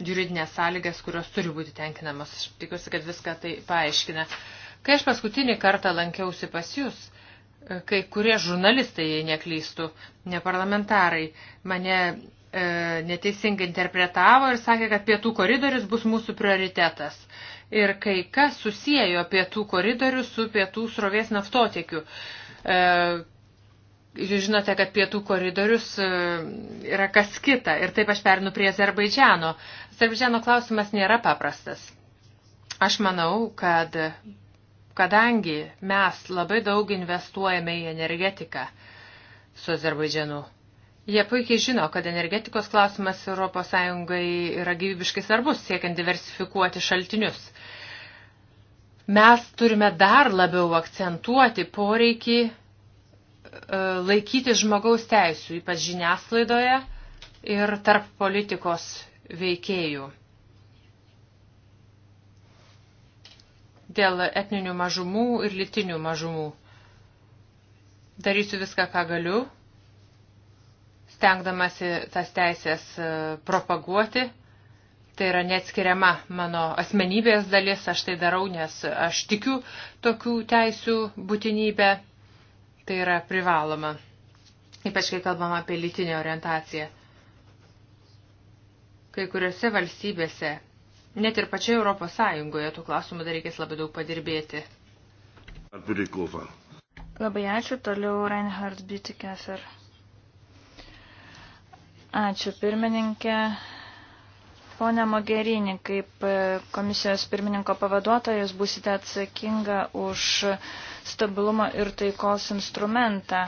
Speaker 3: juridinės sąlygas, kurios turi būti tenkinamos. Aš tikiuosi, kad viską tai paaiškina. Kai aš paskutinį kartą lankiausi pas jūs, e, kai kurie žurnalistai, jei neklystų, ne parlamentarai, mane e, neteisingai interpretavo ir sakė, kad pietų koridorius bus mūsų prioritetas ir kai kas susijėjo pietų koridorių su pietų srovės naftotiekiu. E, Jūs žinote, kad pietų koridorius e, yra kas kita ir taip aš perinu prie Azerbaidžiano. Azerbaidžiano klausimas nėra paprastas. Aš manau, kad kadangi mes labai daug investuojame į energetiką su Azerbaidžianu, jie puikiai žino, kad energetikos klausimas ES yra gyvybiškai svarbus, siekiant diversifikuoti šaltinius. Mes turime dar labiau akcentuoti poreikį e, laikyti žmogaus teisų, ypač žiniasklaidoje ir tarp politikos veikėjų. Dėl etninių mažumų ir litinių mažumų. Darysiu viską, ką galiu, stengdamasi tas teisės e, propaguoti Tai yra neatskiriama mano asmenybės dalis, aš tai darau, nes aš tikiu tokių teisių būtinybę. Tai yra privaloma, ypač kai kalbam apie lytinę orientaciją. Kai kuriuose valstybėse, net ir pačioje Europos Sąjungoje, tų klausimų dar reikės labai daug padirbėti.
Speaker 1: Labai ačiū, toliau Reinhard Bitikefer. Ačiū pirmininkė, Pone Mogerinį, kaip e, komisijos pirmininko pavaduotoja, jūs būsite atsakinga už stabilumo ir taikos instrumentą.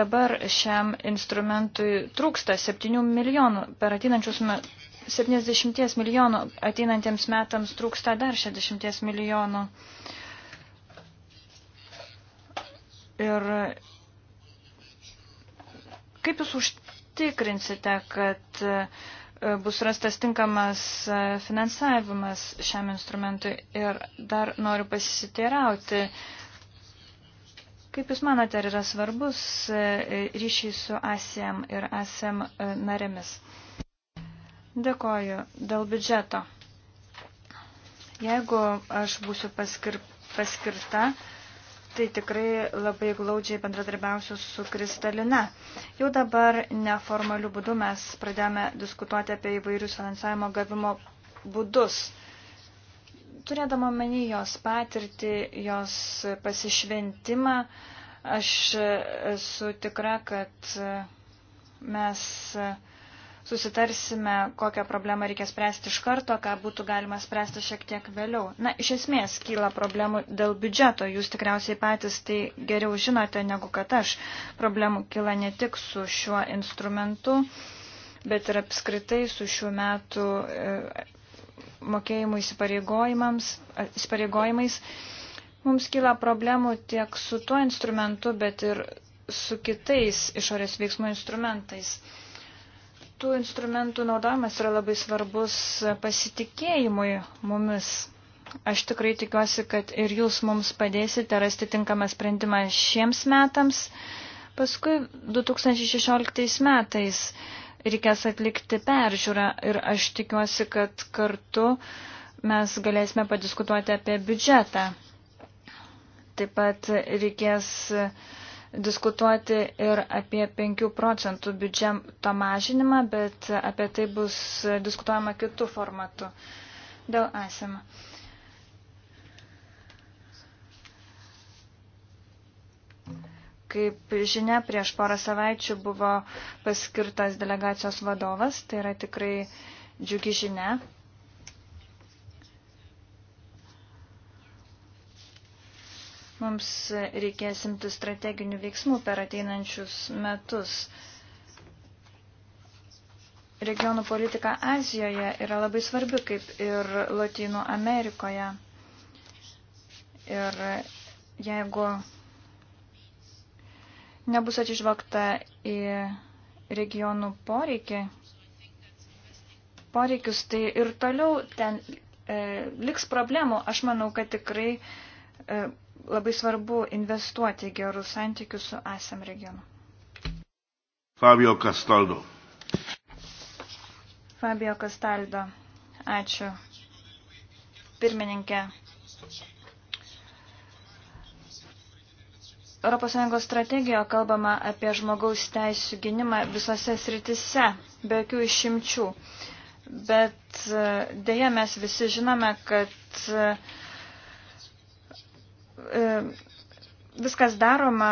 Speaker 1: Dabar šiam instrumentui trūksta 7 milijonų per ateinančius metus. 70 milijonų ateinantiems metams trūksta dar 60 milijonų. Ir kaip jūs užtikrinsite, kad uh, E, bus rastas tinkamas e, finansavimas šiam instrumentui. Ir dar noriu pasiteirauti, kaip Jūs manote, ar yra svarbus e, ryšiai su ASEM ir ASEM narėmis? Dėkoju dėl biudžeto. Jeigu aš būsiu paskir, paskirta, tai tikrai labai glaudžiai bendradarbiausiu su Kristalina. Jau dabar neformaliu būdu mes pradėjome diskutuoti apie įvairius finansavimo gavimo būdus. Turėdama menį jos patirtį, jos pasišventimą, aš esu tikra, kad mes susitarsime, kokią problemą reikia spręsti iš karto, ką būtų galima spręsti šiek tiek vėliau. Na, iš esmės kyla problemų dėl biudžeto, jūs tikriausiai patys tai geriau žinote negu kad aš. Problemų kyla ne tik su šiuo instrumentu, bet ir apskritai su šiuo metu e, mokėjimų įsipareigojimais. Mums kyla problemų tiek su tuo instrumentu, bet ir su kitais išorės veiksmų instrumentais tų instrumentų naudojimas yra labai svarbus pasitikėjimui mumis. Aš tikrai tikiuosi, kad ir jūs mums padėsite rasti tinkamą sprendimą šiems metams. Paskui 2016 metais reikės atlikti peržiūrą ir aš tikiuosi, kad kartu mes galėsime padiskutuoti apie biudžetą. Taip pat reikės uh, diskutuoti ir apie 5 procentų biudžeto mažinimą, bet apie tai bus diskutuojama kitų formatų dėl esame. Kaip žinia, prieš porą savaičių buvo paskirtas delegacijos vadovas, tai yra tikrai džiugi žinia. Mums reikės imti strateginių veiksmų per ateinančius metus. Regionų politika Azijoje yra labai svarbi, kaip ir Latino Amerikoje. Ir jeigu nebus atsižvelgta į regionų poreikį, poreikius, tai ir toliau ten e, liks problemų. Aš manau, kad tikrai e, labai svarbu investuoti gerus santykius su ASEM regionu. Fabio Castaldo. Fabio Castaldo. Ačiū. Pirmininkė. ES strategijoje kalbama apie žmogaus teisų gynimą visose sritise, be jokių išimčių. Bet e, dėja mes visi žinome, kad e, E, viskas daroma,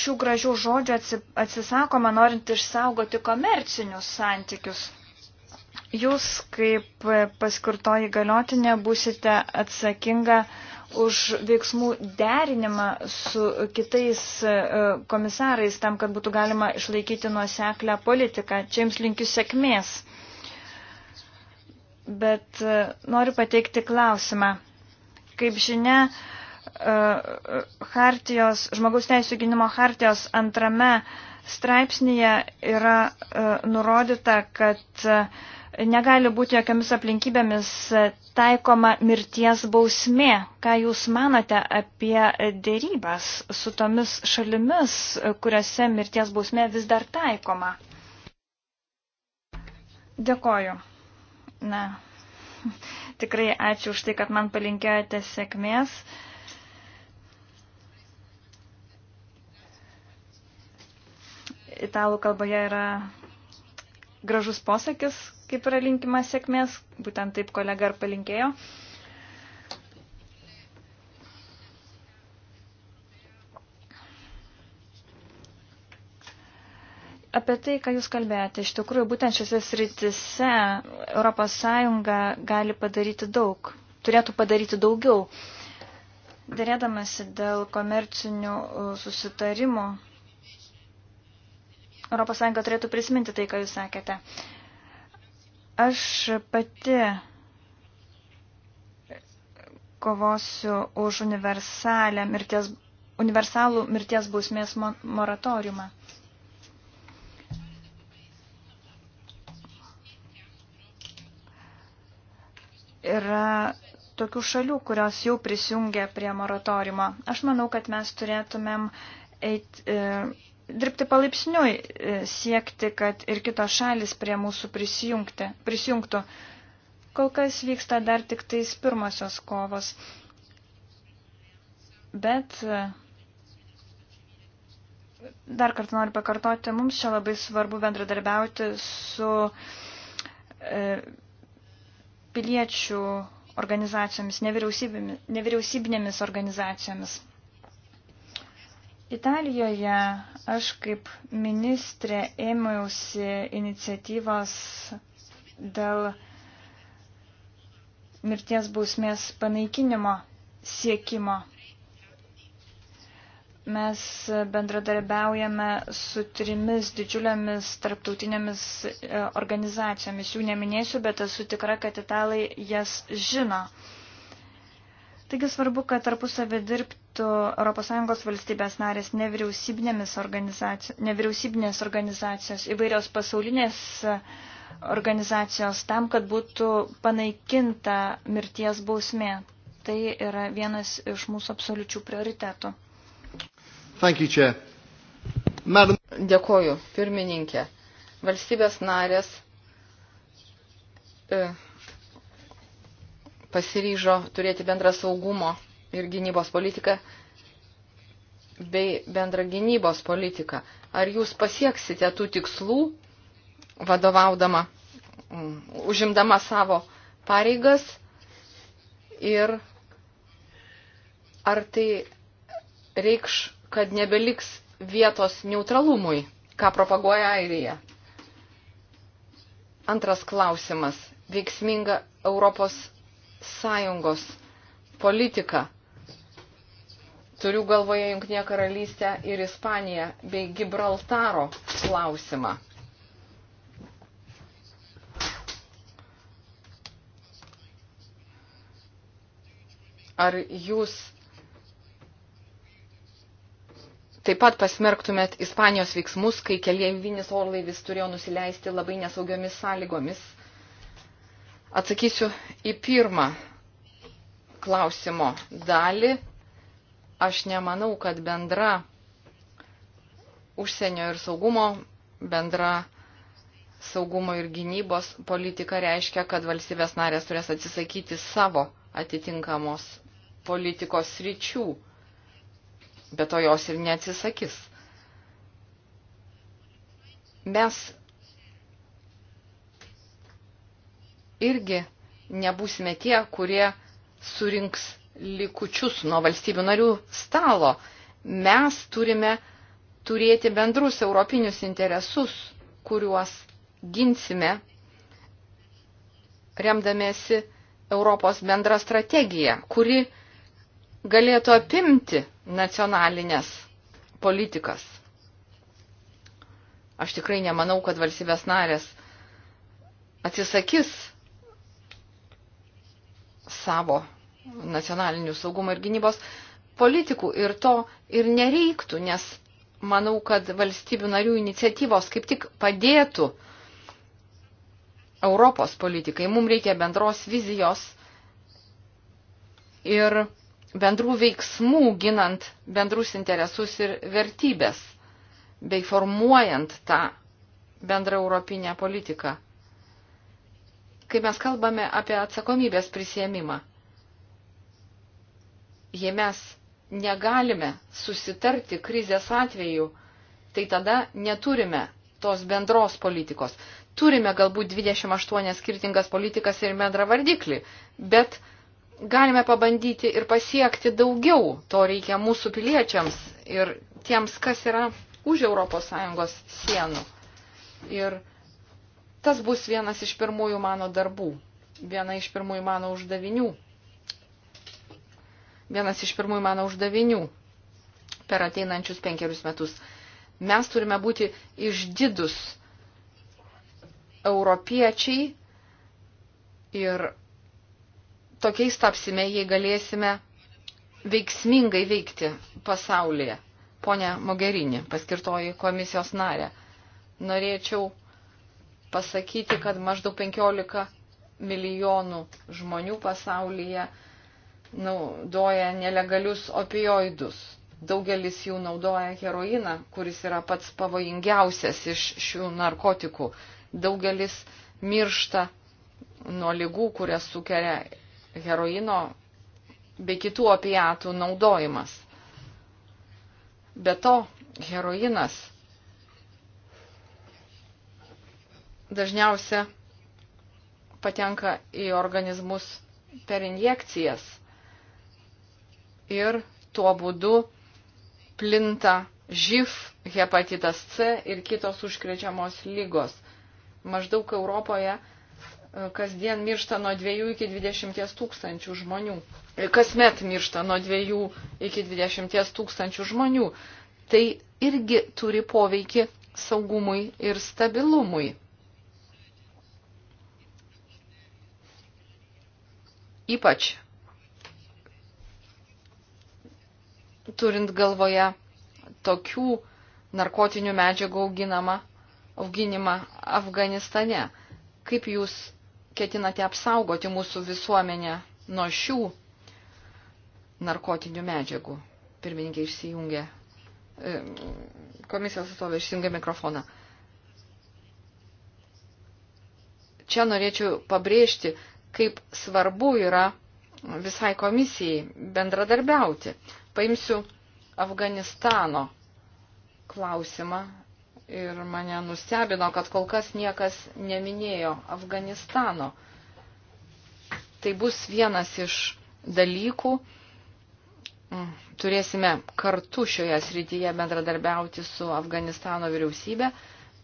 Speaker 1: šių gražių žodžių atsisakoma, norint išsaugoti komercinius santykius. Jūs, kaip paskirtoji galiotinė, būsite atsakinga už veiksmų derinimą su kitais e, komisarais, tam, kad būtų galima išlaikyti nuoseklę politiką. Čia jums linkiu sėkmės. Bet e, noriu pateikti klausimą. Kaip žinia, E, hartijos, žmogaus teisų gynimo hartijos antrame straipsnėje yra e, nurodyta, kad e, negali būti jokiamis aplinkybėmis taikoma mirties bausmė. Ką Jūs manote apie dėrybas su tomis šalimis, kuriuose mirties bausmė vis dar taikoma? Dėkoju. Na, *laughs* tikrai ačiū už tai, kad man palinkėjote sėkmės. Uh, italų kalboje yra gražus posakis, kaip yra linkima sėkmės, būtent taip kolega ir palinkėjo. Apie tai, ką Jūs kalbėjote, iš tikrųjų, būtent šiose sritise ES gali padaryti daug, turėtų padaryti daugiau. Dėrėdamasi dėl komercinių uh, susitarimų, ES turėtų prisiminti tai, ką jūs sakėte. Aš pati kovosiu už universalę mirties, universalų mirties bausmės moratoriumą. Yra tokių šalių, kurios jau prisijungia prie moratoriumo. Aš manau, kad mes turėtumėm eiti. E, dirbti palaipsniui, e, siekti, kad ir kitos šalis prie mūsų prisijungtų. Kol kas vyksta dar tik tais pirmosios kovos. Bet e, dar kartą noriu pakartoti, mums čia labai svarbu bendradarbiauti su e, piliečių organizacijomis, nevyriausybinėmis organizacijomis. Italijoje aš kaip ministrė ėmiausi iniciatyvos dėl mirties bausmės panaikinimo siekimo. Mes bendradarbiaujame su trimis didžiuliamis tarptautinėmis e, organizacijomis. Jų neminėsiu, bet esu tikra, kad italai jas žino. Taigi svarbu, kad tarpusavį dirbti taptų ES valstybės narės nevyriausybinės organizacijos, nevyriausybinės organizacijos, įvairios pasaulinės organizacijos tam, kad būtų panaikinta mirties bausmė. Tai yra vienas iš mūsų absoliučių prioritetų. Thank you, Chair.
Speaker 2: Madam... Dėkoju, pirmininkė. Valstybės narės e, pasiryžo turėti bendrą saugumo ir gynybos politiką bei bendrą gynybos politiką. Ar jūs pasieksite tų tikslų, vadovaudama, mm, užimdama savo pareigas ir ar tai reikš, kad nebeliks vietos neutralumui, ką propaguoja Airija? Antras klausimas. Veiksminga Europos Sąjungos politika Turiu galvoje Junktinė karalystė ir Ispanija bei Gibraltaro klausimą. Ar jūs taip pat pasmerktumėt Ispanijos veiksmus, kai keleivinis orlaivis turėjo nusileisti labai nesaugiomis sąlygomis? Atsakysiu į pirmą klausimo dalį Aš nemanau, kad bendra užsienio ir saugumo, bendra saugumo ir gynybos politika reiškia, kad valstybės narės turės atsisakyti savo atitinkamos politikos ryčių, bet to jos ir neatsisakis. Mes irgi nebūsime tie, kurie surinks likučius nuo valstybių narių stalo. Mes turime turėti bendrus europinius interesus, kuriuos ginsime remdamėsi Europos bendrą strategiją, kuri galėtų apimti nacionalinės politikas. Aš tikrai nemanau, kad valstybės narės atsisakys savo nacionalinių saugumo ir gynybos politikų ir to ir nereiktų, nes manau, kad valstybių narių iniciatyvos kaip tik padėtų Europos politikai. Mums reikia bendros vizijos ir bendrų veiksmų ginant bendrus interesus ir vertybės, bei formuojant tą bendrą europinę politiką. Kai mes kalbame apie atsakomybės prisėmimą, jei mes negalime susitarti krizės atveju, tai tada neturime tos bendros politikos. Turime galbūt 28 skirtingas politikas ir bendrą vardiklį, bet galime pabandyti ir pasiekti daugiau. To reikia mūsų piliečiams ir tiems, kas yra už ES sienų. Ir tas bus vienas iš pirmųjų mano darbų, viena iš pirmųjų mano uždavinių vienas iš pirmųjų mano uždavinių per ateinančius penkerius metus. Mes turime būti išdidus europiečiai ir tokiais tapsime, jei galėsime veiksmingai veikti pasaulyje. Pone Mogerini, paskirtoji komisijos narė, norėčiau pasakyti, kad maždaug 15 milijonų žmonių pasaulyje naudoja nelegalius opioidus. Daugelis jų naudoja heroiną, kuris yra pats pavojingiausias iš šių narkotikų. Daugelis miršta nuo lygų, kurias sukelia heroino bei kitų opiatų naudojimas. Be to, heroinas dažniausia patenka į organizmus per injekcijas – ir tuo būdu plinta živ, hepatitas C ir kitos užkrečiamos lygos. Maždaug Europoje e, kasdien miršta nuo 2 iki 20 tūkstančių žmonių. E, kasmet miršta nuo 2 iki 20 tūkstančių žmonių. Tai irgi turi poveikį saugumui ir stabilumui. Ypač turint galvoje tokių narkotinių medžiagų auginamą, auginimą Afganistane. Kaip jūs ketinate apsaugoti mūsų visuomenę nuo šių narkotinių medžiagų? Pirmininkė išsijungė, e, komisijos atstovė išsijungė mikrofoną. Čia norėčiau pabrėžti, kaip svarbu yra visai komisijai bendradarbiauti. Paimsiu Afganistano klausimą ir mane nustebino, kad kol kas niekas neminėjo Afganistano. Tai bus vienas iš dalykų. Mm, turėsime kartu šioje srityje bendradarbiauti su Afganistano vyriausybė.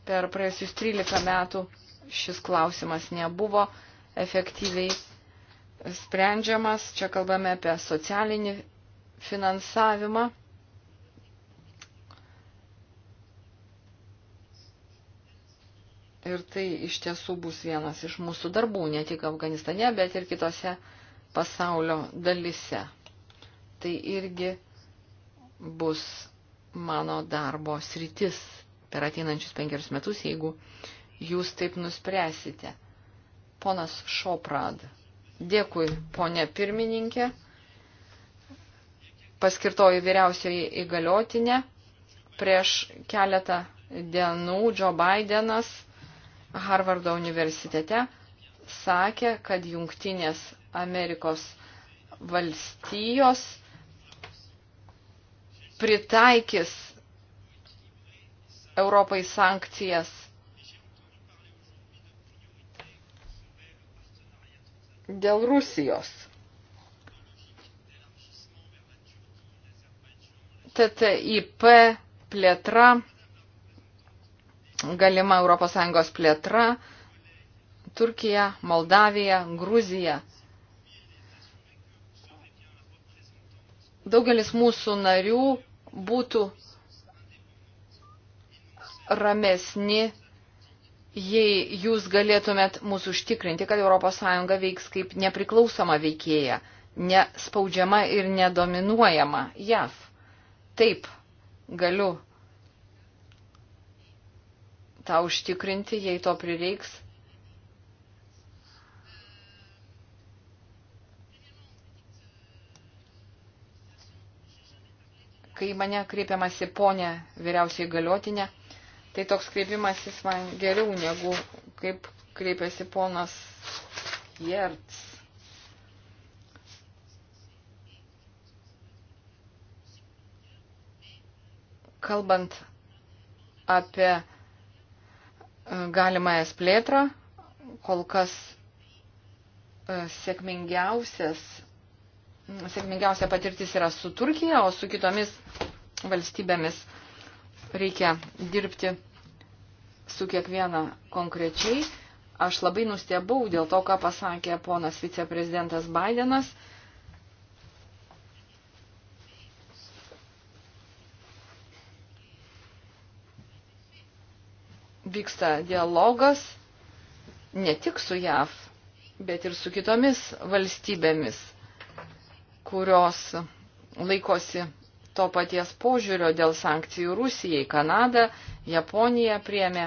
Speaker 2: Per praėjusius 13 metų šis klausimas nebuvo efektyviai sprendžiamas. Čia kalbame apie socialinį finansavimą. Ir tai iš tiesų bus vienas iš mūsų darbų, ne tik Afganistane, bet ir kitose pasaulio dalise. Tai irgi bus mano darbo sritis per ateinančius penkerius metus, jeigu jūs taip nuspręsite. Ponas Šoprad. Dėkui, ponė pirmininkė. Paskirtoji vyriausioji įgaliotinė. Prieš keletą dienų Joe Bidenas Harvardo universitete sakė, kad jungtinės Amerikos valstijos pritaikys Europai sankcijas dėl Rusijos. TTIP plėtra, galima ES plėtra, Turkija, Moldavija, Gruzija. Daugelis mūsų narių būtų ramesni jei jūs galėtumėt mūsų užtikrinti, kad ES veiks kaip nepriklausoma veikėja, nespaudžiama ir nedominuojama JAV. Taip, galiu tą užtikrinti, jei to prireiks. Kai mane kreipiamasi ponė vyriausiai galiotinė, Tai toks kreipimasis man geriau negu kaip kreipiasi ponas Jerts. Kalbant apie e, galimą es plėtrą, kol kas e, sėkmingiausias, sėkmingiausia patirtis yra su Turkija, o su kitomis valstybėmis Reikia dirbti su kiekviena konkrečiai. Aš labai nustebau dėl to, ką pasakė ponas viceprezidentas Bidenas. Vyksta dialogas ne tik su JAV, bet ir su kitomis valstybėmis, kurios laikosi to paties požiūrio dėl sankcijų Rusijai. Kanada, Japonija priemė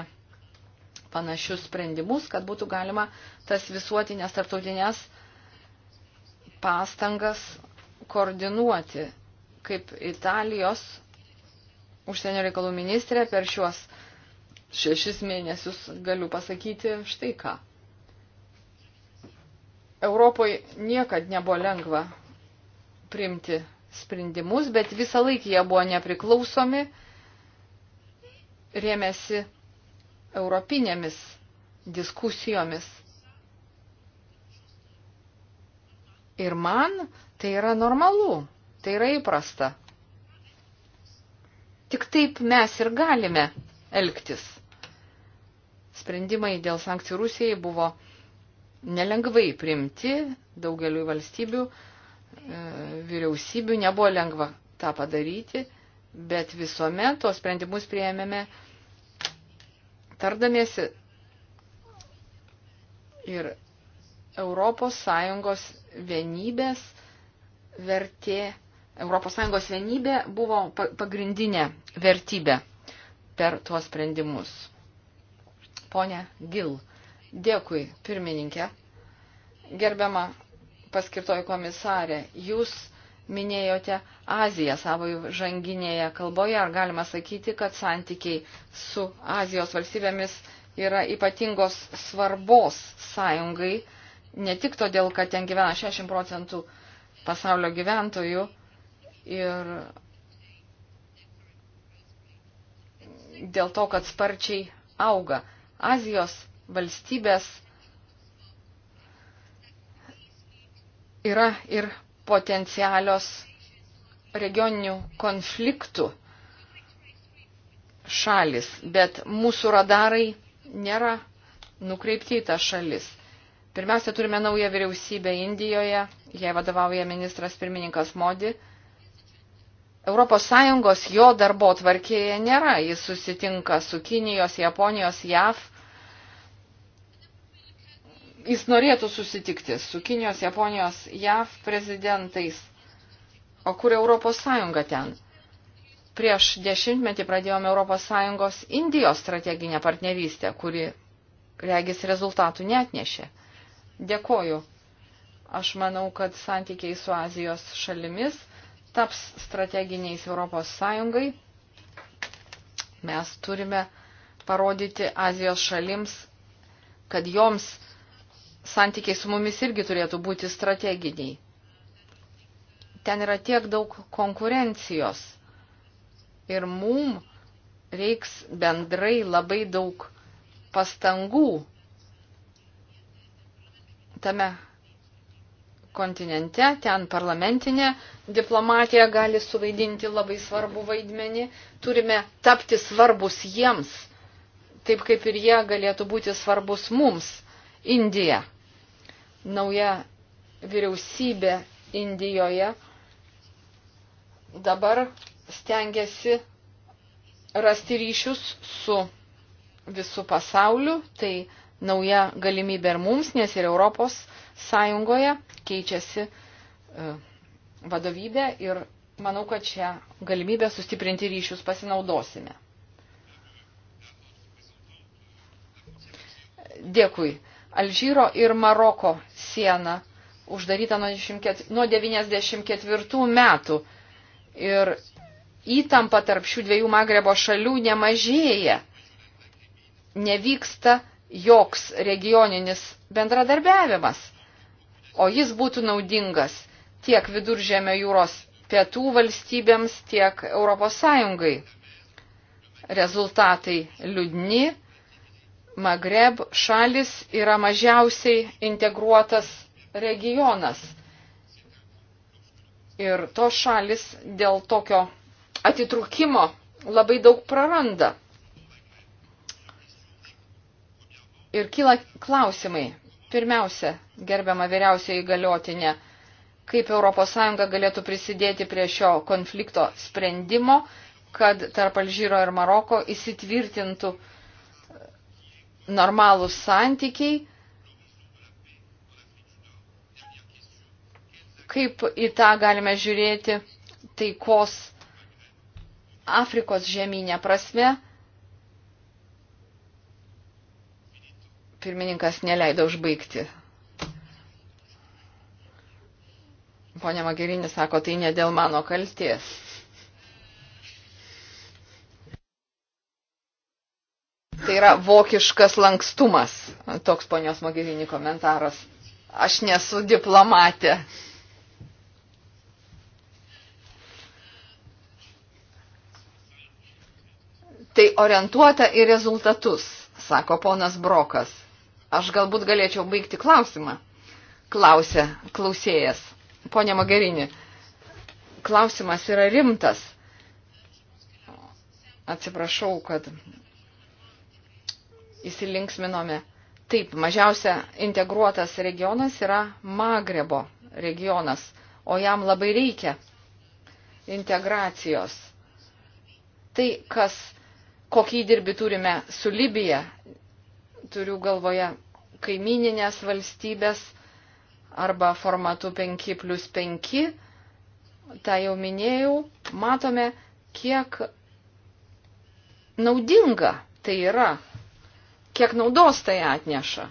Speaker 2: panašius sprendimus, kad būtų galima tas visuotinės tarptautinės pastangas koordinuoti, kaip Italijos užsienio reikalų ministrė per šiuos šešis mėnesius galiu pasakyti štai ką. Europoje niekad nebuvo lengva priimti sprendimus, bet visą laiką jie buvo nepriklausomi, rėmėsi europinėmis diskusijomis. Ir man tai yra normalu, tai yra įprasta. Tik taip mes ir galime elgtis. Sprendimai dėl sankcijų Rusijai buvo nelengvai primti daugeliu valstybių, E, vyriausybių. Nebuvo lengva tą padaryti, bet visuomet tos sprendimus prieėmėme tardamiesi ir Europos Sąjungos vienybės vertė, Europos Sąjungos vienybė buvo pagrindinė vertybė per tuos sprendimus. Pone Gil, dėkui pirmininkė, gerbiama paskirtoji komisarė, jūs minėjote Aziją savo žanginėje kalboje, ar galima sakyti, kad santykiai su Azijos valstybėmis yra ypatingos svarbos sąjungai, ne tik todėl, kad ten gyvena 60 procentų pasaulio gyventojų ir dėl to, kad sparčiai auga Azijos valstybės yra ir potencialios regioninių konfliktų šalis, bet mūsų radarai nėra nukreipti į tą šalis. Pirmiausia, turime naują vyriausybę Indijoje, jai vadovauja ministras pirmininkas Modi. Europos Sąjungos jo darbo tvarkėje nėra, jis susitinka su Kinijos, Japonijos, JAV jis norėtų susitikti su Kinijos, Japonijos, JAV prezidentais. O kur Europos Sąjunga ten? Prieš dešimtmetį pradėjome Europos Sąjungos Indijos strateginę partnerystę, kuri, regis, rezultatų netnešė. Dėkoju. Aš manau, kad santykiai su Azijos šalimis taps strateginiais Europos Sąjungai. Mes turime parodyti Azijos šalims, kad joms santykiai su mumis irgi turėtų būti strateginiai. Ten yra tiek daug konkurencijos ir mum reiks bendrai labai daug pastangų tame kontinente, ten parlamentinė diplomatija gali suvaidinti labai svarbu vaidmenį. Turime tapti svarbus jiems, taip kaip ir jie galėtų būti svarbus mums. Indija. Nauja vyriausybė Indijoje dabar stengiasi rasti ryšius su visų pasauliu. Tai nauja galimybė ir mums, nes ir Europos Sąjungoje keičiasi e, vadovybė ir manau, kad šią galimybę sustiprinti ryšius pasinaudosime. Dėkui Alžyro ir Maroko siena uždaryta nuo 1994 metų. Ir įtampa tarp šių dviejų Magrebo šalių nemažėja. Nevyksta joks regioninis bendradarbiavimas, o jis būtų naudingas tiek viduržėmio jūros pietų valstybėms, tiek Europos Sąjungai. Rezultatai liūdni Magreb šalis yra mažiausiai integruotas regionas. Ir tos šalis dėl tokio atitrukimo labai daug praranda. Ir kyla klausimai. Pirmiausia, gerbiama vyriausioji galiotinė, kaip ES galėtų prisidėti prie šio konflikto sprendimo, kad tarp Alžyro ir Maroko įsitvirtintų uh, normalūs santykiai. Kaip į tą galime žiūrėti taikos Afrikos žemynė prasme. Pirmininkas neleido užbaigti. Pone Magerinė sako, tai ne dėl mano kalties. Tai yra vokiškas lankstumas. Toks ponios Mogherini komentaras. Aš nesu diplomatė. Tai orientuota į rezultatus, sako ponas Brokas. Aš galbūt galėčiau baigti klausimą. Klausė klausėjas. Pone Mogherini, klausimas yra rimtas. Atsiprašau, kad įsilinksminome. Taip, mažiausia integruotas regionas yra Magrebo regionas, o jam labai reikia integracijos. Tai, kas, kokį įdirbį turime su Libija, turiu galvoje kaimininės valstybės arba formatu 5 plus 5, tą jau minėjau, matome, kiek naudinga tai yra kiek naudos tai atneša.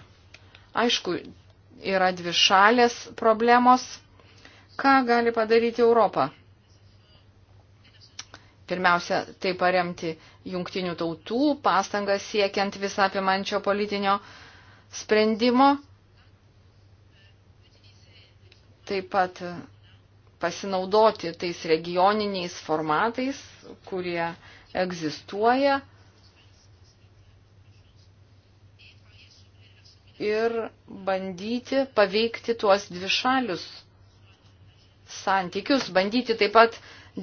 Speaker 2: Aišku, yra dvi šalės problemos. Ką gali padaryti Europą? Pirmiausia, tai paremti jungtinių tautų pastangas siekiant visą apimančio politinio sprendimo. Taip pat pasinaudoti tais regioniniais formatais, kurie egzistuoja ir bandyti paveikti tuos dvišalius santykius, bandyti taip pat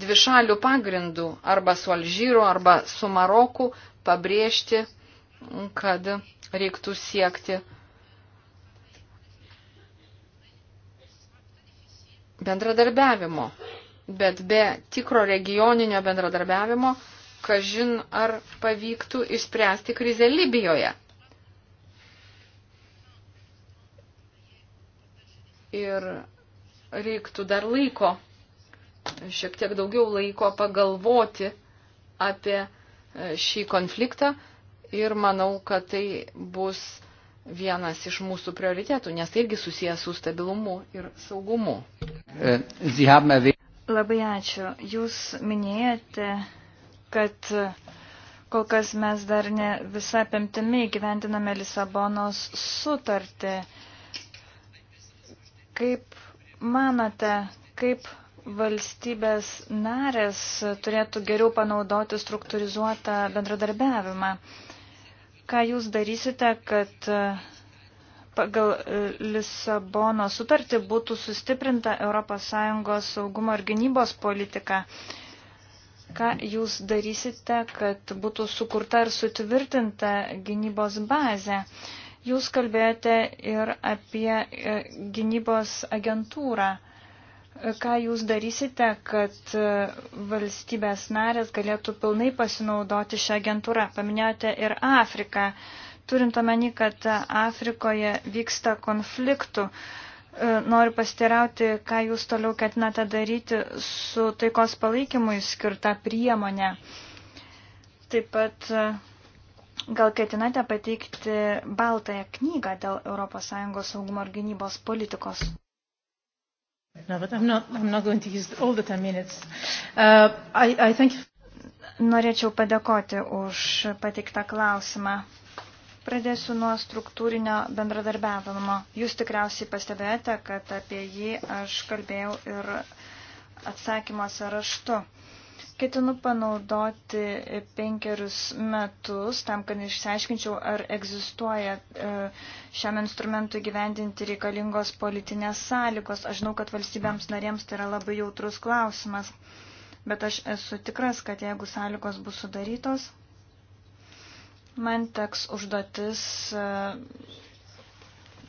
Speaker 2: dvišalių pagrindų arba su Alžyru, arba su Maroku pabrėžti, kad reiktų siekti bendradarbiavimo. Bet be tikro regioninio bendradarbiavimo, kažin ar pavyktų išspręsti krizę Libijoje. ir reiktų dar laiko, šiek tiek daugiau laiko pagalvoti apie e, šį konfliktą ir manau, kad tai bus vienas iš mūsų prioritėtų, nes tai irgi susijęs su stabilumu ir saugumu. E,
Speaker 1: Labai ačiū. Jūs minėjote, kad kol kas mes dar ne visą apimtimi gyventiname Lisabonos sutartį. Kaip manote, kaip valstybės narės turėtų geriau panaudoti struktūrizuotą bendradarbiavimą? Ką jūs darysite, kad e, pagal e, Lisabono sutartį būtų sustiprinta ES saugumo ir gynybos politika. Ką jūs darysite, kad būtų sukurta ir sutvirtinta gynybos bazė? Jūs kalbėjote ir apie e, gynybos agentūrą. E, ką jūs darysite, kad e, valstybės narės galėtų pilnai pasinaudoti šią agentūrą? Paminėjote ir Afriką. Turint omeny, kad Afrikoje vyksta konfliktų, noriu pastirauti, ką jūs toliau ketinate daryti su taikos palaikymui skirta priemonė. Taip pat Gal ketinate pateikti baltąją knygą dėl ES saugumo ir gynybos politikos? No, but I'm not, I'm not going to use all the 10 minutes. Uh, I, I think... Norėčiau padėkoti už pateiktą klausimą. Pradėsiu nuo struktūrinio bendradarbiavimo. Jūs tikriausiai pastebėjote, kad apie jį aš kalbėjau ir atsakymuose raštu. Ketinu panaudoti penkerius metus tam, kad išsiaiškinčiau, ar egzistuoja e, šiam instrumentui gyvendinti reikalingos politinės sąlygos. Aš žinau, kad valstybėms narėms tai yra labai jautrus klausimas, bet aš esu tikras, kad jeigu sąlygos bus sudarytos, man teks užduotis e,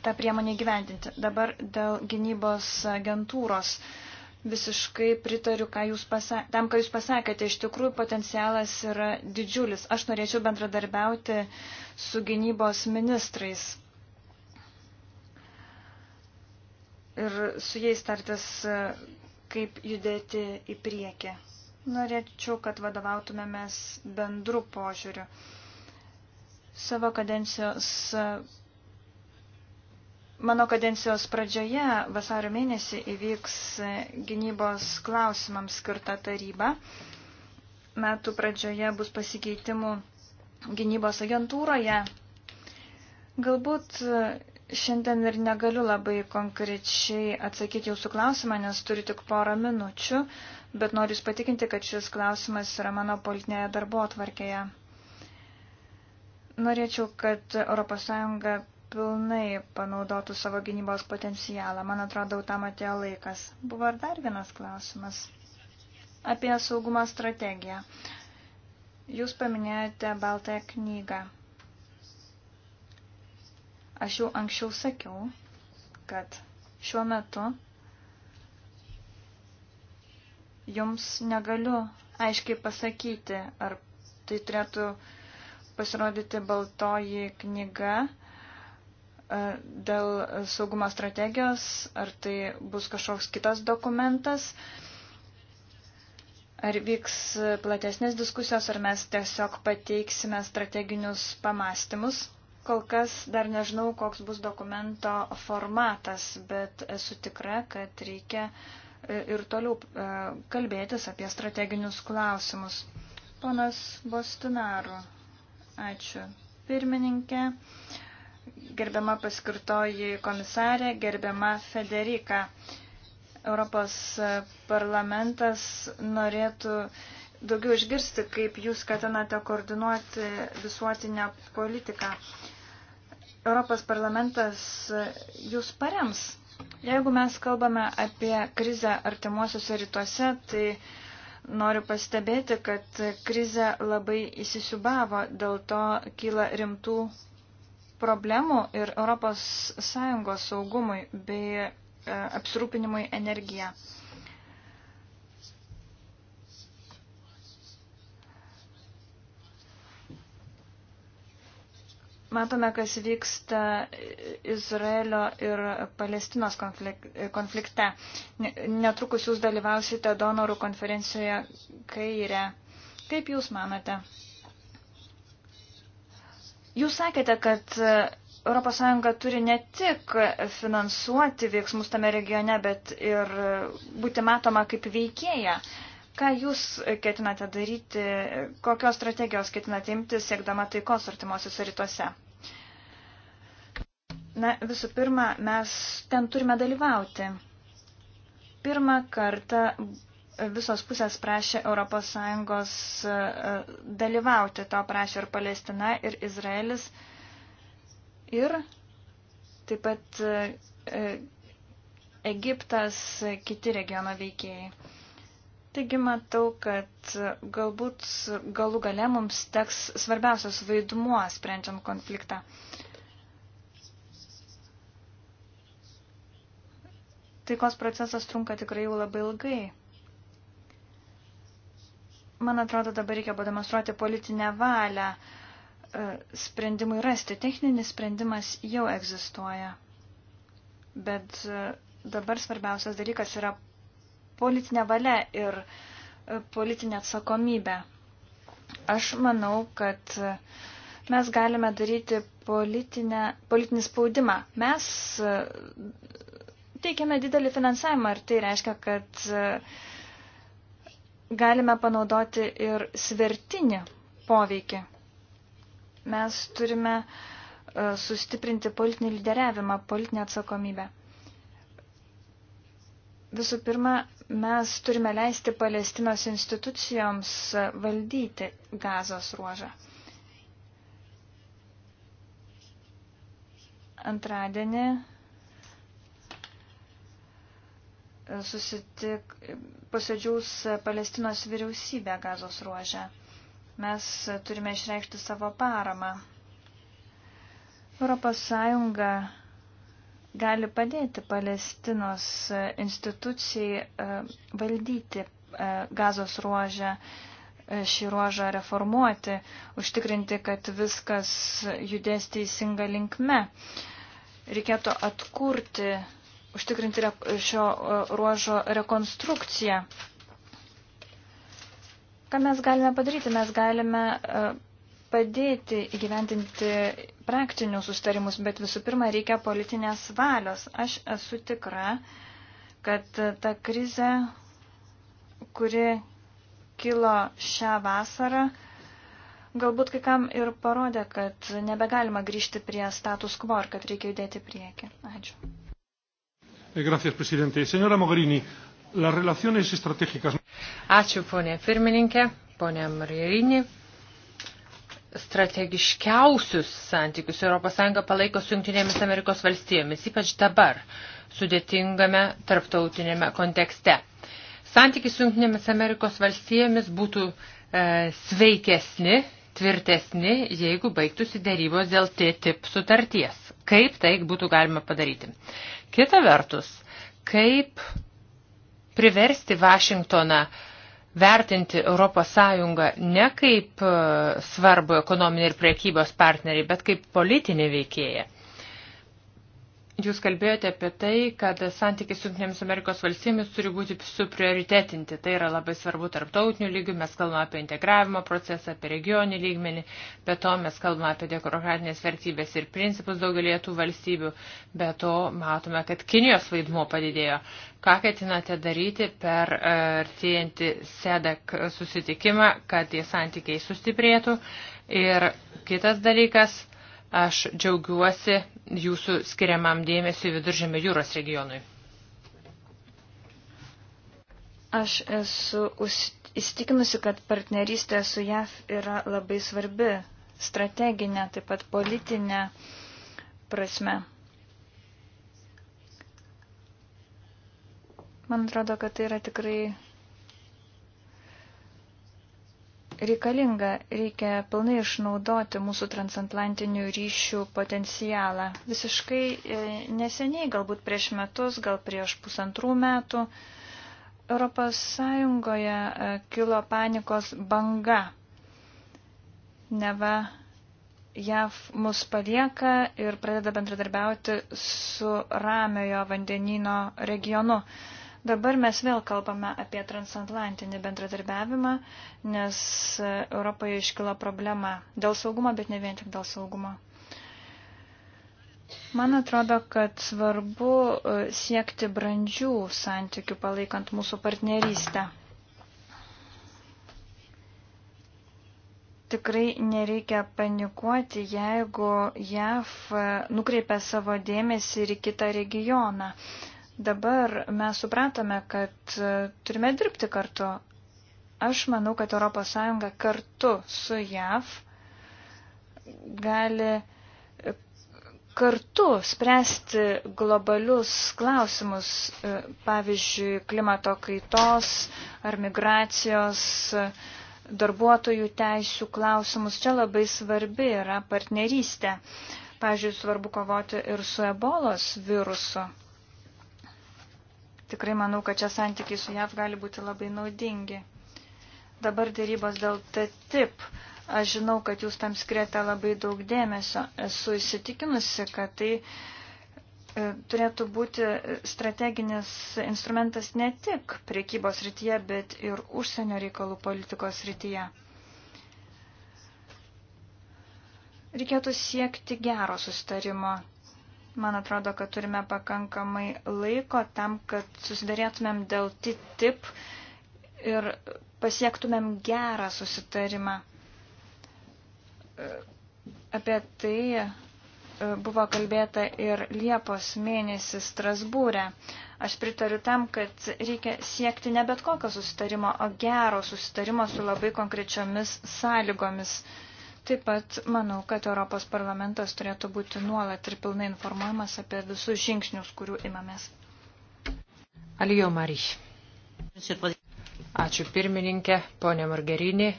Speaker 1: tą priemonę gyvendinti. Dabar dėl gynybos agentūros. Uh, visiškai pritariu ką jūs pasa tam, ką jūs pasakėte. Iš tikrųjų, potencialas yra didžiulis. Aš norėčiau bendradarbiauti su gynybos ministrais ir su jais tartis, kaip judėti į priekį. Norėčiau, kad vadovautumėmės bendrų požiūrių. Savo kadencijos Mano kadencijos pradžioje vasario mėnesį įvyks gynybos klausimams skirta taryba. Metų pradžioje bus pasikeitimų gynybos agentūroje. Galbūt šiandien ir negaliu labai konkrečiai atsakyti jūsų klausimą, nes turiu tik porą minučių, bet noriu jūs patikinti, kad šis klausimas yra mano politinėje darbo atvarkėje. Norėčiau, kad ES pilnai panaudotų savo gynybos potencialą. Man atrodo, tam atėjo laikas. Buvo ir dar vienas klausimas apie saugumo strategiją. Jūs paminėjote Baltąją knygą. Aš jau anksčiau sakiau, kad šiuo metu jums negaliu aiškiai pasakyti, ar tai turėtų pasirodyti baltoji knyga E, dėl saugumo strategijos, ar tai bus kažkoks kitas dokumentas, ar vyks platesnės diskusijos, ar mes tiesiog pateiksime strateginius pamastymus. Kol kas dar nežinau, koks bus dokumento formatas, bet esu tikra, kad reikia e, ir toliau e, kalbėtis apie strateginius klausimus. Ponas Bostunaru, ačiū. Pirmininkė. Uh, gerbiama paskirtoji komisarė, gerbiama Federika. Europos parlamentas norėtų daugiau išgirsti, kaip jūs ketinate koordinuoti visuotinę politiką. Europos parlamentas jūs parems. Jeigu mes kalbame apie krizę artimuosiuose rytuose, tai noriu pastebėti, kad krizė labai įsisiubavo, dėl to kyla rimtų problemų ir ES saugumui bei e, apsirūpinimui energiją. Matome, kas vyksta Izraelio ir Palestinos konflikte. Netrukus jūs dalyvausite donorų konferencijoje kairę. Kaip jūs manote? Jūs sakėte, kad ES turi ne tik finansuoti veiksmus tame regione, bet ir e, būti matoma kaip veikėja. Ką jūs ketinate daryti, kokios strategijos ketinate imti, siekdama taikos artimuosiuose rytuose? Na, visų pirma, mes ten turime dalyvauti. Pirmą kartą visos pusės prašė ES e, dalyvauti, to prašė ir Palestina, ir Izraelis, ir taip pat e, e, Egiptas, kiti regiono veikėjai. Taigi matau, kad galbūt galų gale mums teks svarbiausias vaidmuo sprendžiant konfliktą. Taikos procesas trunka tikrai jau labai ilgai. Man atrodo, dabar reikia pademonstruoti politinę valią e, sprendimui rasti. Techninis sprendimas jau egzistuoja. Bet e, dabar svarbiausias dalykas yra politinė valia ir e, politinė atsakomybė. Aš manau, kad mes galime daryti politinę, politinį spaudimą. Mes teikiame didelį finansavimą ir tai reiškia, kad galime panaudoti ir svertinį poveikį. Mes turime e, sustiprinti politinį lyderiavimą, politinę atsakomybę. Visų pirma, mes turime leisti Palestinos institucijoms e, valdyti gazos ruožą. Antradienį susitik, posėdžiaus Palestinos vyriausybė gazos ruožę. Mes turime išreikšti savo paramą. Europos Sąjunga gali padėti Palestinos institucijai e, valdyti e, gazos ruožę, e, šį ruožą reformuoti, užtikrinti, kad viskas judės teisinga linkme. Reikėtų atkurti užtikrinti šio e, ruožo rekonstrukciją. Ką mes galime padaryti? Mes galime e, padėti įgyventinti praktinius sustarimus, bet visų pirma reikia politinės valios. Aš esu tikra, kad ta krize, kuri kilo šią vasarą, galbūt kai kam ir parodė, kad nebegalima grįžti prie status quo ir kad reikia judėti prieki. Ačiū.
Speaker 3: Eh, gracias, presidente. Senora Mogherini, las relaciones estratégicas. Ačiū, ponė pirmininkė, ponė Mogherini. Strategiškiausius santykius ES palaiko su Junktinėmis Amerikos valstijomis, ypač dabar sudėtingame tarptautinėme kontekste. Santykiai su Junktinėmis Amerikos valstijomis būtų e, sveikesni tvirtesni, jeigu baigtųsi dėrybos dėl TTIP sutarties. Kaip tai būtų galima padaryti? Kita vertus, kaip priversti Vašingtoną vertinti ES ne kaip e, svarbu ekonominį ir priekybos partnerį, bet kaip politinį veikėją. Jūs kalbėjote apie tai, kad santykiai su Junktinėmis Amerikos valstybėmis turi būti suprioritetinti. Tai yra labai svarbu tarptautinių lygių, mes kalbame apie integravimo procesą, apie regionį lygmenį, be to mes kalbame apie demokratinės vertybės ir principus daugelį tų valstybių, be to matome, kad Kinijos vaidmuo padidėjo. Ką ketinate daryti per e, artėjantį SEDEK susitikimą, kad tie santykiai sustiprėtų? Ir kitas dalykas – Aš džiaugiuosi jūsų skiriamam dėmesiu viduržėmio jūros regionui.
Speaker 1: Aš esu įstikinusi, kad partnerystė su JAV yra labai svarbi strateginė, taip pat politinė prasme. Man atrodo, kad tai yra tikrai reikalinga, reikia pilnai išnaudoti mūsų transatlantinių ryšių potencialą. Visiškai e, neseniai, galbūt prieš metus, gal prieš pusantrų metų, ES e, kilo panikos banga. Neva JAV mus palieka ir pradeda bendradarbiauti su ramiojo vandenino regionu. Dabar mes vėl kalbame apie transatlantinį bendradarbiavimą, nes Europoje iškilo problema dėl saugumo, bet ne vien tik dėl saugumo. Man atrodo, kad svarbu e, siekti brandžių santykių palaikant mūsų partnerystę. tikrai nereikia panikuoti, jeigu JAV e, nukreipia savo dėmesį ir į kitą regioną. Dabar mes supratome, kad e, turime dirbti kartu. Aš manau, kad ES kartu su JAV gali e, kartu spręsti globalius klausimus, e, pavyzdžiui, klimato kaitos ar migracijos, darbuotojų teisių klausimus. Čia labai svarbi yra partnerystė. Pavyzdžiui, svarbu kovoti ir su ebolos virusu. Tikrai manau, kad čia santykiai su JAV gali būti labai naudingi. Dabar dėrybos dėl TTIP. Aš žinau, kad jūs tam skiriate labai daug dėmesio. Esu įsitikinusi, kad tai e, turėtų būti strateginis instrumentas ne tik priekybos rytyje, bet ir užsienio reikalų politikos rytyje. Reikėtų siekti gero sustarimo Man atrodo, kad turime pakankamai laiko tam, kad susidarėtumėm dėl TTIP ir pasiektumėm gerą susitarimą. Apie tai e, buvo kalbėta ir Liepos mėnesį Strasbūrė. Aš pritariu tam, kad reikia siekti ne bet kokio susitarimo, o gero susitarimo su labai konkrečiomis sąlygomis. Taip pat manau, kad Europos parlamentas turėtų būti nuolat ir pilnai informuojamas apie visus žingsnius, kurių imamės.
Speaker 3: Alijo Mariš. Ačiū pirmininkė, ponė Margerinė.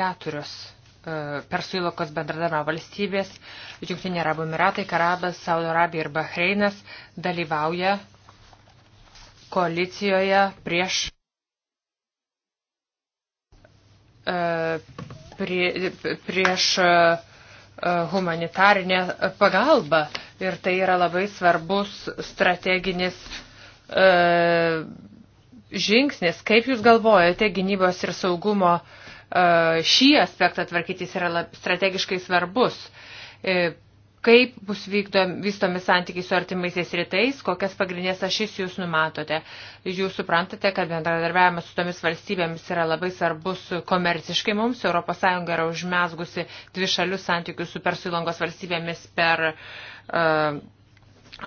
Speaker 3: Keturios e, Persų įlokos bendradama valstybės, Junktinė Arabų Emiratai, Karabas, Saudo Arabija ir Bahreinas dalyvauja koalicijoje prieš e, prie, prieš e, e, humanitarinę pagalbą ir tai yra labai svarbus strateginis e, žingsnis. Kaip Jūs galvojate, gynybos ir saugumo e, šį aspektą tvarkytis yra lab, strategiškai svarbus. E, kaip bus vykdom, vystomi santykiai su artimaisiais rytais, kokias pagrindinės ašis jūs numatote. Jūs suprantate, kad bendradarbiavimas su tomis valstybėmis yra labai svarbus komerciškai mums. ES yra užmesgusi dvi šalių santykius su Persų įlangos valstybėmis per uh,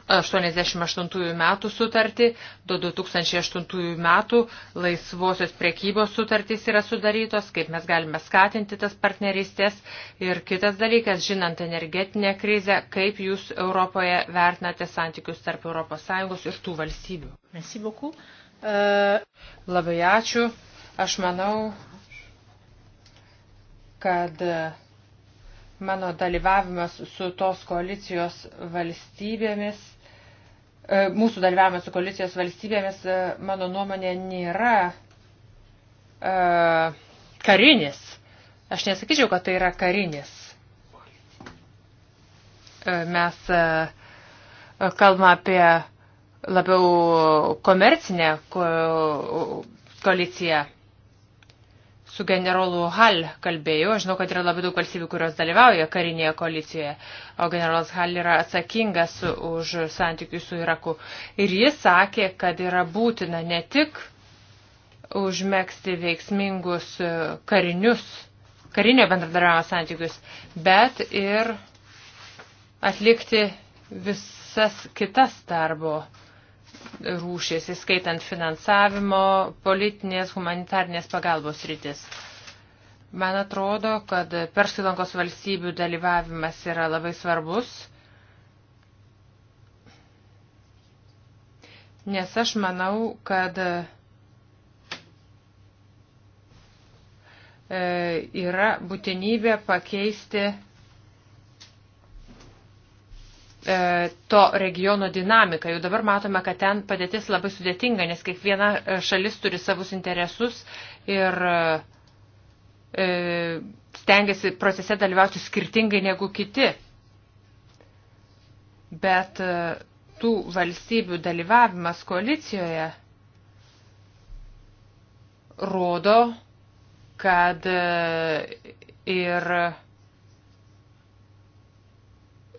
Speaker 3: 88 metų sutartį, 2008 metų laisvosios priekybos sutartys yra sudarytos, kaip mes galime skatinti tas partnerystės. Ir kitas dalykas, žinant energetinę krizę, kaip jūs Europoje vertinate santykius tarp ES ir tų valstybių. Merci beaucoup. Uh... Labai ačiū. Aš manau, kad. Uh, Mano dalyvavimas su tos koalicijos valstybėmis, e, mūsų dalyvavimas su koalicijos valstybėmis, e, mano nuomonė, nėra e, karinis. Aš nesakyčiau, kad tai yra karinis. Mes kalbame apie labiau komercinę koaliciją su generolu Hall kalbėjau. Aš žinau, kad yra labai daug valstybių, kurios dalyvauja karinėje koalicijoje, o generolas Hall yra atsakingas už santykius su Iraku. Ir jis sakė, kad yra būtina ne tik užmėgsti veiksmingus karinius, karinio bendradarbiavimo santykius, bet ir atlikti visas kitas darbo rūšis, įskaitant finansavimo, politinės, humanitarnės pagalbos rytis. Man atrodo, kad Persilankos valstybių dalyvavimas yra labai svarbus, nes aš manau, kad e, yra būtinybė pakeisti E, to regiono dinamiką. Jau dabar matome, kad ten padėtis labai sudėtinga, nes kiekviena e, šalis turi savus interesus ir e, stengiasi procese dalyvauti skirtingai negu kiti. Bet tų valstybių dalyvavimas koalicijoje rodo, kad ir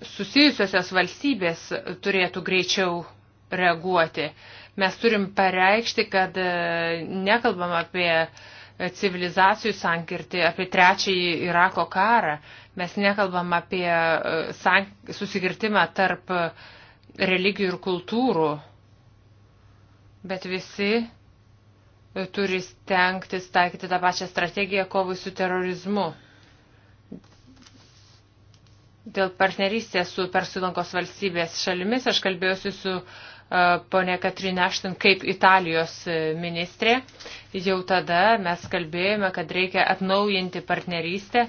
Speaker 3: susijusiosios valstybės turėtų greičiau reaguoti. Mes turim pareikšti, kad e, nekalbam apie civilizacijų sankirtį, apie trečiąjį Irako karą. Mes nekalbam apie e, susikirtimą tarp religijų ir kultūrų. Bet visi e, turi stengtis taikyti tą pačią strategiją kovai su terorizmu. Dėl partnerystės su Persilankos valstybės šalimis aš kalbėjosiu su e, ponė Katrinė Aštin kaip Italijos e, ministrė. Jau tada mes kalbėjome, kad reikia atnaujinti partnerystę,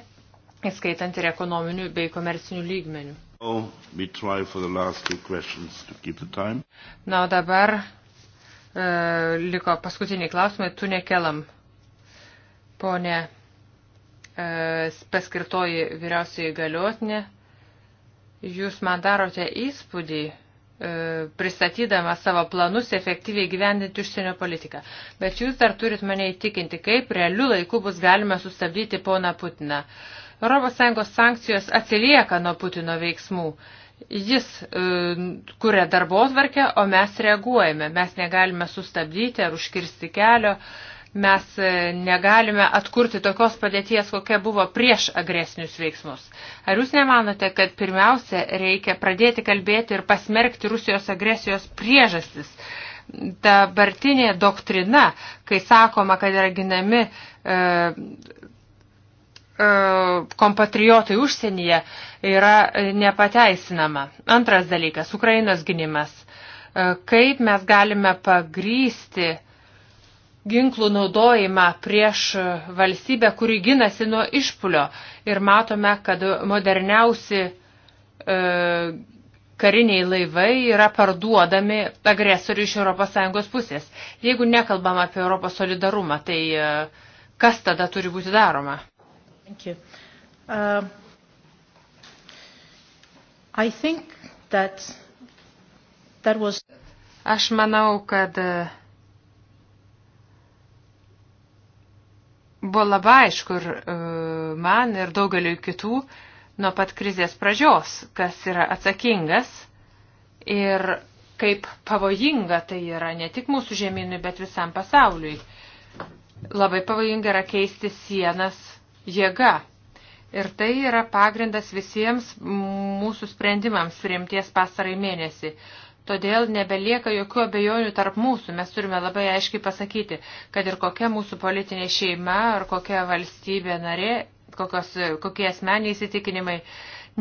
Speaker 3: įskaitant ir ekonominių bei komercinių lygmenių. Oh, Na, o dabar e, liko paskutiniai klausimai, tu nekelam. Pone e, paskirtoji vyriausiai galiotinė. Jūs man darote įspūdį, e, pristatydama savo planus efektyviai gyvendinti užsienio politiką. Bet jūs dar turit mane įtikinti, kaip realiu laiku bus galima sustabdyti poną Putiną. ES sankcijos atsilieka nuo Putino veiksmų. Jis e, kuria darbos varkę, o mes reaguojame. Mes negalime sustabdyti ar užkirsti kelio. E, Mes e, negalime atkurti tokios padėties, kokia buvo prieš agresinius veiksmus. Ar jūs nemanote, kad pirmiausia reikia pradėti kalbėti ir pasmerkti Rusijos agresijos priežastis? Dabartinė doktrina, kai sakoma, kad yra ginami e, e kompatriotai užsienyje yra e, nepateisinama. Antras dalykas – Ukrainos gynimas. Kaip mes galime pagrysti ginklų naudojimą prieš valstybę, kuri ginasi nuo išpulio. Ir matome, kad moderniausi e, kariniai laivai yra parduodami agresoriui iš ES pusės. Jeigu nekalbam apie Europos solidarumą, tai e, kas tada turi būti daroma? Uh, I think that that was... Aš manau, kad uh, buvo labai aišku ir e, man, ir daugeliu kitų nuo pat krizės pradžios, kas yra atsakingas ir kaip pavojinga tai yra ne tik mūsų žemynui, bet visam pasauliui. Labai pavojinga yra keisti sienas jėga. Ir tai yra pagrindas visiems mūsų sprendimams priimties pasarai mėnesį. Todėl nebelieka jokių abejonių tarp mūsų. Mes turime labai aiškiai pasakyti, kad ir kokia mūsų politinė šeima ar kokia valstybė narė, kokios, kokie asmeniai įsitikinimai,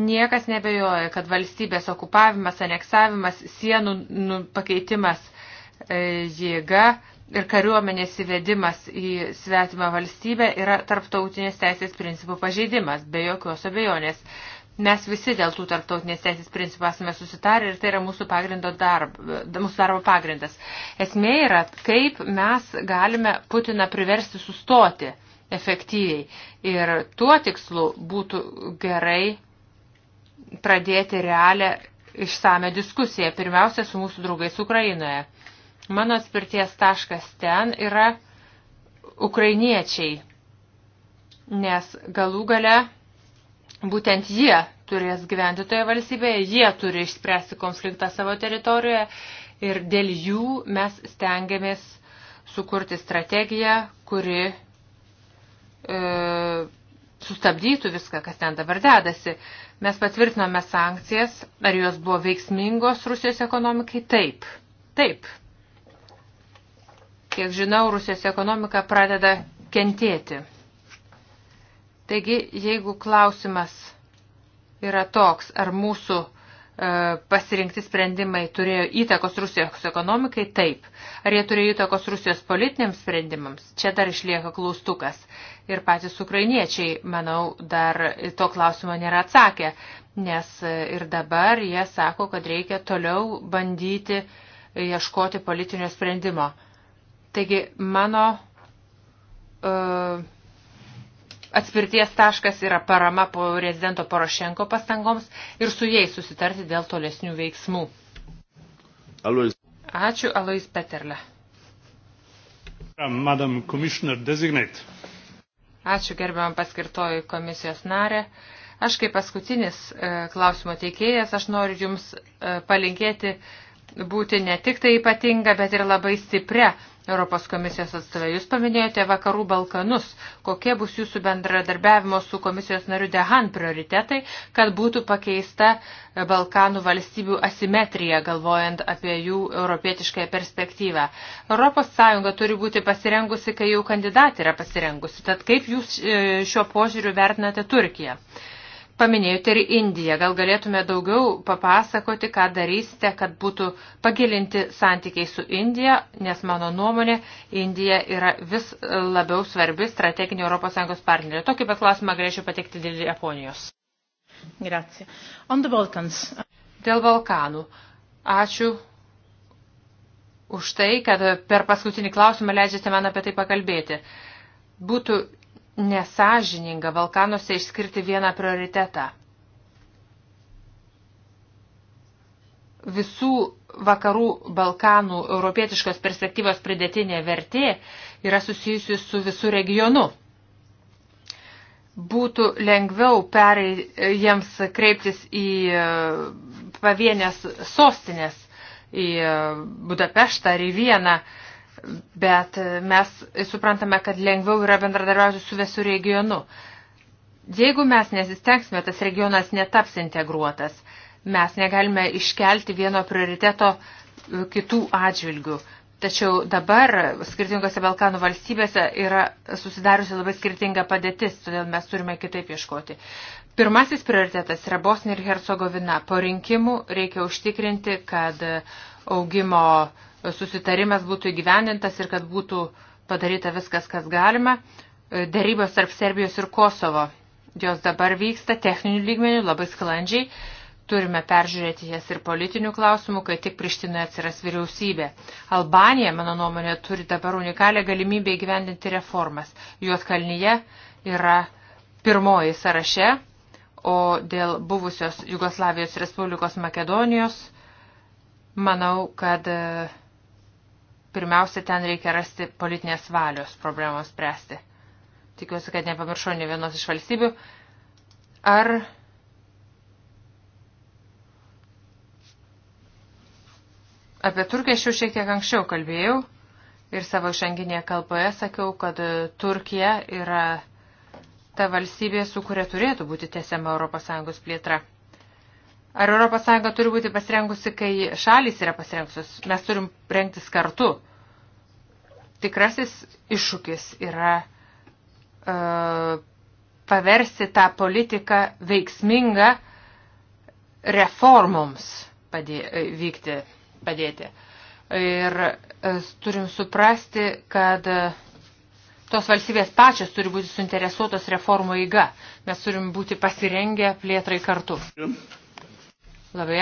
Speaker 3: niekas nebejoja, kad valstybės okupavimas, aneksavimas, sienų nu, pakeitimas e, jėga ir kariuomenės įvedimas į svetimą valstybę yra tarptautinės teisės principų pažeidimas, be jokios abejonės. Mes visi dėl tų tarptautinės teisės principų esame susitarę ir tai yra mūsų, darb, mūsų darbo pagrindas. Esmė yra, kaip mes galime Putiną priversti sustoti efektyviai. Ir tuo tikslu būtų gerai pradėti realią išsame diskusiją, pirmiausia, su mūsų draugais Ukrainoje. Mano atspirties taškas ten yra ukrainiečiai, nes galų gale būtent jie turės gyventi toje valstybėje, jie turi išspręsti konfliktą savo teritorijoje ir dėl jų mes stengiamės sukurti strategiją, kuri e, sustabdytų viską, kas ten dabar dedasi. Mes patvirtinome sankcijas, ar jos buvo veiksmingos Rusijos ekonomikai? Taip. Taip. Kiek žinau, Rusijos ekonomika pradeda kentėti. Taigi, jeigu klausimas yra toks, ar mūsų e, pasirinkti sprendimai turėjo įtakos Rusijos ekonomikai, taip. Ar jie turėjo įtakos Rusijos politiniams sprendimams, čia dar išlieka klaustukas. Ir patys ukrainiečiai, manau, dar to klausimo nėra atsakę, nes e, ir dabar jie sako, kad reikia toliau bandyti ieškoti politinio sprendimo. Taigi mano uh, Atspirties taškas yra parama po rezidento Porošenko pastangoms ir su jais susitarti dėl tolesnių veiksmų. Alois. Ačiū, Alois Peterle.
Speaker 1: Madam Commissioner Designate.
Speaker 3: Ačiū gerbiam paskirtoji komisijos narė. Aš kaip paskutinis e, klausimo teikėjas, aš noriu Jums e, palinkėti būti ne tik tai ypatinga, bet ir labai stipria Europos komisijos atstovė. Jūs paminėjote vakarų Balkanus. Kokie bus jūsų bendradarbiavimo su komisijos nariu Dehan prioritetai, kad būtų pakeista Balkanų valstybių asimetrija, galvojant apie jų europietiškąją perspektyvą? Europos Sąjunga turi būti pasirengusi, kai jau kandidatė yra pasirengusi. Tad kaip jūs e, šiuo požiūriu vertinate Turkiją? Paminėjote ir Indiją. Gal galėtume daugiau papasakoti, ką darysite, kad būtų pagilinti santykiai su Indija, nes mano nuomonė, Indija yra vis labiau svarbi strateginė ES partnerė. Tokį pat klausimą galėčiau patekti dėl Japonijos. Grazie. On the Balkans. Dėl Balkanų. Ačiū už tai, kad per paskutinį klausimą leidžiate man apie tai pakalbėti. Būtų nesažininga Balkanuose išskirti vieną prioritetą. Visų vakarų Balkanų europietiškos perspektyvos pridėtinė vertė yra susijusi su visų regionu. Būtų lengviau perei, jiems kreiptis į e, pavienės sostinės, į e, Budapeštą ar į Vieną, bet mes suprantame, kad lengviau yra bendradarbiauti su visų regionu. Jeigu mes nesistengsime, tas regionas netaps integruotas. Mes negalime iškelti vieno prioriteto e, kitų atžvilgių. Tačiau dabar skirtingose Balkanų valstybėse yra susidariusi labai skirtinga padėtis, todėl mes turime kitaip ieškoti. Pirmasis prioritetas yra Bosnija ir Hercegovina. Po rinkimų reikia užtikrinti, kad augimo uh, susitarimas būtų įgyvendintas ir kad būtų padaryta viskas, kas galima. E, Darybos tarp Serbijos ir Kosovo. Jos dabar vyksta techninių lygmenių labai sklandžiai. Turime peržiūrėti jas ir politinių klausimų, kai tik Prištinoje atsiras vyriausybė. Albanija, mano nuomonė, turi dabar unikalią galimybę įgyvendinti reformas. Juos kalnyje yra pirmoji sąraše, o dėl buvusios Jugoslavijos Respublikos Makedonijos, manau, kad uh, pirmiausia, ten reikia rasti politinės valios problemos spręsti. Tikiuosi, kad nepamiršau ne vienos iš valstybių. Ar apie Turkiją aš jau šiek tiek anksčiau kalbėjau ir savo išanginėje kalboje sakiau, kad Turkija yra ta valstybė, su kuria turėtų būti tęsiama ES plėtra. Ar ES turi būti pasirengusi, kai šalys yra pasirengusios? Mes turim rengtis kartu. Tikrasis iššūkis yra uh, e, paversi tą politiką veiksmingą reformoms padė, e, vykti, padėti. Ir uh, turim suprasti, kad uh, tos valstybės pačios turi būti suinteresuotos reformų eiga. Mes turim būti pasirengę plėtrai kartu. Jum. Labai